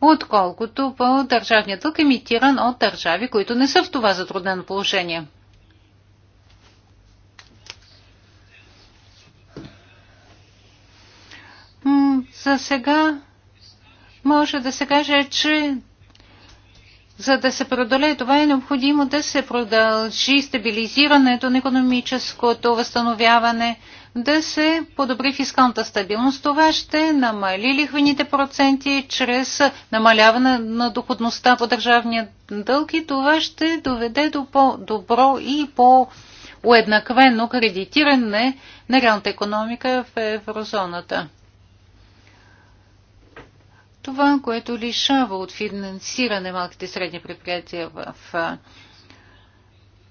отколкото по държавния дълг емитиран от държави, които не са в това затруднено положение. За сега може да се каже, че за да се преодолее това е необходимо да се продължи стабилизирането на економическото възстановяване, да се подобри фискалната стабилност. Това ще намали лихвените проценти чрез намаляване на доходността по държавния дълг и това ще доведе до по-добро и по-уеднаквено кредитиране на реалната економика в еврозоната това, което лишава от финансиране малките и средни предприятия в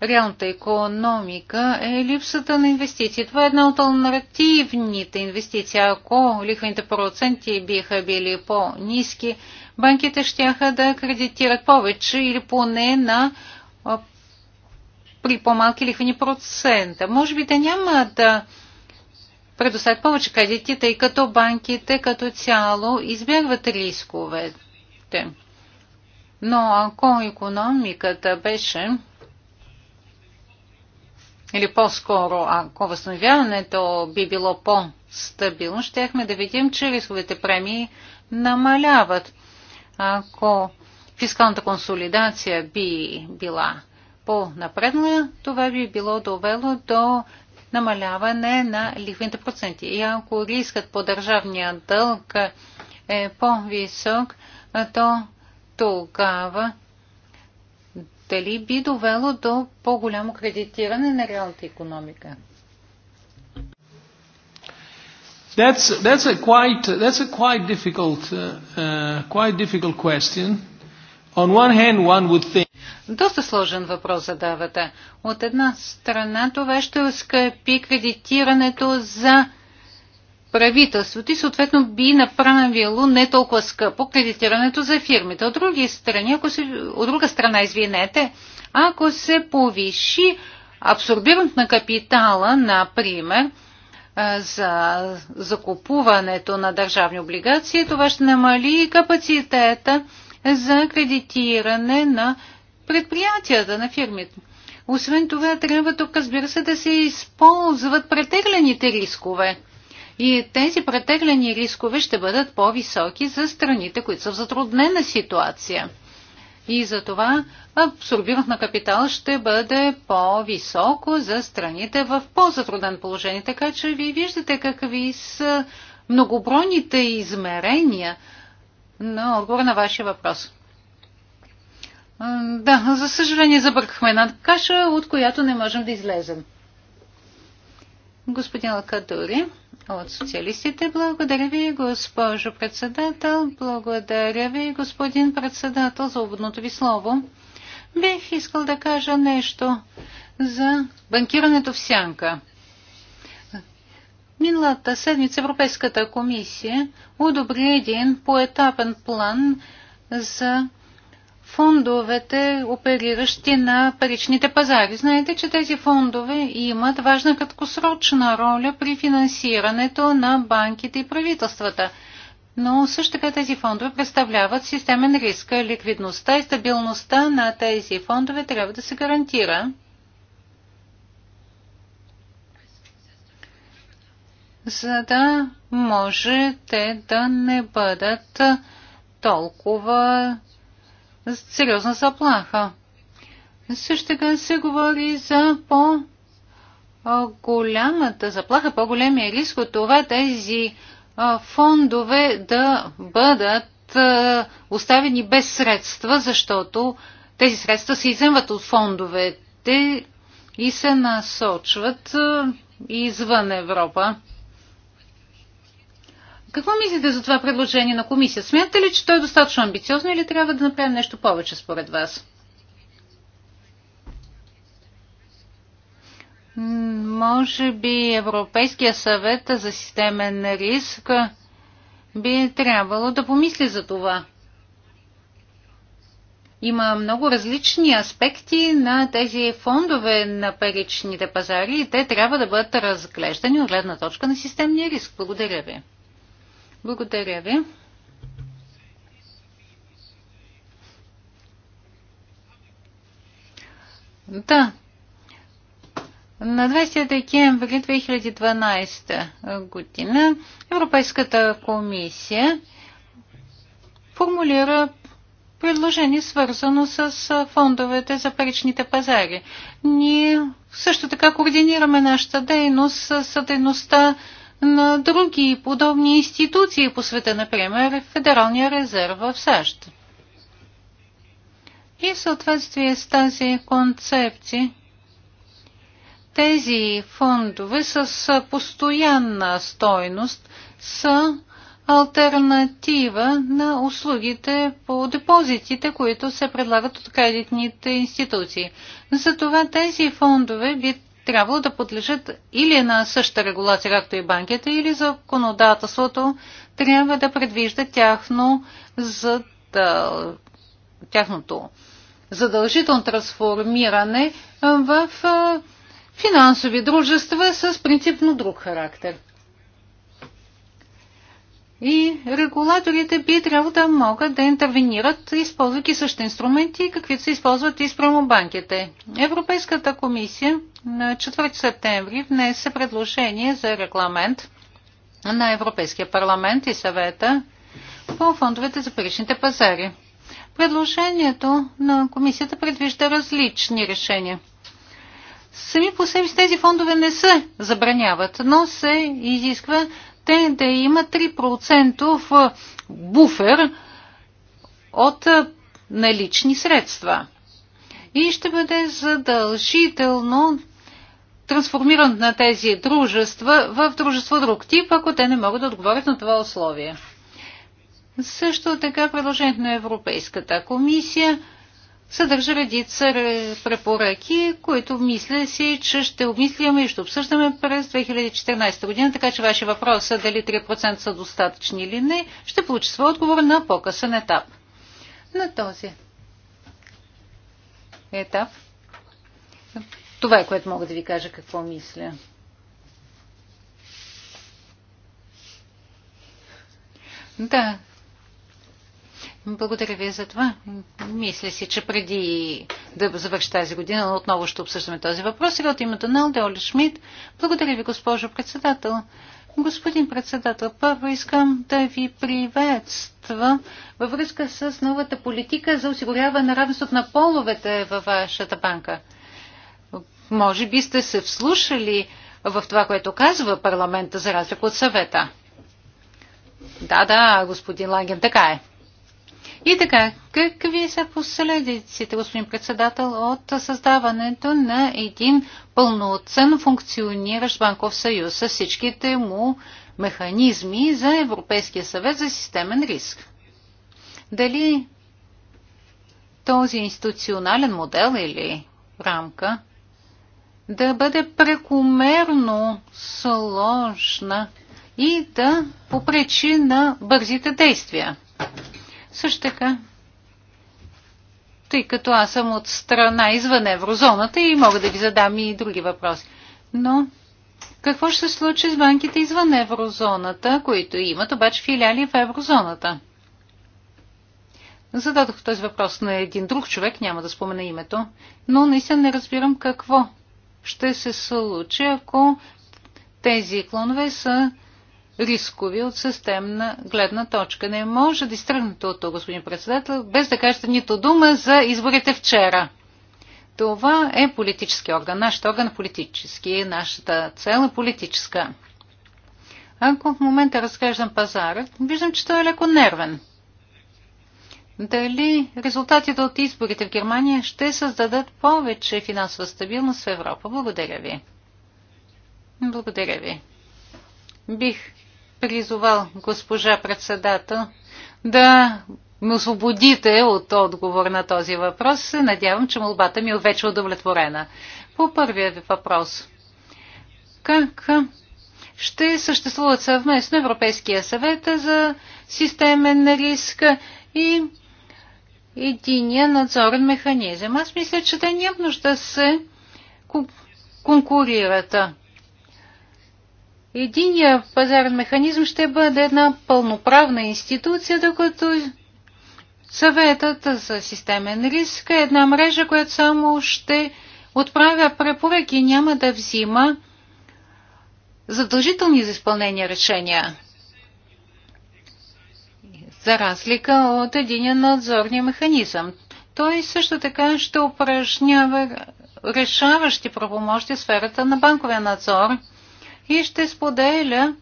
реалната економика е липсата на инвестиции. Това е една от алтернативните инвестиции. Ако лихвените проценти биха били по-низки, банките ще да кредитират повече или поне на при по-малки лихвени процента. Може би те да няма да предоставят повече кредити, тъй като банките като цяло избягват рисковете. Но ако економиката беше или по-скоро, ако възстановяването би било по-стабилно, щяхме да видим, че рисковите премии намаляват. Ако фискалната консолидация би била по-напредна, това би било довело до намаляване на лихвените проценти. И ако рискът по държавния дълг е по-висок, то тогава дали би довело до по-голямо кредитиране на реалната економика? That's, that's, a quite, that's a quite difficult, uh, uh, quite difficult question. On one hand, one would think доста сложен въпрос задавате. От една страна това ще ускъпи кредитирането за правителството и съответно би направило не толкова скъпо кредитирането за фирмите. От, други страни, ако се, от друга страна, извинете, ако се повиши абсорбирането на капитала, например, за закупуването на държавни облигации, това ще намали капацитета за кредитиране на предприятията, на фирмите. Освен това, трябва тук, разбира се, да се използват претеглените рискове. И тези претеглени рискове ще бъдат по-високи за страните, които са в затруднена ситуация. И за това абсорбирът на капитал ще бъде по-високо за страните в по-затруден положение. Така че ви виждате какви са многобройните измерения на отговор на вашия въпрос. Да, за съжаление забъркахме една каша, от която не можем да излезем. Господин Лакадори от социалистите, благодаря ви, госпожо председател, благодаря ви, господин председател, за обудното ви слово. Бих искал да кажа нещо за банкирането в сянка. Миналата седмица Европейската комисия одобри един поетапен план за фондовете, опериращи на паричните пазари. Знаете, че тези фондове имат важна краткосрочна роля при финансирането на банките и правителствата. Но също така тези фондове представляват системен риск. Ликвидността и стабилността на тези фондове трябва да се гарантира. за да може те да не бъдат толкова сериозна заплаха. Също така се говори за по голямата заплаха, по-големия риск от това тези фондове да бъдат оставени без средства, защото тези средства се иземват от фондовете и се насочват извън Европа. Какво мислите за това предложение на комисия? Смятате ли, че той е достатъчно амбициозно или трябва да направим нещо повече според вас? Може би Европейския съвет за системен риск би трябвало да помисли за това. Има много различни аспекти на тези фондове на паричните пазари и те трябва да бъдат разглеждани от гледна точка на системния риск. Благодаря ви. Благодаря ви. Да. На 20 декември 2012 година Европейската комисия формулира предложение, свързано с фондовете за паричните пазари. Ние също така координираме нашата дейност с дейността на други подобни институции по света, например Федералния резерв в САЩ. И в съответствие с тази концепция, тези фондове с постоянна стойност са альтернатива на услугите по депозитите, които се предлагат от кредитните институции. Затова тези фондове би трябвало да подлежат или на същата регулация, както и банките, или законодателството трябва да предвижда тяхно за да, тяхното задължително трансформиране в финансови дружества с принципно друг характер. И регулаторите би трябвало да могат да интервенират, използвайки същите инструменти, каквито се използват и спрямо банките. Европейската комисия на 4 септември внесе предложение за регламент на Европейския парламент и съвета по фондовете за паричните пазари. Предложението на комисията предвижда различни решения. Сами по себе си тези фондове не се забраняват, но се изисква те да има 3% буфер от налични средства. И ще бъде задължително трансформирането на тези дружества в дружество друг тип, ако те не могат да отговорят на това условие. Също така предложението на Европейската комисия – съдържа редица препоръки, които мисля си, че ще обмислим и ще обсъждаме през 2014 година, така че ваши въпрос е дали 3% са достатъчни или не, ще получи своя отговор на по-късен етап. На този етап. Това е което мога да ви кажа какво мисля. Да, благодаря ви за това. Мисля си, че преди да завърши тази година, но отново ще обсъждаме този въпрос. Сега от името на Алде Оли Шмидт. Благодаря ви, госпожо председател. Господин председател, първо искам да ви приветства във връзка с новата политика за осигуряване на равенството на половете във вашата банка. Може би сте се вслушали в това, което казва парламента, за разлика от съвета. Да, да, господин Ланген, така е. И така, какви са последиците, господин председател, от създаването на един пълноценно функциониращ банков съюз с всичките му механизми за Европейския съвет за системен риск? Дали този институционален модел или рамка да бъде прекомерно сложна и да попречи на бързите действия? Също така, тъй като аз съм от страна извън еврозоната и мога да ви задам и други въпроси. Но какво ще се случи с банките извън еврозоната, които имат обаче филиали в еврозоната? Зададох този въпрос на един друг човек, няма да спомена името, но наистина не разбирам какво ще се случи, ако тези клонове са рискови от системна гледна точка. Не може да изтръгнете от това, господин председател, без да кажете нито дума за изборите вчера. Това е политически орган. Нашият орган е политически. Е нашата цел е политическа. Ако в момента разглеждам пазара, виждам, че той е леко нервен. Дали резултатите от изборите в Германия ще създадат повече финансова стабилност в Европа? Благодаря ви. Благодаря ви бих призовал госпожа председател да ме освободите от отговор на този въпрос. Надявам, че молбата ми е вече удовлетворена. По първия ви въпрос. Как ще съществуват съвместно Европейския съвет за системен риск и единия надзорен механизъм? Аз мисля, че те няма нужда да се конкурират единия пазарен механизъм ще бъде една пълноправна институция, докато съветът за системен риск е една мрежа, която само ще отправя препоръки и няма да взима задължителни за изпълнение решения. За разлика от единия надзорния механизъм. Той също така ще упражнява решаващи правомощи в сферата на банковия надзор – и ще споделя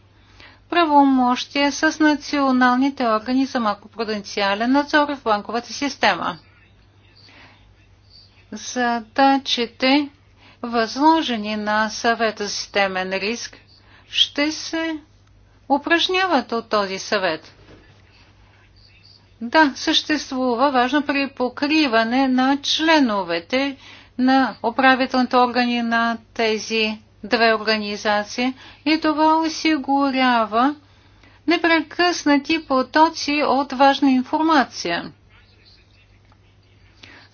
правомощие с националните органи за макропруденциален надзор в банковата система. Задачите, възложени на съвета за системен риск, ще се упражняват от този съвет. Да, съществува важно при покриване на членовете на управителните органи на тези две организации и това осигурява непрекъснати потоци от важна информация.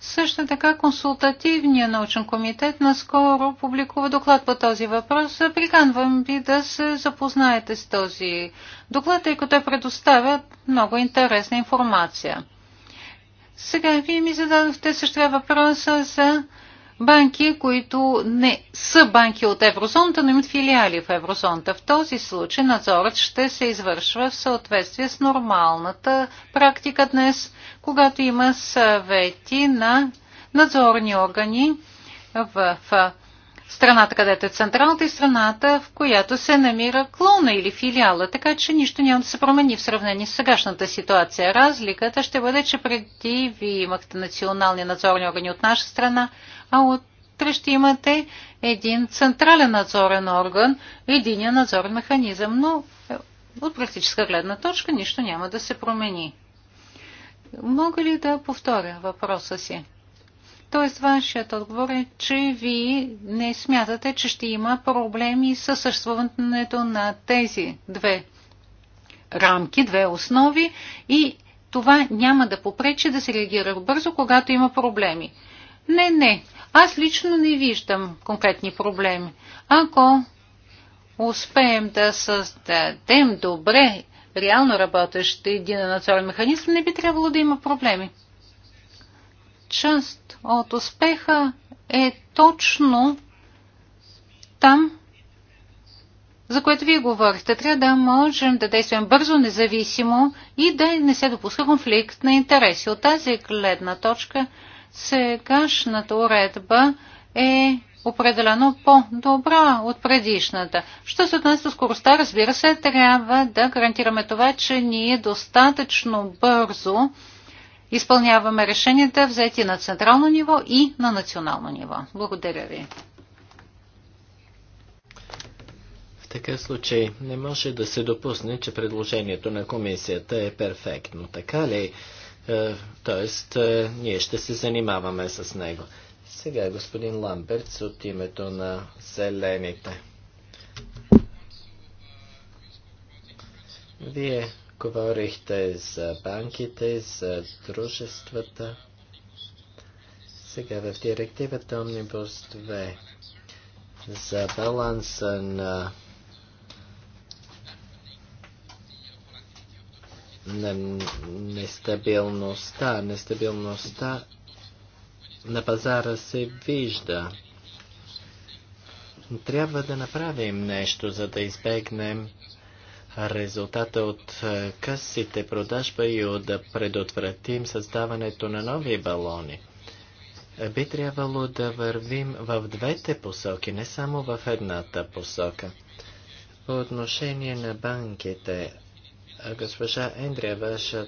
Също така консултативният научен комитет наскоро публикува доклад по този въпрос. Приканвам ви да се запознаете с този доклад, тъй като предоставя много интересна информация. Сега вие ми зададохте същия въпрос за банки, които не са банки от еврозоната, но имат филиали в еврозоната. В този случай надзорът ще се извършва в съответствие с нормалната практика днес, когато има съвети на надзорни органи в страната, където е централната и страната, в която се намира клона или филиала, така че нищо няма да се промени в сравнение с сегашната ситуация. Разликата ще бъде, че преди ви имахте национални надзорни органи от наша страна, а утре ще имате един централен надзорен орган, един надзорен механизъм, но е, от практическа гледна точка нищо няма да се промени. Мога ли да повторя въпроса си? Тоест, вашият отговор е, че вие не смятате, че ще има проблеми с съществуването на тези две рамки, две основи и това няма да попречи да се реагира бързо, когато има проблеми. Не, не. Аз лично не виждам конкретни проблеми. Ако успеем да създадем добре реално работещ един надзорен механизъм, не би трябвало да има проблеми. Част от успеха е точно там, за което вие говорихте. Трябва да можем да действаме бързо, независимо и да не се допуска конфликт на интереси. От тази гледна точка сегашната уредба е определено по-добра от предишната. Що се отнася до скоростта, разбира се, трябва да гарантираме това, че ние достатъчно бързо изпълняваме решенията, взети на централно ниво и на национално ниво. Благодаря ви. В така случай не може да се допусне, че предложението на комисията е перфектно. Така ли? Е, тоест, е, ние ще се занимаваме с него. Сега господин Ламберт от името на Зелените. Вие говорихте за банките, за дружествата. Сега в директивата Omnibus 2 за баланса на на нестабилността. Нестабилността на пазара се вижда. Трябва да направим нещо, за да избегнем резултата от е, късите продажба и да предотвратим създаването на нови балони. Би трябвало да вървим в двете посоки, не само в едната посока. По отношение на банките, Госпожа Ендрия, ваша,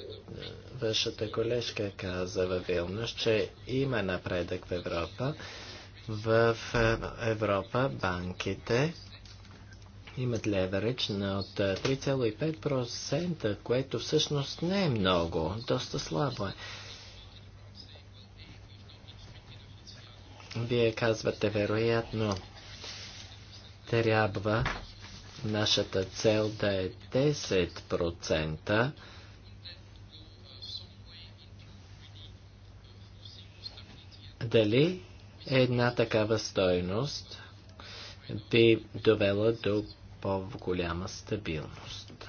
вашата колежка каза във Вилнюс, че има напредък в Европа. В Европа банките имат леверидж на от 3,5%, което всъщност не е много, доста слабо е. Вие казвате, вероятно, трябва нашата цел да е 10%. Дали една такава стойност би довела до по-голяма стабилност?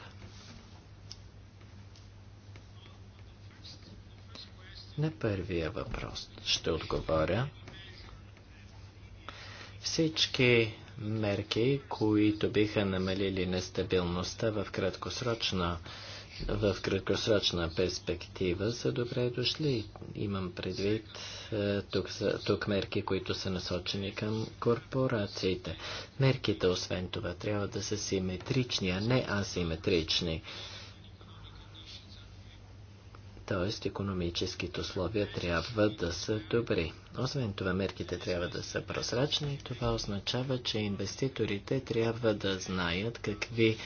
На първия въпрос ще отговоря. Всички мерки, които биха намалили нестабилността в краткосрочна в краткосрочна перспектива са добре дошли. Имам предвид е, тук, тук мерки, които са насочени към корпорациите. Мерките, освен това, трябва да са симетрични, а не асиметрични т.е. економическите условия трябва да са добри. Освен това, мерките трябва да са прозрачни. Това означава, че инвеститорите трябва да знаят какви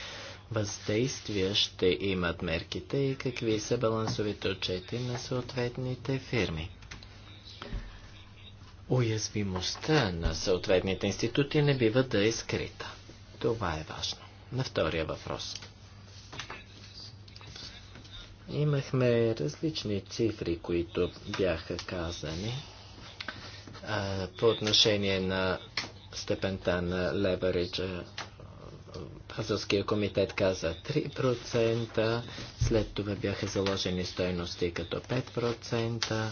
въздействия ще имат мерките и какви са балансовите отчети на съответните фирми. Уязвимостта на съответните институти не бива да е скрита. Това е важно. На втория въпрос. Имахме различни цифри, които бяха казани а, по отношение на степента на левериджа. Азовския комитет каза 3%, след това бяха заложени стойности като 5%.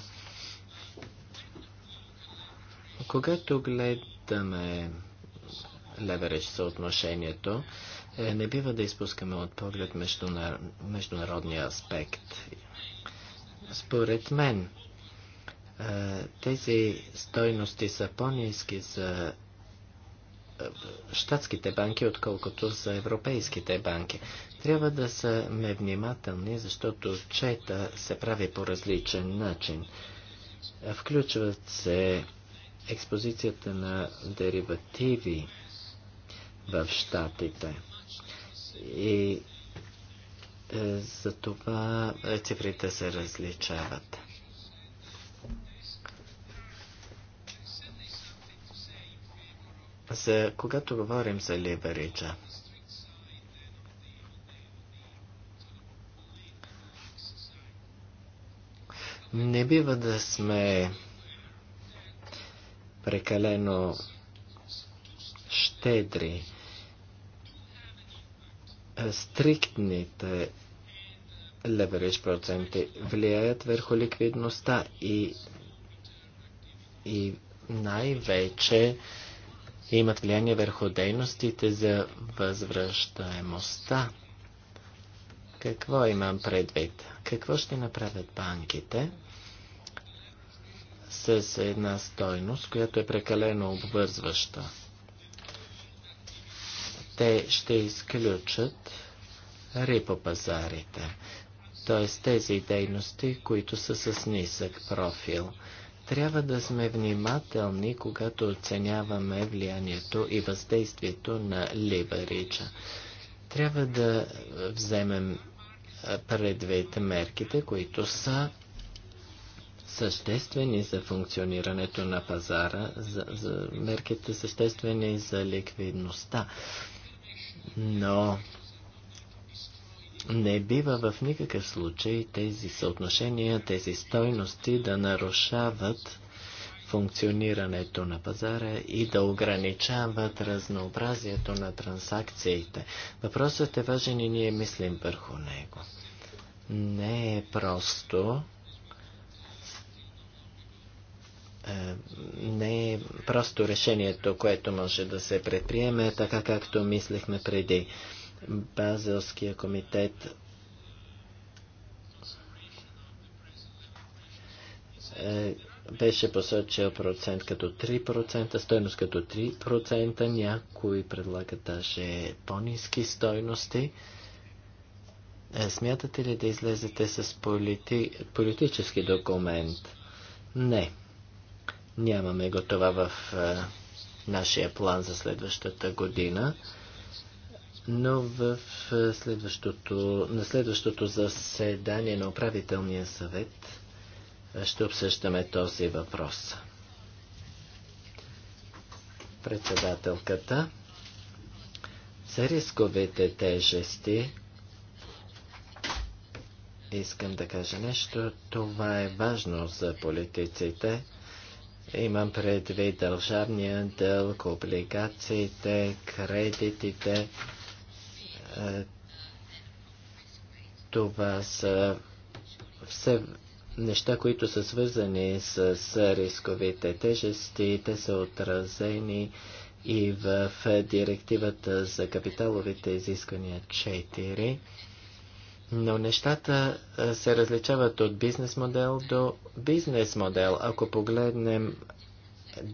Когато гледаме леверидж съотношението, е, не бива да изпускаме от поглед международния аспект. Според мен, е, тези стойности са по-низки за е, щатските банки, отколкото за европейските банки. Трябва да сме внимателни, защото чета се прави по различен начин. Включват се експозицията на деривативи в щатите. И е, за това е, цифрите се различават. За, когато говорим за либериджа, не бива да сме прекалено щедри стриктните леверидж проценти влияят върху ликвидността и, и най-вече имат влияние върху дейностите за възвръщаемостта. Какво имам предвид? Какво ще направят банките с една стойност, която е прекалено обвързваща? Те ще изключат рипопазарите, т.е. тези дейности, които са с нисък профил. Трябва да сме внимателни, когато оценяваме влиянието и въздействието на либарича. Трябва да вземем предвид мерките, които са съществени за функционирането на пазара, за, за мерките съществени за ликвидността но не бива в никакъв случай тези съотношения, тези стойности да нарушават функционирането на пазара и да ограничават разнообразието на транзакциите. Въпросът е важен и ние мислим върху него. Не е просто Е, не е просто решението, което може да се предприеме, така както мислехме преди. Базелския комитет е, беше посочил процент като 3%, стойност като 3%, някои предлагат даже по-низки стойности. Е, смятате ли да излезете с полити... политически документ? Не. Нямаме го това в е, нашия план за следващата година, но в е, следващото, на следващото заседание на управителния съвет е, ще обсъждаме този въпрос. Председателката за рисковите тежести искам да кажа нещо. Това е важно за политиците. Имам предвид дължавния дълг, облигациите, кредитите. Е, това са все неща, които са свързани с рисковите тежести. Те са отразени и в директивата за капиталовите изисквания 4. Но нещата е, се различават от бизнес модел до бизнес модел. Ако погледнем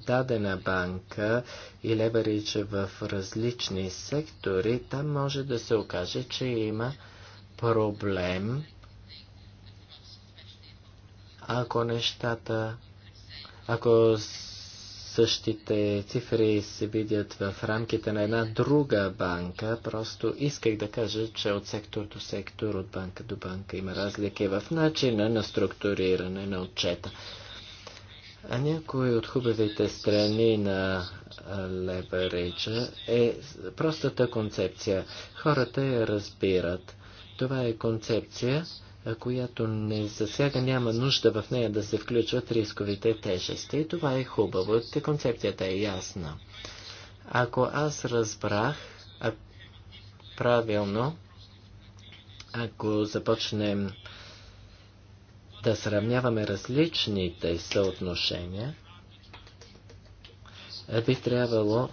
дадена банка и левериджа в различни сектори, там може да се окаже, че има проблем, ако нещата, ако същите цифри се видят в рамките на една друга банка. Просто исках да кажа, че от сектор до сектор, от банка до банка има разлики в начина на структуриране на отчета. А някои от хубавите страни на левериджа е простата концепция. Хората я разбират. Това е концепция, която не засяга, няма нужда в нея да се включват рисковите тежести. И това е хубаво. Концепцията е ясна. Ако аз разбрах а, правилно, ако започнем да сравняваме различните съотношения, би трябвало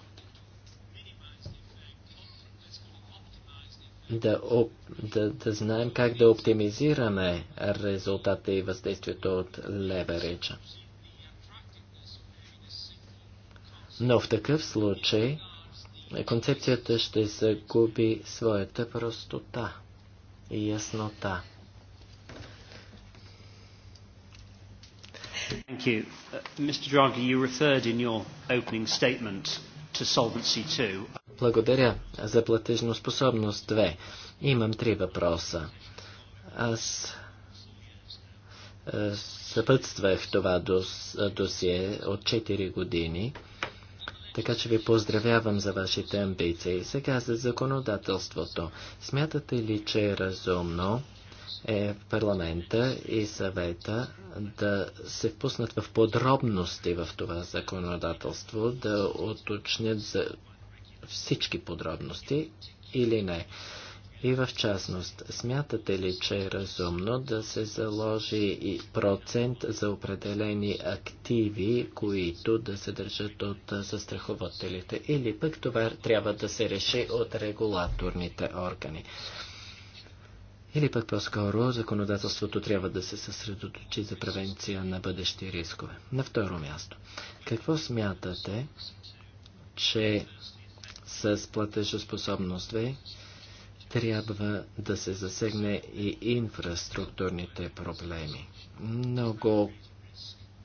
да, об, да, да знаем как да оптимизираме резултата и въздействието от левериджа. Но в такъв случай концепцията ще загуби своята простота и яснота. Thank you. Uh, Mr. Draghi, you referred in your opening statement to Solvency II. Благодаря за способност. Две. Имам три въпроса. Аз е, съпътствах това досие от 4 години, така че ви поздравявам за вашите амбиции. Сега за законодателството. Смятате ли, че е разумно е парламента и съвета да се впуснат в подробности в това законодателство, да уточнят за всички подробности или не? И в частност, смятате ли, че е разумно да се заложи и процент за определени активи, които да се държат от застрахователите? Или пък това трябва да се реши от регулаторните органи? Или пък по-скоро законодателството трябва да се съсредоточи за превенция на бъдещи рискове. На второ място, какво смятате, че с платежоспособност 2 трябва да се засегне и инфраструктурните проблеми. Много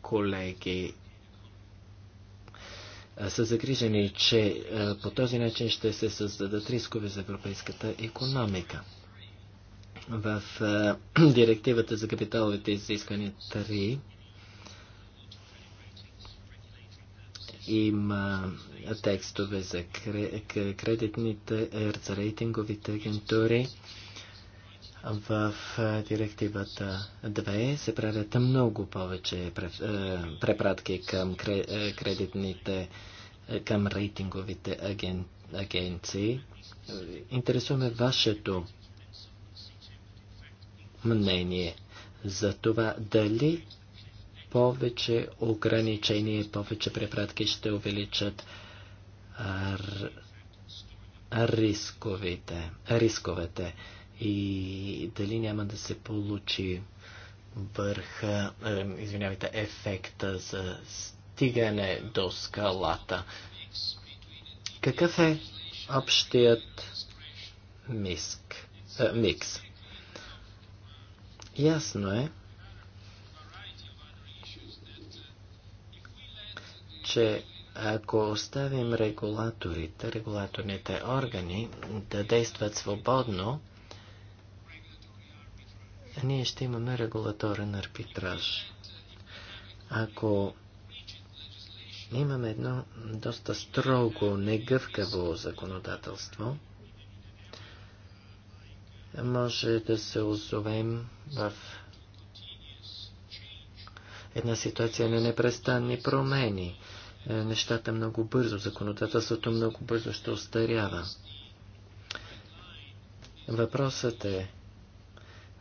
колеги са загрижени, че по този начин ще се създадат рискове за европейската економика. В директивата за капиталовите изисквания 3 има текстове за кредитните, за рейтинговите агентури. В директивата 2 се правят много повече препратки към кредитните, към рейтинговите аген, агенции. Интересуваме вашето мнение за това дали повече ограничения, повече препратки ще увеличат рисковите, рисковете и дали няма да се получи върха, е, извинявайте, ефекта за стигане до скалата. Какъв е общият миск, а, е, микс? Ясно е, че ако оставим регулаторите, регулаторните органи да действат свободно, ние ще имаме регулаторен арбитраж. Ако имаме едно доста строго, негъвкаво законодателство, може да се озовем в една ситуация на непрестанни промени. Е, нещата много бързо, законодателството много бързо ще остарява. Въпросът е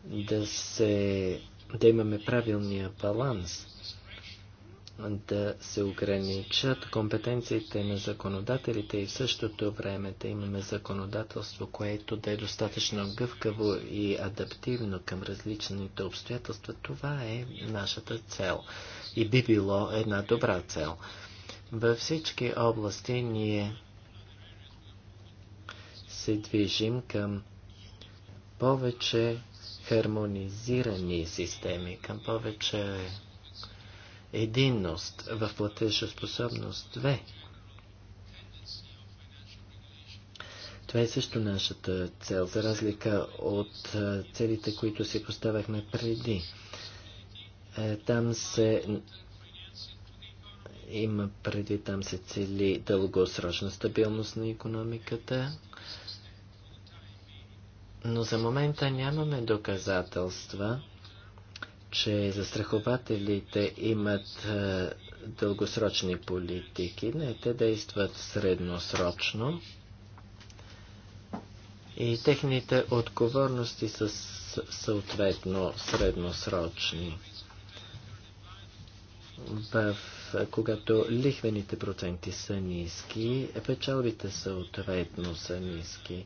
да, се, да имаме правилния баланс, да се ограничат компетенциите на законодателите и в същото време да имаме законодателство, което да е достатъчно гъвкаво и адаптивно към различните обстоятелства. Това е нашата цел и би било една добра цел. Във всички области ние се движим към повече хармонизирани системи, към повече единност в платежоспособност 2. Това е също нашата цел, за разлика от целите, които си поставяхме преди. Е, там се има преди там се цели дългосрочна стабилност на економиката, но за момента нямаме доказателства, че застрахователите имат е, дългосрочни политики. Не, те действат средносрочно и техните отговорности са съответно средносрочни. В когато лихвените проценти са ниски, е, печалбите съответно са ниски.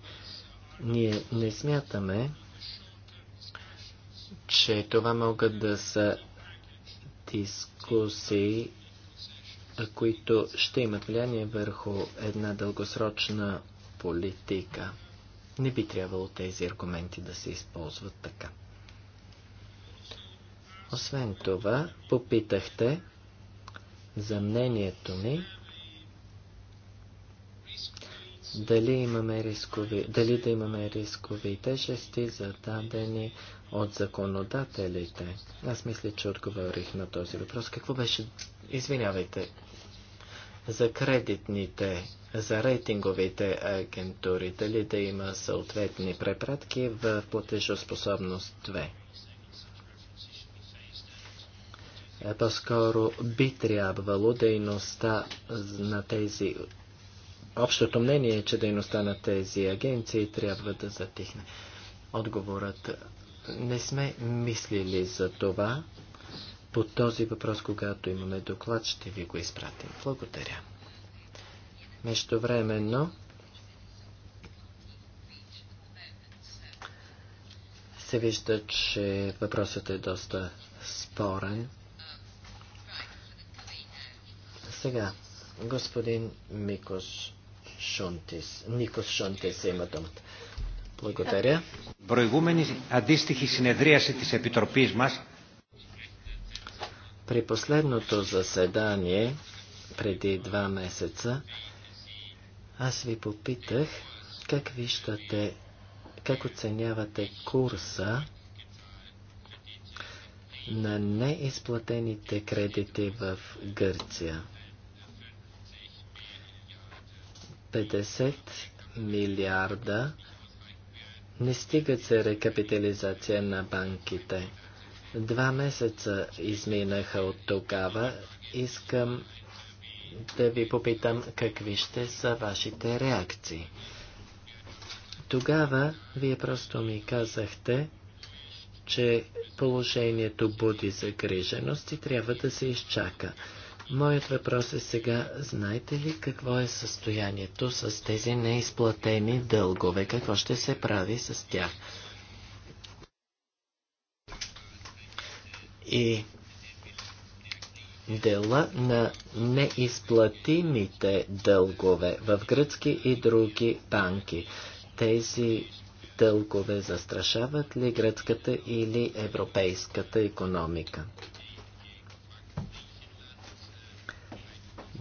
Ние не смятаме, че това могат да са дискусии, които ще имат влияние върху една дългосрочна политика. Не би трябвало тези аргументи да се използват така. Освен това, попитахте за мнението ми дали, имаме рискови, дали да имаме рискови тежести, зададени от законодателите. Аз мисля, че отговорих на този въпрос. Какво беше? Извинявайте. За кредитните, за рейтинговите агентури, дали да има съответни препратки в платежоспособност 2. По-скоро би трябвало дейността на тези Общото мнение е, че дейността на тези агенции трябва да затихне. Отговорът не сме мислили за това. По този въпрос, когато имаме доклад, ще ви го изпратим. Благодаря. Междувременно се вижда, че въпросът е доста спорен. Сега, господин Микос Шунтис. Никос Шунтис има думата. Благодаря. Προηγούμενη αντίστοιχη συνεδρίαση της Επιτροπής μας. При последното заседание, преди два месеца, аз ви попитах как виждате, как оценявате курса на неизплатените кредити в Гърция. 50 милиарда не стигат се рекапитализация на банките. Два месеца изминаха от тогава. Искам да ви попитам какви ще са вашите реакции. Тогава вие просто ми казахте, че положението буди загриженост и трябва да се изчака. Моят въпрос е сега, знаете ли какво е състоянието с тези неизплатени дългове? Какво ще се прави с тях? И дела на неизплатимите дългове в гръцки и други банки. Тези дългове застрашават ли гръцката или европейската економика?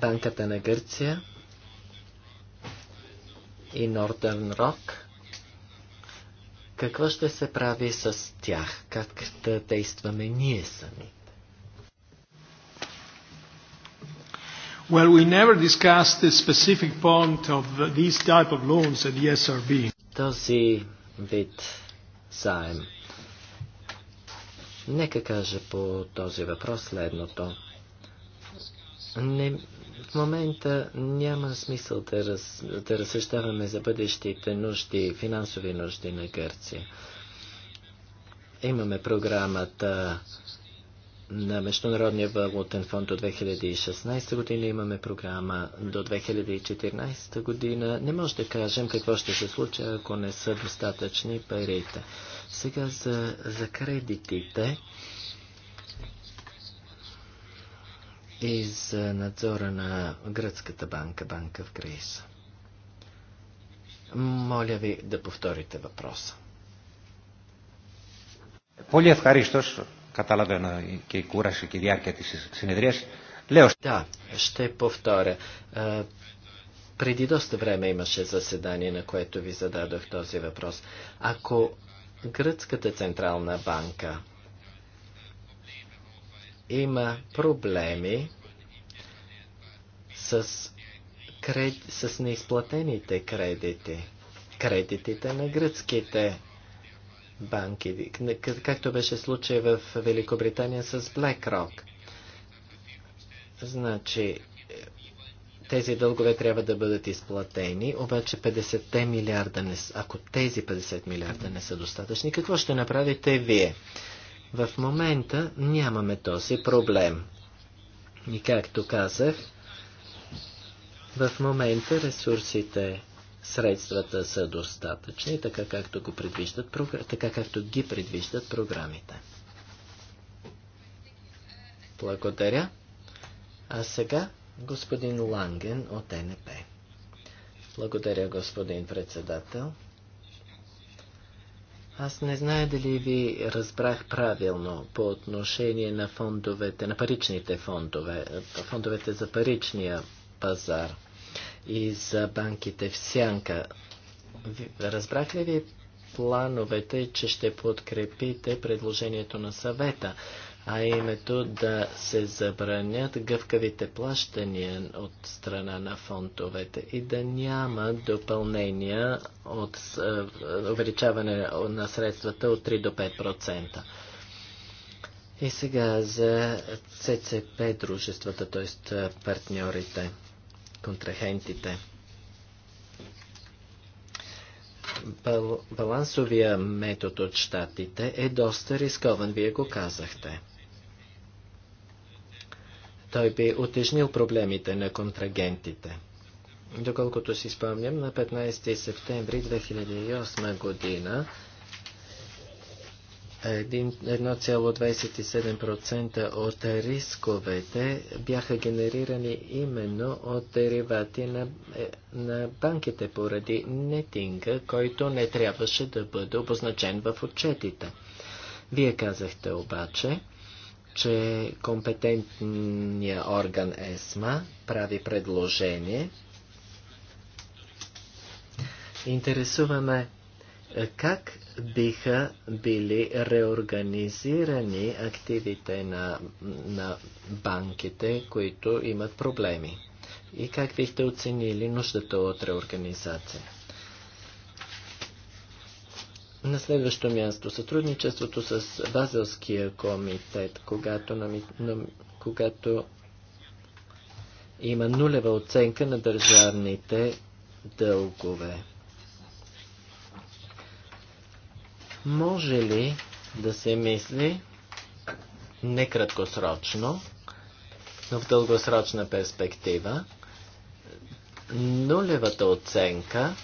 Банката на Гърция и Нордърн Рок. Какво ще се прави с тях? Как да действаме ние сами? Well, we never discussed the specific point of these type of loans at the SRB. Този вид заем. Нека кажа по този въпрос следното. Не, в момента няма смисъл да, раз, да разсъщаваме за бъдещите нужди, финансови нужди на Гърция. Имаме програмата на Международния валутен фонд до 2016 година, имаме програма до 2014 година. Не може да кажем какво ще се случи, ако не са достатъчни парите. Сега за, за кредитите. и за надзора на гръцката банка, банка в Грейс. Моля ви да повторите въпроса. Πολύ ευχαρίστως, καταλαβαίνω και η κούραση και η διάρκεια της συνεδρίας. Λέω... Да, ще повторя. Е, преди доста време имаше заседание, на което ви зададох този въпрос. Ако Гръцката централна банка има проблеми с, кред... с неизплатените кредити. Кредитите на гръцките банки, както беше случай в Великобритания с BlackRock. Значи, тези дългове трябва да бъдат изплатени, обаче 50 милиарда не са, ако тези 50 милиарда не са достатъчни, какво ще направите вие? В момента нямаме този проблем. И както казах, в момента ресурсите, средствата са достатъчни, така както, го предвиждат, така както ги предвиждат програмите. Благодаря. А сега господин Ланген от НП. Благодаря, господин председател. Аз не знае дали ви разбрах правилно по отношение на фондовете, на паричните фондове, фондовете за паричния пазар и за банките в сянка. Разбрах ли ви плановете, че ще подкрепите предложението на съвета? а името да се забранят гъвкавите плащания от страна на фондовете и да няма допълнения от увеличаване на средствата от 3 до 5%. И сега за ЦЦП дружествата, т.е. партньорите, контрахентите. балансовия метод от щатите е доста рискован, вие го казахте. Той би утежнил проблемите на контрагентите. Доколкото си спомням, на 15 септември 2008 година 1,27% от рисковете бяха генерирани именно от деривати на, е, на банките поради нетинга, който не трябваше да бъде обозначен в отчетите. Вие казахте обаче, че компетентният орган ЕСМА прави предложение. Интересуваме е, как биха били реорганизирани активите на, на банките, които имат проблеми? И как бихте оценили нуждата от реорганизация? На следващо място, сътрудничеството с Базелския комитет, когато, нами, нам, когато има нулева оценка на държавните дългове. Може ли да се мисли не краткосрочно, но в дългосрочна перспектива, нулевата оценка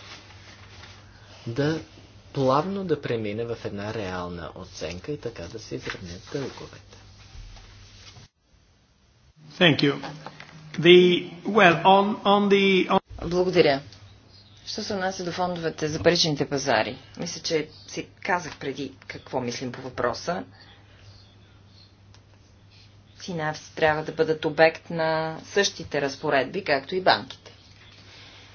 да плавно да премине в една реална оценка и така да се изравнят дълговете. Thank you. The, well, on, on the, on... Благодаря. Що се отнася до фондовете за паричните пазари? Мисля, че си казах преди какво мислим по въпроса. Синавси трябва да бъдат обект на същите разпоредби, както и банките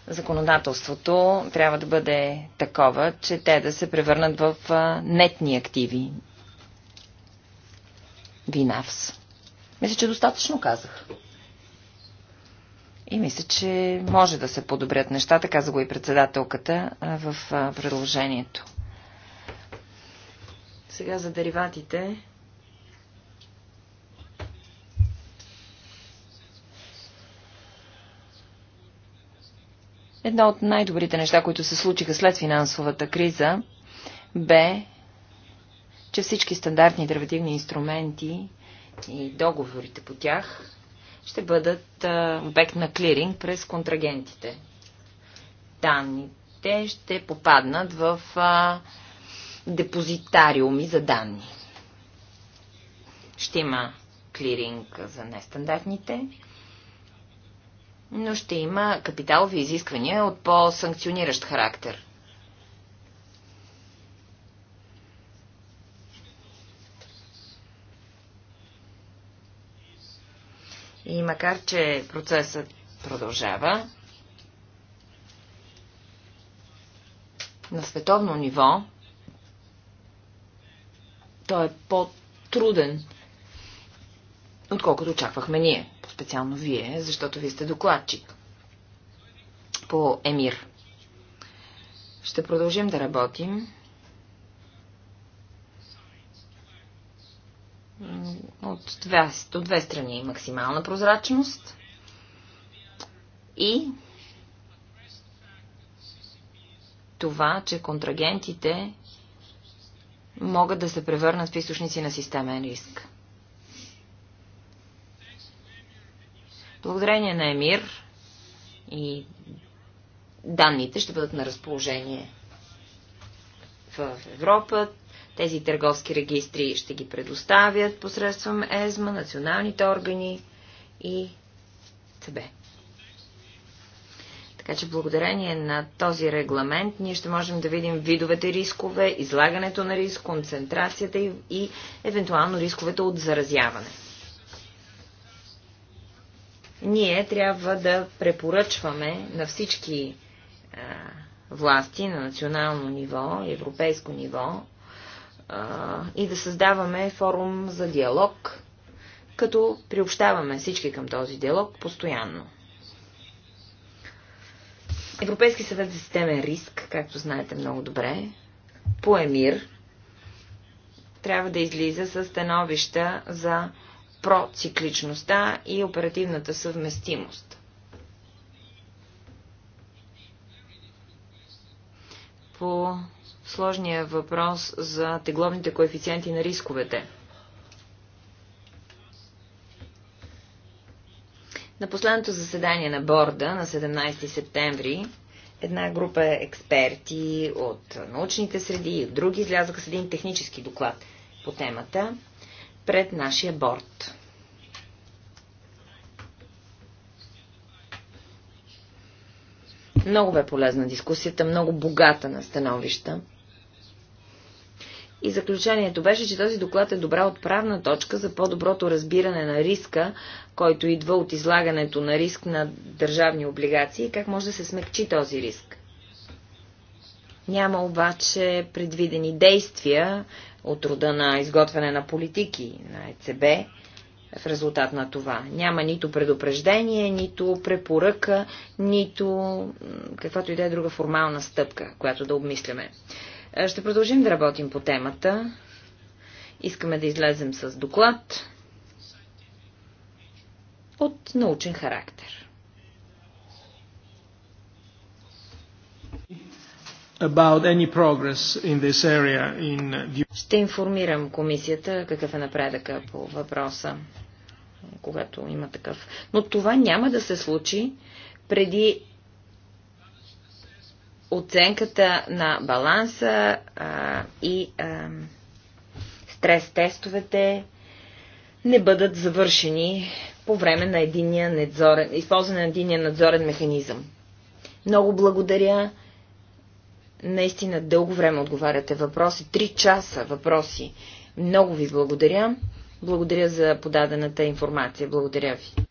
законодателството трябва да бъде такова, че те да се превърнат в нетни активи. Винавс. Мисля, че достатъчно казах. И мисля, че може да се подобрят нещата, каза го и председателката в предложението. Сега за дериватите. Едно от най-добрите неща, които се случиха след финансовата криза, бе, че всички стандартни дравативни инструменти и договорите по тях ще бъдат обект на клиринг през контрагентите. Данните ще попаднат в а, депозитариуми за данни. Ще има клиринг за нестандартните но ще има капиталови изисквания от по-санкциониращ характер. И макар, че процесът продължава, на световно ниво той е по-труден, отколкото очаквахме ние. Специално вие, защото вие сте докладчик по Емир. Ще продължим да работим. От две, от две страни е максимална прозрачност и това, че контрагентите могат да се превърнат в източници на системен риск. Благодарение на Емир и данните ще бъдат на разположение в Европа. Тези търговски регистри ще ги предоставят посредством ЕЗМА, националните органи и ТБ. Така че благодарение на този регламент ние ще можем да видим видовете рискове, излагането на риск, концентрацията и, и евентуално рисковете от заразяване. Ние трябва да препоръчваме на всички власти на национално ниво, европейско ниво и да създаваме форум за диалог, като приобщаваме всички към този диалог постоянно. Европейски съвет за системен риск, както знаете много добре, по ЕМИР, трябва да излиза с становища за процикличността и оперативната съвместимост. По сложния въпрос за тегловните коефициенти на рисковете. На последното заседание на борда на 17 септември една група експерти от научните среди и от други излязаха с един технически доклад по темата пред нашия борт. Много бе полезна дискусията, много богата на становища. И заключението беше, че този доклад е добра отправна точка за по-доброто разбиране на риска, който идва от излагането на риск на държавни облигации и как може да се смекчи този риск. Няма обаче предвидени действия от рода на изготвяне на политики на ЕЦБ в резултат на това. Няма нито предупреждение, нито препоръка, нито каквато и да е друга формална стъпка, която да обмисляме. Е, ще продължим да работим по темата. Искаме да излезем с доклад от научен характер about any progress in this area in Ще информирам комисията какъв е напредъка по въпроса, когато има такъв. Но това няма да се случи преди оценката на баланса а, и а, стрес-тестовете не бъдат завършени по време на единия надзорен, използване на единия надзорен механизъм. Много благодаря Наистина дълго време отговаряте въпроси. Три часа въпроси. Много ви благодаря. Благодаря за подадената информация. Благодаря ви.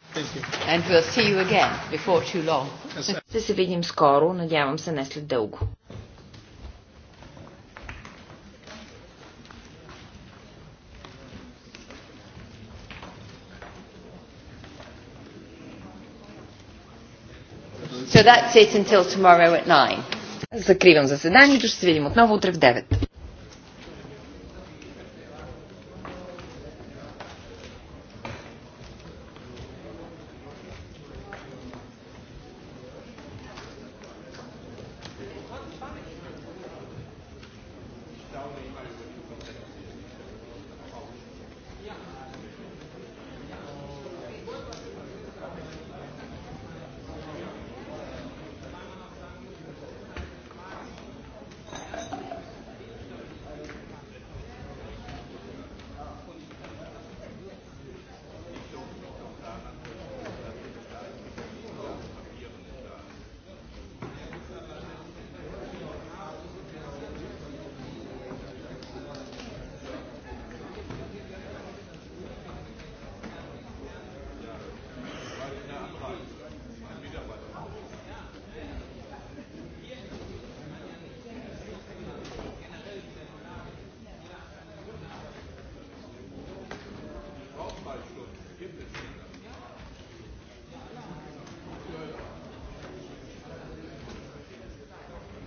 We'll Ще се видим скоро, надявам се не след дълго. So that's it until tomorrow at 9. Закривам заседанието. Ще се видим отново утре в 9.